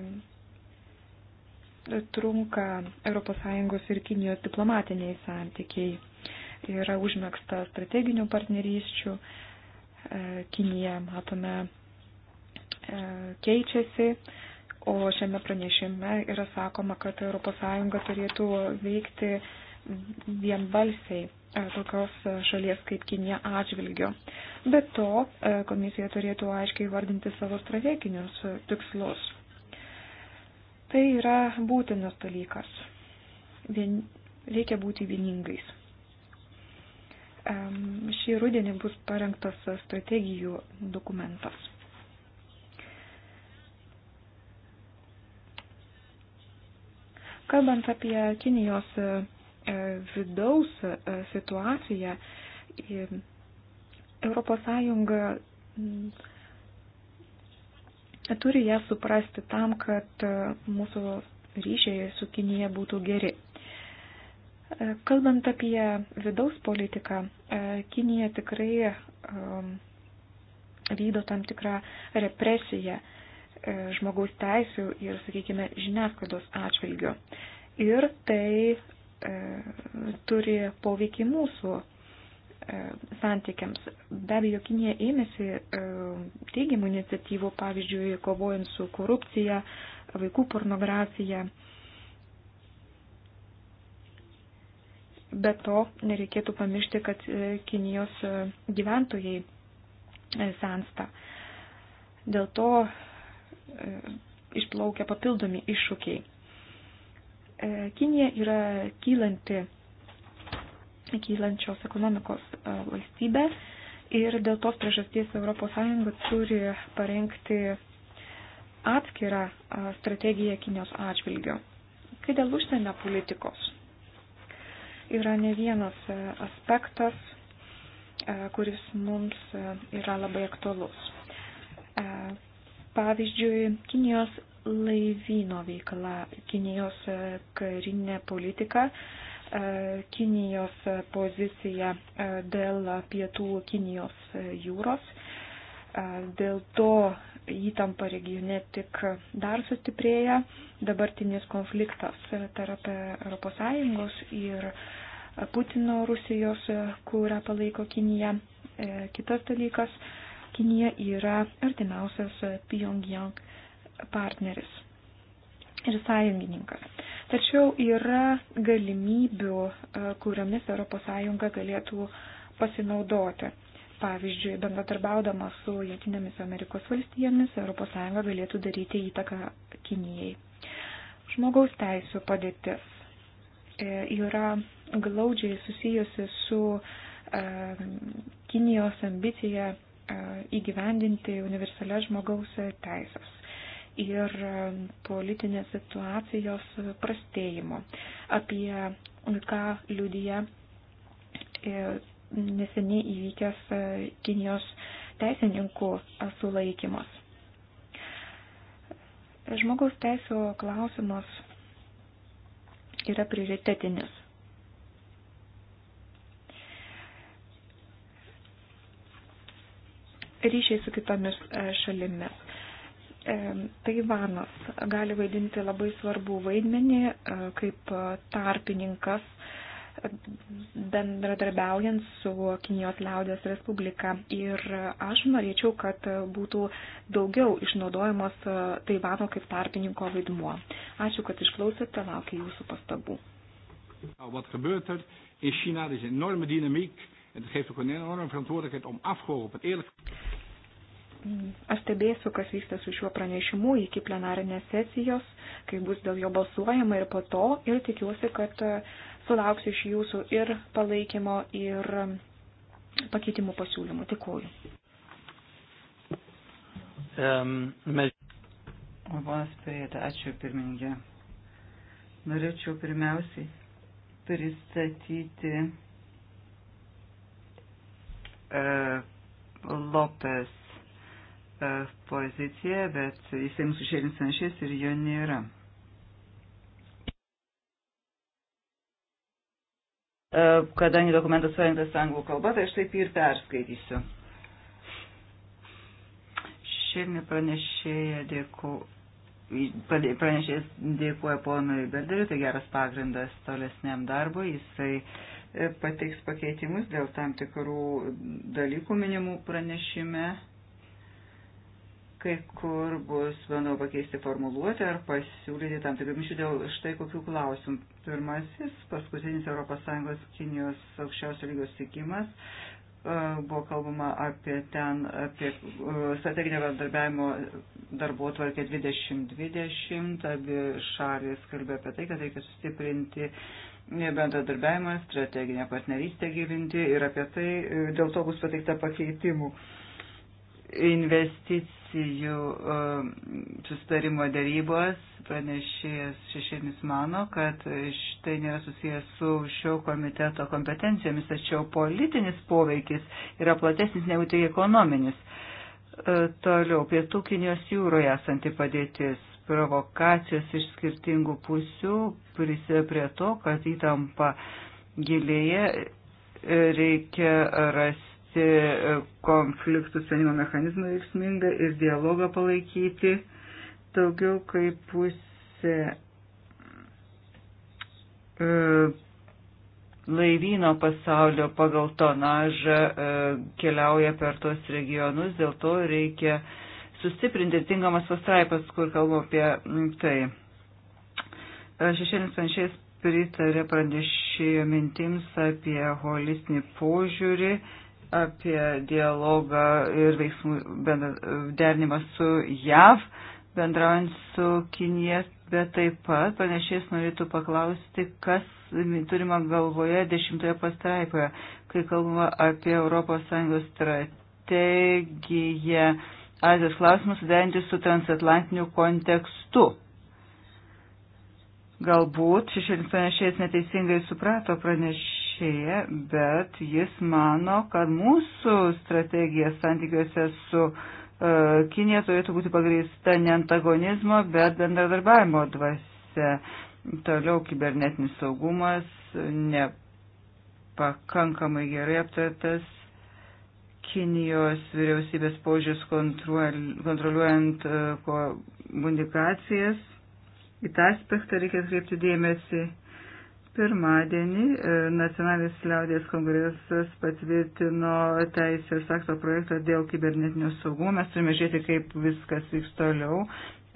trunka ES ir Kinijos diplomatiniai santykiai. Yra užmėgsta strateginių partnerysčių. Kinija, matome, E, keičiasi, o šiame pranešime yra sakoma, kad ES turėtų veikti vienbalsiai e, tokios šalies kaip Kinija atžvilgiu. Be to, e, komisija turėtų aiškiai vardinti savo strateginius tikslus. Tai yra būtinas dalykas. Vien, reikia būti vieningais. Šį rudenį bus parengtas strategijų dokumentas. Kalbant apie Kinijos e, e, vidaus e, situaciją, ES mm, turi ją suprasti tam, kad mūsų ryšiai su Kinija būtų geri. Kalbant apie vidaus politiką, Kinija tikrai vykdo tam tikrą represiją E, žmogaus teisų ir, sakykime, žiniasklaidos atžvilgių. Ir tai e, turi poveikį mūsų e, santykiams. Be abejo, Kinija ėmėsi e, teigiamų iniciatyvų, pavyzdžiui, kovojant su korupcija, vaikų pornografija. Be to, nereikėtų pamiršti, kad Kinijos gyventojai sensta. Dėl to E, išplaukia papildomi iššūkiai. E, Kinija yra kylanti, kylančios ekonomikos e, valstybė ir dėl tos priežasties ES turi parengti atskirą strategiją Kinijos atžvilgiu. Kai dėl užsienio politikos yra ne vienas aspektas, kuris mums yra labai aktualus Pavyzdžiui, Kinijos laivyno veikla, Kinijos e, karinė politika, e, Kinijos pozicija e, dėl pietų Kinijos jūros. Dėl to įtampa regione tik dar sustiprėja. Dabartinis konfliktas tarp ES ir Putino Rusijos, kurią palaiko Kinija. Kitas dalykas Kinija yra artimiausias Pyongyang partneris ir sąjungininkas. Tačiau yra galimybių, e, kuriomis ES galėtų pasinaudoti. Pavyzdžiui, bendradarbiaudama su Junktinėmis Amerikos valstijomis, ES galėtų daryti įtaką Kinijai. Žmogaus teisų padėtis e, yra glaudžiai susijusi su e, Kinijos ambicija E, įgyvendinti universalias žmogaus teisės ir e, politinės situacijos prastėjimo. Apie ką liudija e, neseniai įvykęs Kinijos teisininkų sulaikimas. Žmogaus teisų klausimas yra prioritetinis ryšiai su kitomis e, šalimis. E, Taivanas gali vaidinti labai svarbų vaidmenį e, kaip tarpininkas bendradarbiaujant su Kinijos liaudės Respublika. Ir aš norėčiau, kad būtų daugiau išnaudojamas Taivano kaip tarpininko vaidmuo. Ačiū, kad išklausėte, laukiu jūsų pastabų. Wat gebeurt er? In China er is enorme dynamiek en dat geeft ook een enorme verantwoordelijkheid om afgewogen op het eerlijk. Aš stebėsiu, kas vyksta su šiuo pranešimu iki plenarinės sesijos, kai bus dėl jo balsuojama ir po to. Ir tikiuosi, kad e, sulauksiu iš jūsų ir palaikymo, ir e, pakeitimų pasiūlymų. Tikuoju. Um, mes... Ponas Pirėta, ačiū pirmininkė. Norėčiau pirmiausiai pristatyti uh, Lopes poziciją, bet jisai mūsų šėlins anšės ir jo nėra. E, kadangi dokumentas parengtas anglų kalba, tai aš taip ir perskaitysiu. Šiandien pranešėja dėku, pranešėjas dėkuoja ponui Belderiu, tai geras pagrindas tolesniam darbui. Jisai e, pateiks pakeitimus dėl tam tikrų dalykų minimų pranešime kai kur bus bandau pakeisti formuluotę ar pasiūlyti tam tikrų minčių dėl štai kokių klausimų. Pirmasis, paskutinis ES Kinijos aukščiausio lygio stikimas e, buvo kalbama apie ten, apie e, strateginio bendarbiavimo darbo tvarkė 2020, abi šalis kalbėjo apie tai, kad reikia sustiprinti bendradarbiavimą, strateginę partnerystę gyvinti ir apie tai e, dėl to bus pateikta pakeitimų. Uh, investicijų um, sustarimo darybos pranešėjas šešėlis mano, kad štai nėra susijęs su šio komiteto kompetencijomis, tačiau politinis poveikis yra platesnis negu tik ekonominis. E, toliau, pietų Kinijos jūroje esanti padėtis, provokacijos iš skirtingų pusių prisideda prie to, kad įtampa gilėje reikia rasti plėtoti e, konfliktų sprendimo mechanizmą veiksmingą ir dialogą palaikyti. Daugiau kaip pusė e, laivyno pasaulio pagal tonažą e, keliauja per tos regionus, dėl to reikia sustiprinti tinkamas pastraipas, kur kalbu apie tai. Šešėlis panšiais pritarė pranešėjo mintims apie holistinį požiūrį apie dialogą ir veiksmų derinimą su JAV, bendraujant su Kinija, bet taip pat panašiais norėtų paklausti, kas turima galvoje dešimtoje pastraipoje, kai kalbama apie ES strategiją Azijos klausimus suderinti su transatlantiniu kontekstu. Galbūt šešėlis pranešėjas neteisingai suprato praneš, pranešėja, bet jis mano, kad mūsų strategija santykiuose su e, Kinė turėtų būti pagrįsta ne antagonizmo, bet bendradarbiavimo dvasia. Toliau kibernetinis saugumas nepakankamai gerai aptartas. Kinijos vyriausybės požiūris kontroliuojant e, komunikacijas. Į tą aspektą reikia atkreipti dėmesį. Pirmadienį e, Nacionalinis liaudės kongresas patvirtino teisės akto projektą dėl kibernetinio saugumo. Mes turime žiūrėti, kaip viskas vyks toliau.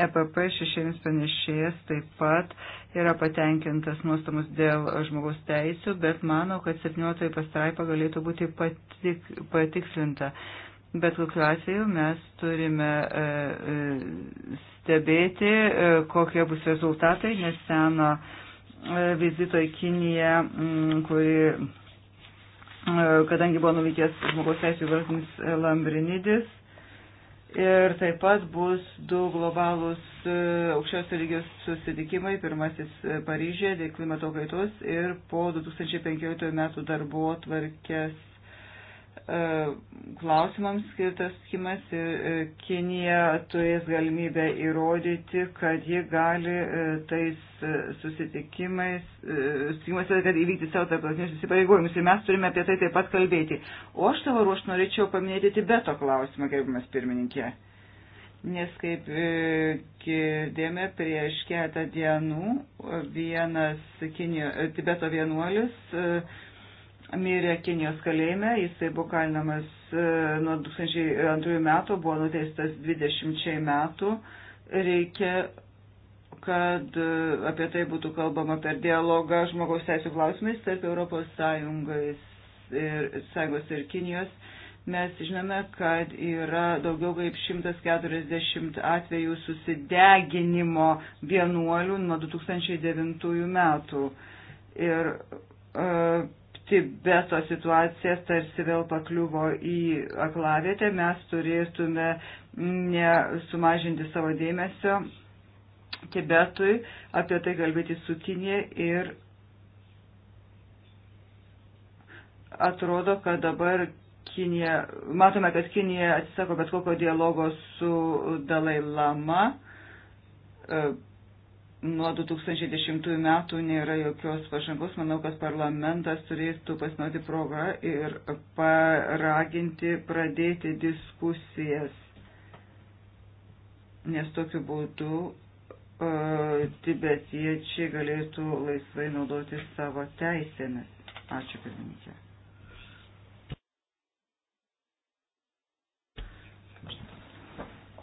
EPP šešėlis panešėjas taip pat yra patenkintas nuostamus dėl žmogaus teisų, bet mano, kad 17 pastraipa galėtų būti patik, patikslinta. Bet kokiu atveju mes turime e, e, stebėti, kokie bus rezultatai, nes seno vizito į Kiniją, mm, kuri, e, kadangi buvo nuvykęs žmogaus teisų įvardinis Lambrinidis. Ir taip pat bus du globalūs e, aukščiausio lygios susitikimai, pirmasis e, Paryžėje dėl klimato kaitos ir po 2015 metų darbo tvarkės klausimams skirtas skimas ir e, Kinija turės galimybę įrodyti, kad ji gali e, tais e, susitikimais, susitikimuose, kad įvykti savo tarptautinius įsipareigojimus. Ir mes turime apie tai taip pat kalbėti. O aš savo ruoštų norėčiau paminėti Tibeto klausimą, gerbimas pirmininkė. Nes kaip girdėjome prieš keletą dienų, vienas Kinio, Tibeto vienuolis mirė Kinijos kalėjime, jisai buvo kalinamas e, nuo 2002 metų, buvo nuteistas 20 metų. Reikia, kad e, apie tai būtų kalbama per dialogą žmogaus teisų klausimais tarp Europos Sąjungos ir, Sąjungos ir Kinijos. Mes žinome, kad yra daugiau kaip 140 atvejų susideginimo vienuolių nuo 2009 metų. Ir uh, Tibeto situacija tarsi vėl pakliuvo į aklavietę, mes turėtume nesumažinti savo dėmesio Tibetui, apie tai kalbėti su Kinė ir atrodo, kad dabar Kinija, matome, kad Kinija atsisako bet kokio dialogo su Dalai Lama. E, nuo 2010 metų nėra jokios pažangos. Manau, kad parlamentas turėtų pasinauti progą ir paraginti pradėti diskusijas, nes tokiu būdu uh, tibetiečiai galėtų laisvai naudoti savo teisėmis. Ačiū, pirmininkė.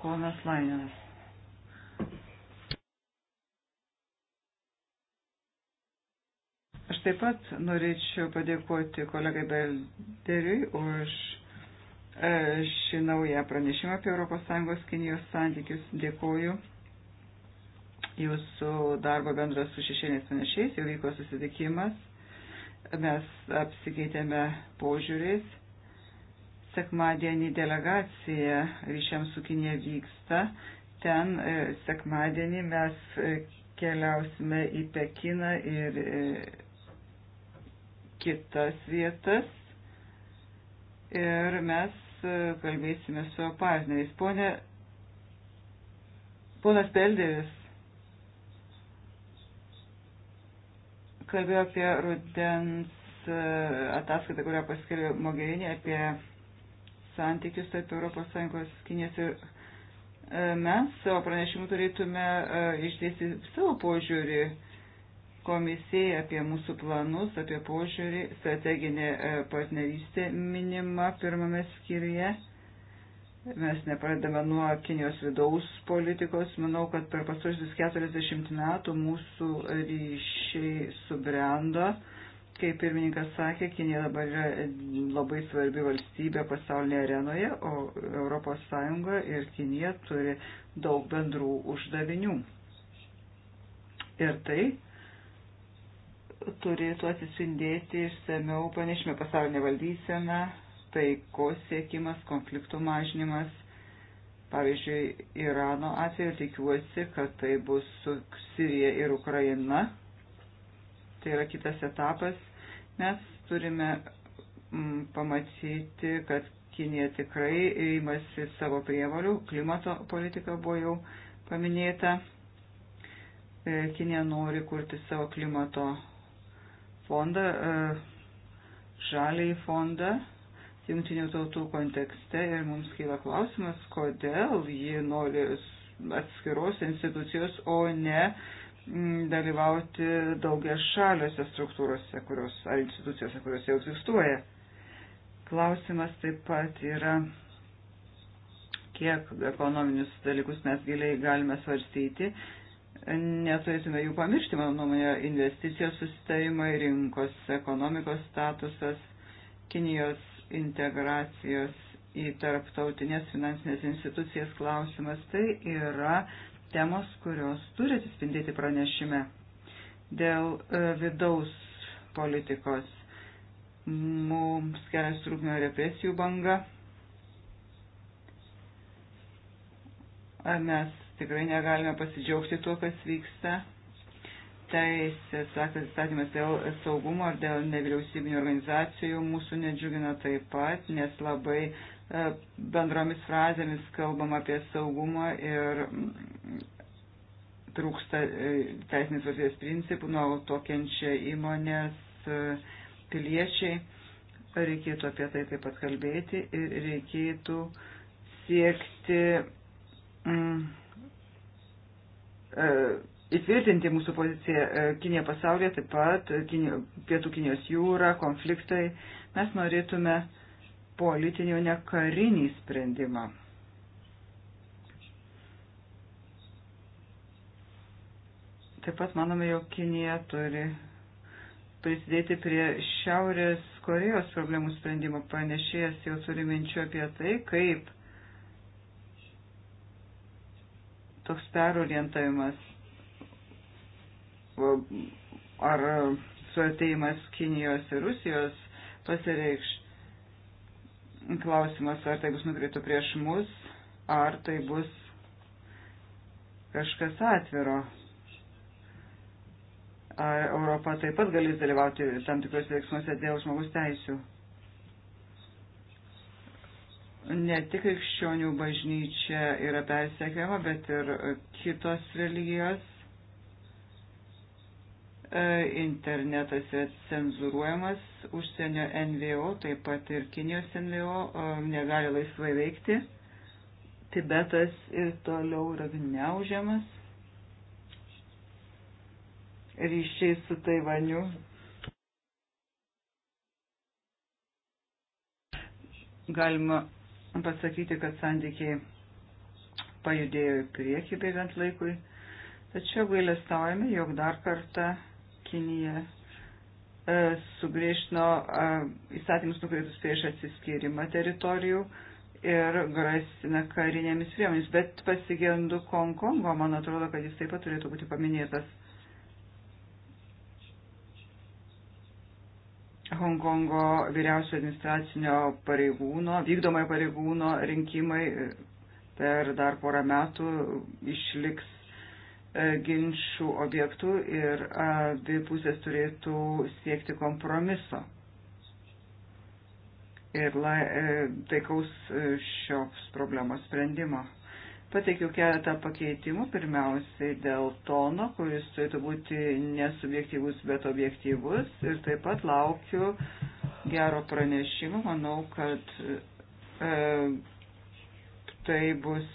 Ponas Laininas. taip pat norėčiau padėkoti kolegai Belderiui už e, šį naują pranešimą apie ES Kinijos santykius. Dėkoju jūsų darbo bendras su šešėlės panašiais, jau vyko susitikimas, mes apsikeitėme požiūriais. Sekmadienį delegacija ryšiams su Kinė vyksta. Ten e, sekmadienį mes e, keliausime į Pekiną ir kitas vietas ir mes e, kalbėsime su partneriais. Pone, ponas Pelderis kalbėjo apie rudens e, ataskaitą, kurią paskelbė Mogherini apie santykius tarp ES, Kinės ir e, mes savo pranešimu turėtume išdėsti savo požiūrį komisijai apie mūsų planus, apie požiūrį. Strateginė e, partnerystė minima pirmame skyriuje. Mes nepradedame nuo Kinijos vidaus politikos. Manau, kad per pasaulius 40 metų mūsų ryšiai subrendo. Kaip pirmininkas sakė, Kinija dabar yra labai svarbi valstybė pasaulinėje arenoje, o ES ir Kinija turi daug bendrų uždavinių. Ir tai turėtų atsispindėti išsameu pranešime pasaulinė valdysena, taikos siekimas, konfliktų mažinimas. Pavyzdžiui, Irano atveju tikiuosi, kad tai bus su Sirija ir Ukraina. Tai yra kitas etapas. Mes turime mm, pamatyti, kad Kinija tikrai įmasi savo prievalių. Klimato politika buvo jau paminėta. E, Kinija nori kurti savo klimato fondą, e, žaliai fondą jungtinių tautų kontekste ir mums kyla klausimas, kodėl ji nori atskiros institucijos, o ne dalyvauti daugia šaliuose struktūrose kurios, ar institucijose, kurios jau egzistuoja. Klausimas taip pat yra, kiek ekonominius dalykus mes giliai galime svarstyti neturėtume jų pamiršti, mano nuomonė, investicijos susitarimai, rinkos ekonomikos statusas, Kinijos integracijos į tarptautinės finansinės institucijas klausimas, tai yra temos, kurios turi atsispindėti pranešime dėl e, vidaus politikos. Mums kelias trūkmio represijų banga. Ar mes tikrai negalime pasidžiaugti tuo, kas vyksta. Teisės aktas įstatymas dėl saugumo ar dėl nevyriausybinio organizacijų mūsų nedžiugina taip pat, nes labai e, bendromis frazėmis kalbam apie saugumą ir mm, trūksta e, teisinės valstybės principų, nuo to kenčia įmonės e, piliečiai. Reikėtų apie tai taip pat kalbėti ir reikėtų siekti. Mm, įtvirtinti mūsų poziciją e, Kinėje pasaulyje, taip pat e, Kinė, Pietų Kinijos jūra, konfliktai. Mes norėtume politinį, o ne karinį sprendimą. Taip pat manome, jog Kinija turi prisidėti prie Šiaurės Korejos problemų sprendimo. Panešėjas jau turi minčių apie tai, kaip toks perorientavimas ar suateimas Kinijos ir Rusijos pasireikš. Klausimas, ar tai bus nukreipta prieš mus, ar tai bus kažkas atviro. Ar Europa taip pat galės dalyvauti tam tikrose veiksmuose dėl žmogus teisių ne tik krikščionių bažnyčia yra persekiama, bet ir kitos religijos. E, internetas yra cenzuruojamas, užsienio NVO, taip pat ir Kinijos NVO e, negali laisvai veikti. Tibetas ir toliau yra gniaužiamas ryšiai su Taivaniu galima pasakyti, kad santykiai pajudėjo į priekį bėgant laikui, tačiau gailestaujame, jog dar kartą Kinija e, sugrįžtino e, įstatymus nukreitus prieš atsiskyrimą teritorijų ir grasina karinėmis priemonėmis, bet pasigendu Hongkongo, man atrodo, kad jis taip pat turėtų būti paminėtas. Hongkongo vyriausio administracinio pareigūno, vykdomojo pareigūno rinkimai e, per dar porą metų išliks e, ginčių objektų ir abi pusės turėtų siekti kompromiso. Ir la, e, taikaus šios problemos sprendimo. Pateikiau keletą pakeitimų, pirmiausiai dėl tono, kuris turėtų būti nesubjektyvus, bet objektyvus. Ir taip pat laukiu gero pranešimo. Manau, kad e, tai bus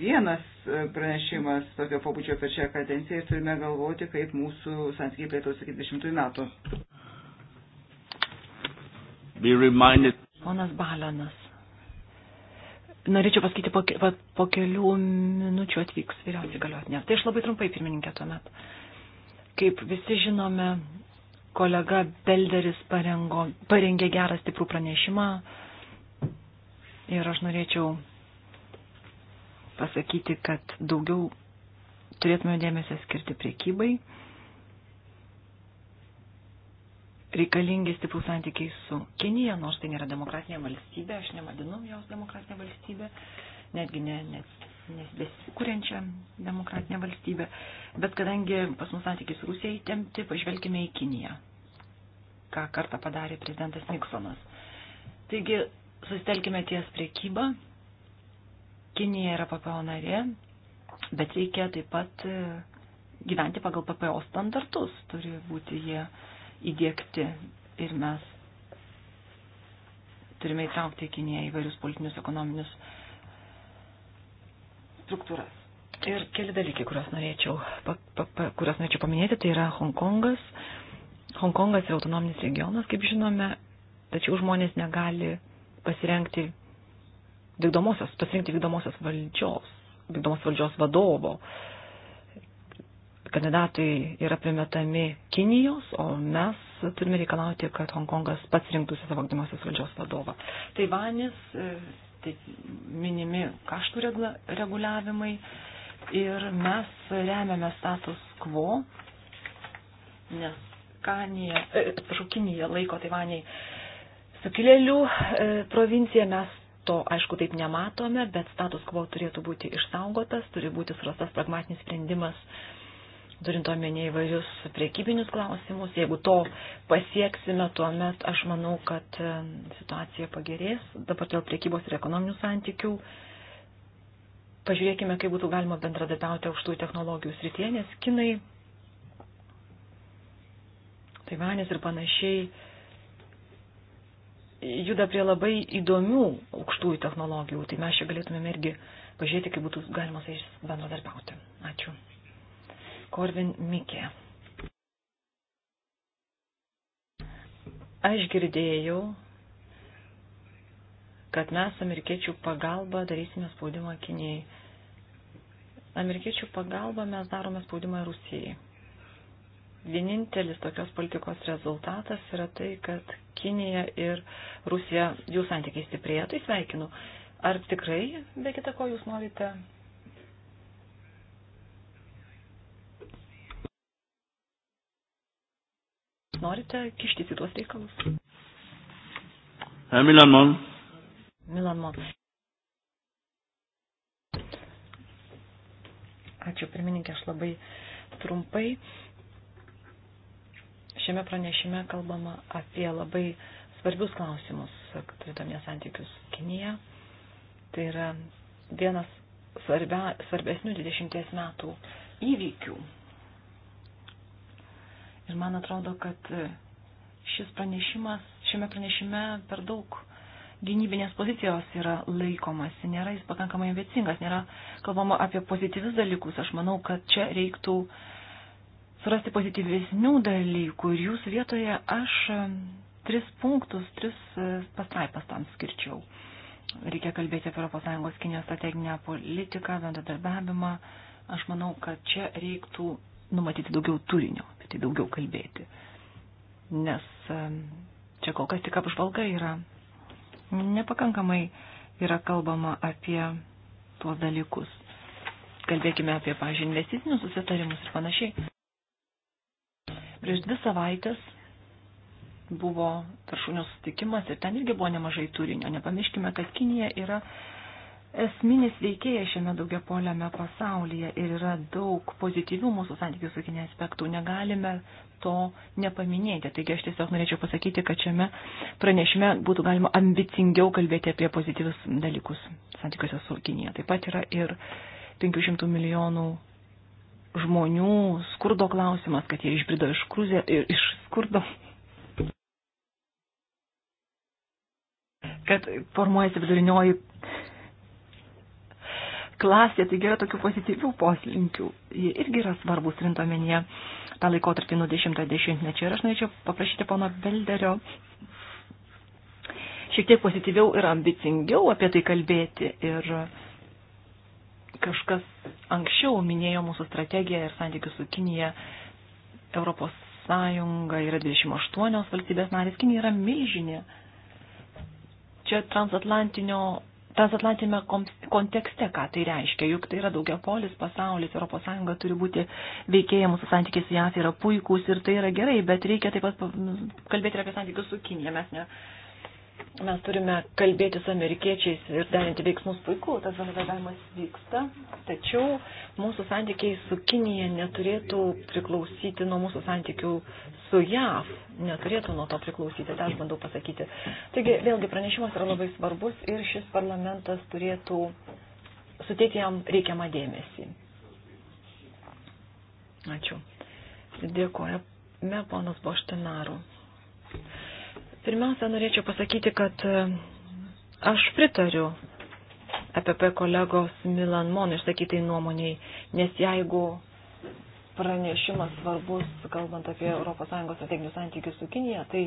vienas e, pranešimas tokio pobūdžio per šią kadenciją ir turime galvoti, kaip mūsų santykiai plėtos iki 20 metų. Ponas Balanas. Norėčiau pasakyti, po, po, po kelių minučių atvyks vyriausiai galiotinė. Tai aš labai trumpai, pirmininkė, tuomet. Kaip visi žinome, kolega Belderis parengo, parengė gerą stiprų pranešimą ir aš norėčiau pasakyti, kad daugiau turėtume dėmesio skirti priekybai. reikalingi stiprų santykiai su Kinija, nors tai nėra demokratinė valstybė, aš nemadinu jos demokratinė valstybė, netgi ne, ne, nesikūrenčią demokratinę valstybę, bet kadangi pas mus santykiai su Rusija įtempti, pažvelkime į Kiniją, ką kartą padarė prezidentas Niksonas. Taigi, susitelkime ties priekybą, Kinija yra PPO narė, bet reikia taip pat gyventi pagal PPO standartus, turi būti jie įdėkti ir mes turime įtraukti Kiniją įvairius politinius, ekonominius struktūras. Ir keli dalykai, kuriuos norėčiau, pa, pa, pa, kuriuos norėčiau paminėti, tai yra Hongkongas. Hongkongas yra autonominis regionas, kaip žinome, tačiau žmonės negali pasirengti vykdomosios, pasirinkti vykdomosios valdžios, vykdomos valdžios vadovo. Uh, kandidatai yra primetami Kinijos, o mes turime reikalauti, kad Hongkongas pats rinktųsi savo valdymosios valdžios vadovą. Taivanis, e, tai minimi kaštų reguliavimai ir mes remiame status quo, nes Kanija, e, atsiprašau, Kinija laiko Taivaniai sukilėlių e, provincija, mes to, aišku, taip nematome, bet status quo turėtų būti išsaugotas, turi būti surastas pragmatinis sprendimas turint omenyje įvairius priekybinius klausimus. Jeigu to pasieksime, tuomet aš manau, kad situacija pagerės. Dabar dėl priekybos ir ekonominių santykių. Pažiūrėkime, kaip būtų galima bendradarbiauti aukštųjų technologijų srityje, nes Kinai, Taivanis ir panašiai juda prie labai įdomių aukštųjų technologijų, tai mes čia galėtumėm irgi pažiūrėti, kaip būtų galima su jais bendradarbiauti. Ačiū. Korvin Mikė. Aš girdėjau, kad mes amerikiečių pagalba darysime spaudimą Kinijai. Amerikiečių pagalba mes darome spaudimą Rusijai. Vienintelis tokios politikos rezultatas yra tai, kad Kinija ir Rusija jų santykiai stiprėja, tai sveikinu. Ar tikrai, be kita ko, jūs norite norite kištis į tuos reikalus? Milan Mon. Milan Mon. Ačiū, pirmininkė, aš labai trumpai. Šiame pranešime kalbama apie labai svarbius klausimus, turėdami santykius Kinija. Tai yra vienas svarbia, svarbesnių 20 metų įvykių Ir man atrodo, kad šis pranešimas, šiame pranešime per daug gynybinės pozicijos yra laikomasi, nėra jis pakankamai ambicingas, nėra kalbama apie pozityvius dalykus. Aš manau, kad čia reiktų surasti pozityvesnių dalykų ir jūsų vietoje aš tris punktus, tris e, pastraipas tam skirčiau. Reikia kalbėti apie ES Kinijos strateginę politiką, bendradarbiavimą. Aš manau, kad čia reiktų numatyti daugiau turinio siekti daugiau kalbėti. Nes čia kol kas tik apžvalga yra. Nepakankamai yra kalbama apie tuos dalykus. Kalbėkime apie, pažiūrėjau, investicinius susitarimus ir panašiai. Prieš dvi savaitės buvo viršūnių sutikimas ir ten irgi buvo nemažai turinio. Nepamirškime, kad Kinija yra esminis veikėjas šiame daugiapoliame pasaulyje ir yra daug pozityvių mūsų santykių su Kinė aspektų. Negalime to nepaminėti. Taigi aš tiesiog norėčiau pasakyti, kad šiame pranešime būtų galima ambicingiau kalbėti apie pozityvius dalykus santykiuose su Kinė. Taip pat yra ir 500 milijonų žmonių skurdo klausimas, kad jie išbrido iš, kruzė, iš skurdo. kad formuojasi vidurinioji klasė, taigi yra tokių pozityvių poslinkių. Jie irgi yra svarbus, rintomenyje tą laikotarpį nuo 10-mečio. Ir aš norėčiau paprašyti pono Belderio šiek tiek pozityviau ir ambicingiau apie tai kalbėti. Ir kažkas anksčiau minėjo mūsų strategiją ir santykius su Kinija. Europos Sąjunga yra 28 valstybės narės, Kinija yra milžinė. Čia transatlantinio transatlantinėme kontekste, ką tai reiškia. Juk tai yra daugiapolis pasaulis, ES turi būti veikėja, mūsų santykiai su JAF yra puikūs ir tai yra gerai, bet reikia taip pat kalbėti ir apie santykius su Kinija. Mes ne, mes turime kalbėti su amerikiečiais ir derinti veiksmus puiku, tas bendradarbiavimas vyksta, tačiau mūsų santykiai su Kinija neturėtų priklausyti nuo mūsų santykių su JAV, neturėtų nuo to priklausyti, tą aš bandau pasakyti. Taigi, vėlgi, pranešimas yra labai svarbus ir šis parlamentas turėtų suteikti jam reikiamą dėmesį. Ačiū. Dėkojame, ponas Boštinaru. Pirmiausia, norėčiau pasakyti, kad e, aš pritariu EPP kolegos Milan Mon išsakytai nuomoniai, nes jeigu pranešimas svarbus, kalbant apie ES strateginius santykius su Kinija, tai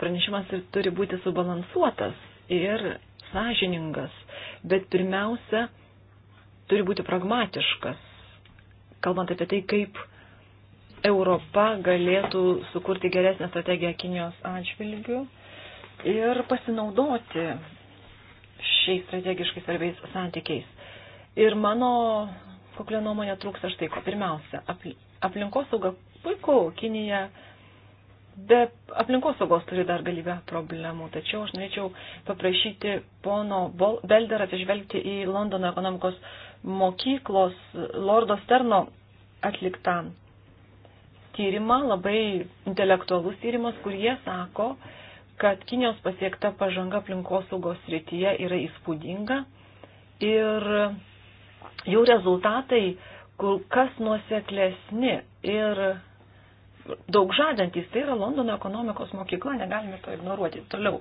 pranešimas ir turi būti subalansuotas ir sąžiningas, bet pirmiausia, turi būti pragmatiškas, kalbant apie tai, kaip Europa galėtų sukurti geresnę strategiją Kinijos atžvilgių ir pasinaudoti šiais strategiškai svarbiais santykiais. Ir mano kuklė nuomonė trūksta štai ko. Pirmiausia, aplinkosauga puiku, Kinija be aplinkosaugos turi dar galybę problemų, tačiau aš norėčiau paprašyti pono Belder atsižvelgti į Londono ekonomikos mokyklos Lordo Sterno atliktą tyrimą, labai intelektualus tyrimas, kur jie sako, kad Kinijos pasiekta pažanga aplinkosaugos rytyje yra įspūdinga ir jų rezultatai kur kas nuoseklesni ir daug žadantis. Tai yra Londono ekonomikos mokykla, negalime to ignoruoti. Toliau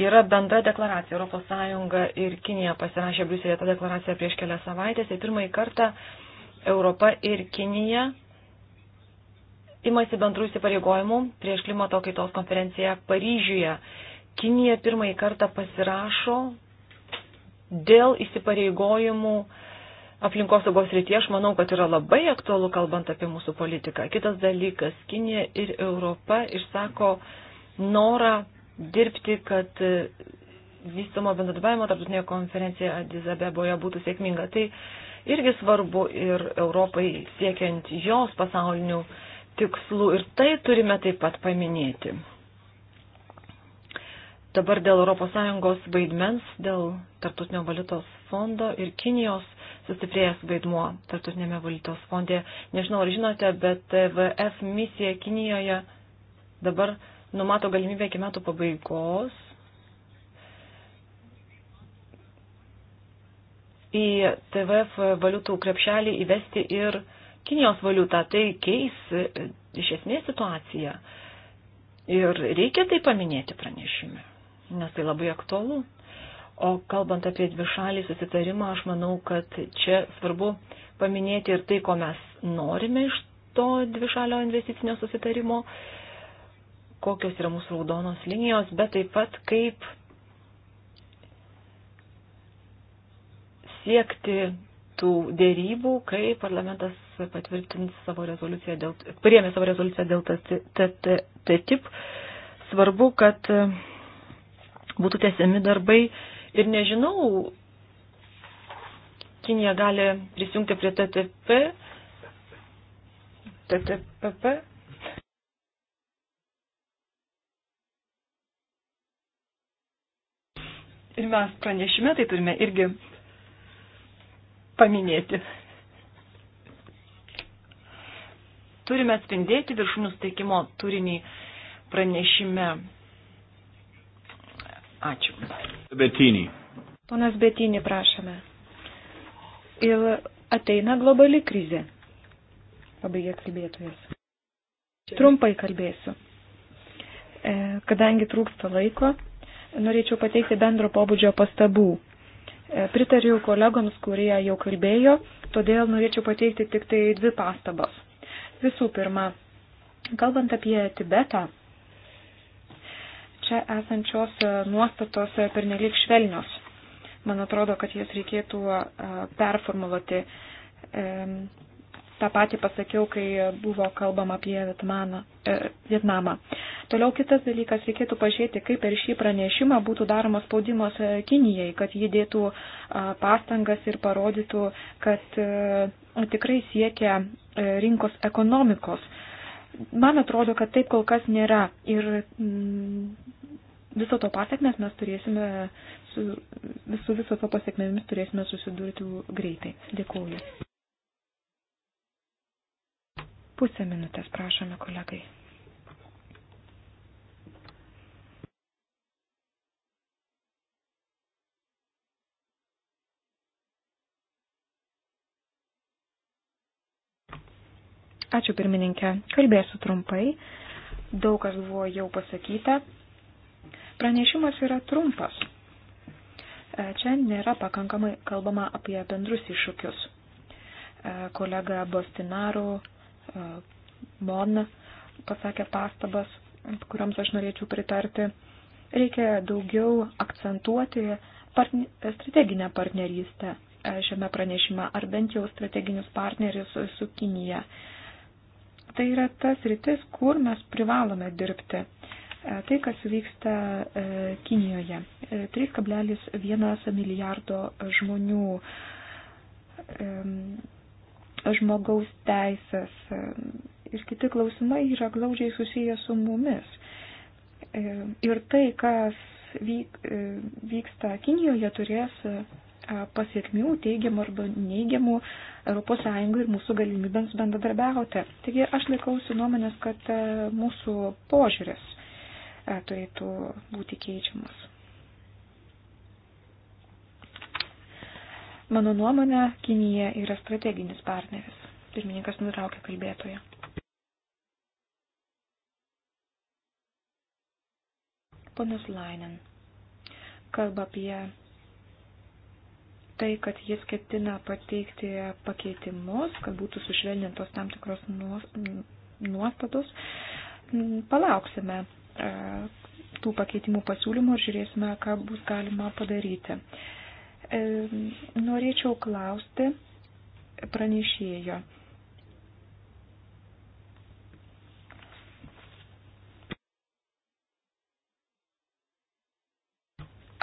yra bendra deklaracija. ES ir Kinija pasirašė Briuselėje tą deklaraciją prieš kelias savaitės ir tai pirmąjį kartą Europa ir Kinija imasi bendrų įsipareigojimų prieš klimato kaitos konferenciją Paryžiuje. Kinija pirmąjį kartą pasirašo dėl įsipareigojimų aplinkosaugos rytie, aš manau, kad yra labai aktualu kalbant apie mūsų politiką. Kitas dalykas, Kinija ir Europa išsako norą dirbti, kad vystomo bendradarbiavimo tarptautinė konferencija Adizabeboje būtų sėkminga. Tai irgi svarbu ir Europai siekiant jos pasaulinių tikslų ir tai turime taip pat paminėti. Dabar dėl ES vaidmens, dėl Tartutinio valiutos fondo ir Kinijos sustiprėjęs vaidmuo Tartutinėme valiutos fonde. Nežinau, ar žinote, bet TVF misija Kinijoje dabar numato galimybę iki metų pabaigos į TVF valiutų krepšelį įvesti ir Kinijos valiutą, tai keis e, iš esmės situaciją. Ir reikia tai paminėti pranešime, nes tai labai aktualu. O kalbant apie dvišalį susitarimą, aš manau, kad čia svarbu paminėti ir tai, ko mes norime iš to dvišalio investicinio susitarimo, kokios yra mūsų raudonos linijos, bet taip pat kaip siekti tų dėrybų, kai parlamentas patvirtins savo rezoliuciją dėl, priėmė savo rezoliuciją dėl TTIP, svarbu, kad būtų tiesiami darbai ir nežinau, Kinija gali prisijungti prie TTP, TTPP. Ir mes pranešime tai turime irgi paminėti. turime atspindėti viršūnių steikimo turinį pranešime. Ačiū. Betinį. Ponas Betinį prašome. Ir ateina globali krizė. Pabaigė kalbėtojas. Trumpai kalbėsiu. E, kadangi trūksta laiko, norėčiau pateikti bendro pobūdžio pastabų. E, pritariu kolegoms, kurie jau kalbėjo, todėl norėčiau pateikti tik tai dvi pastabas. Visų pirma, kalbant apie Tibetą, čia esančios nuostatos pernelik švelnios. Man atrodo, kad jas reikėtų performuluoti. Ta pati pasakiau, kai buvo kalbama apie Vietmaną, e, Vietnamą. Toliau kitas dalykas, reikėtų pažiūrėti, kaip per šį pranešimą būtų daromas spaudimas e, Kinijai, kad ji dėtų pastangas ir parodytų, kad e, tikrai siekia e, rinkos ekonomikos. Man atrodo, kad taip kol kas nėra ir mm, viso to pasiekmes mes turėsime, su visu viso to pasiekmėmis turėsime susidurti greitai. Dėkuoju. Pusę minutės prašome kolegai. Ačiū pirmininkė. Kalbėsiu trumpai. Daug kas buvo jau pasakyta. Pranešimas yra trumpas. E, čia nėra pakankamai kalbama apie bendrus iššūkius. E, kolega Bostinaru, e, Mon pasakė pastabas, kuriams aš norėčiau pritarti. Reikia daugiau akcentuoti partn strateginę partnerystę šiame pranešime, ar bent jau strateginius partnerius su Kinija. Uh, Tai yra tas rytis, kur mes privalome dirbti. E, tai, kas vyksta e, Kinijoje. 3,1 e, milijardo žmonių žmogaus teisės ir kiti klausimai yra glaudžiai susiję su mumis. Ir tai, kas vyk, vyksta Kinijoje, turės pasiekmių, teigiamų arba neigiamų ES ir mūsų galimybėms bendradarbiauti. Taigi aš laikausi nuomonės, kad mūsų požiūris turėtų būti keičiamas. Mano nuomonė, Kinija yra strateginis partneris. Pirmininkas nutraukė kalbėtoją. Ponas Lainen kalba apie tai, kad jis ketina pateikti pakeitimus, kad būtų sušvelnintos tam tikros nuostatos. Palauksime e, tų pakeitimų pasiūlymų ir žiūrėsime, ką bus galima padaryti. E, norėčiau klausti pranešėjo.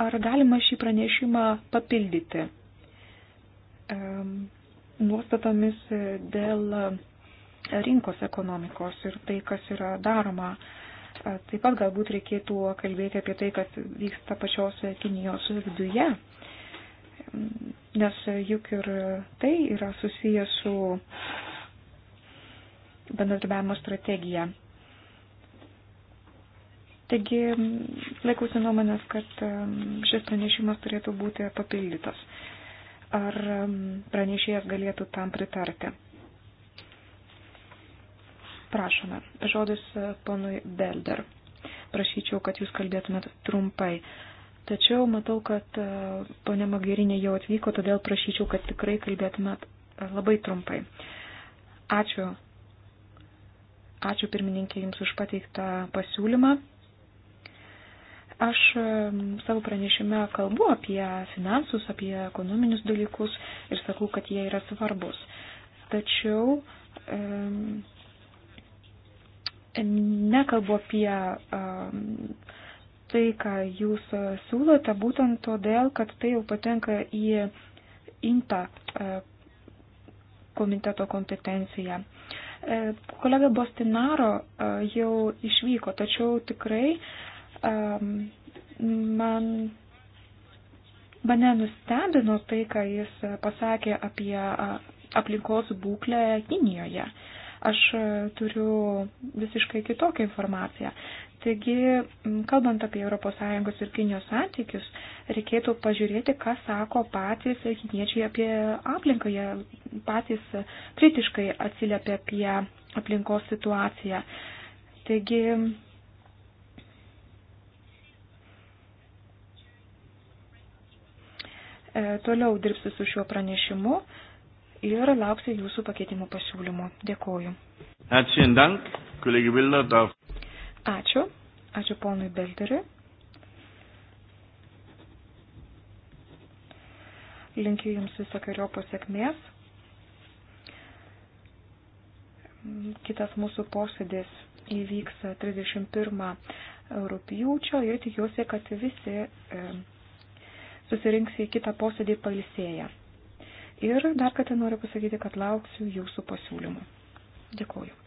Ar galima šį pranešimą papildyti? nuostatomis dėl rinkos ekonomikos ir tai, kas yra daroma. E, taip pat galbūt reikėtų kalbėti apie tai, kas vyksta pačios Kinijos viduje, nes juk ir tai yra susiję su bendradarbiavimo strategija. Taigi laikausi nuomonės, kad šis pranešimas turėtų būti papildytas. Ar pranešėjas galėtų tam pritarti? Prašome. Žodis e, ponui Belder. Prašyčiau, kad jūs kalbėtumėt trumpai. Tačiau matau, kad e, ponė Magerinė jau atvyko, todėl prašyčiau, kad tikrai kalbėtumėt e, labai trumpai. Ačiū. Ačiū pirmininkė Jums už pateiktą pasiūlymą. Aš savo pranešime kalbu apie finansus, apie ekonominius dalykus ir sakau, kad jie yra svarbus. Tačiau nekalbu apie tai, ką jūs siūlote, būtent todėl, kad tai jau patenka į INTA e, komiteto kompetenciją. E, kolega Bostinaro e, jau išvyko, tačiau tikrai um, man, mane nustebino tai, ką jis pasakė apie aplinkos būklę Kinijoje. Aš turiu visiškai kitokią informaciją. Taigi, kalbant apie ES ir Kinijos santykius, reikėtų pažiūrėti, ką sako patys kiniečiai apie aplinką. Jie patys kritiškai atsiliepia apie aplinkos situaciją. Taigi, E, toliau dirbsiu su šiuo pranešimu ir lauksiu jūsų pakeitimų pasiūlymų. Dėkoju. Ačiū. Ačiū ponui Belderiui. Linkiu Jums visokiojo pasiekmės. Kitas mūsų posėdis įvyks 31 rūpjūčio ir tikiuosi, kad visi. E, susirinks į kitą posėdį pailsėję. Ir dar kartą noriu pasakyti, kad lauksiu jūsų pasiūlymų. Dėkuoju.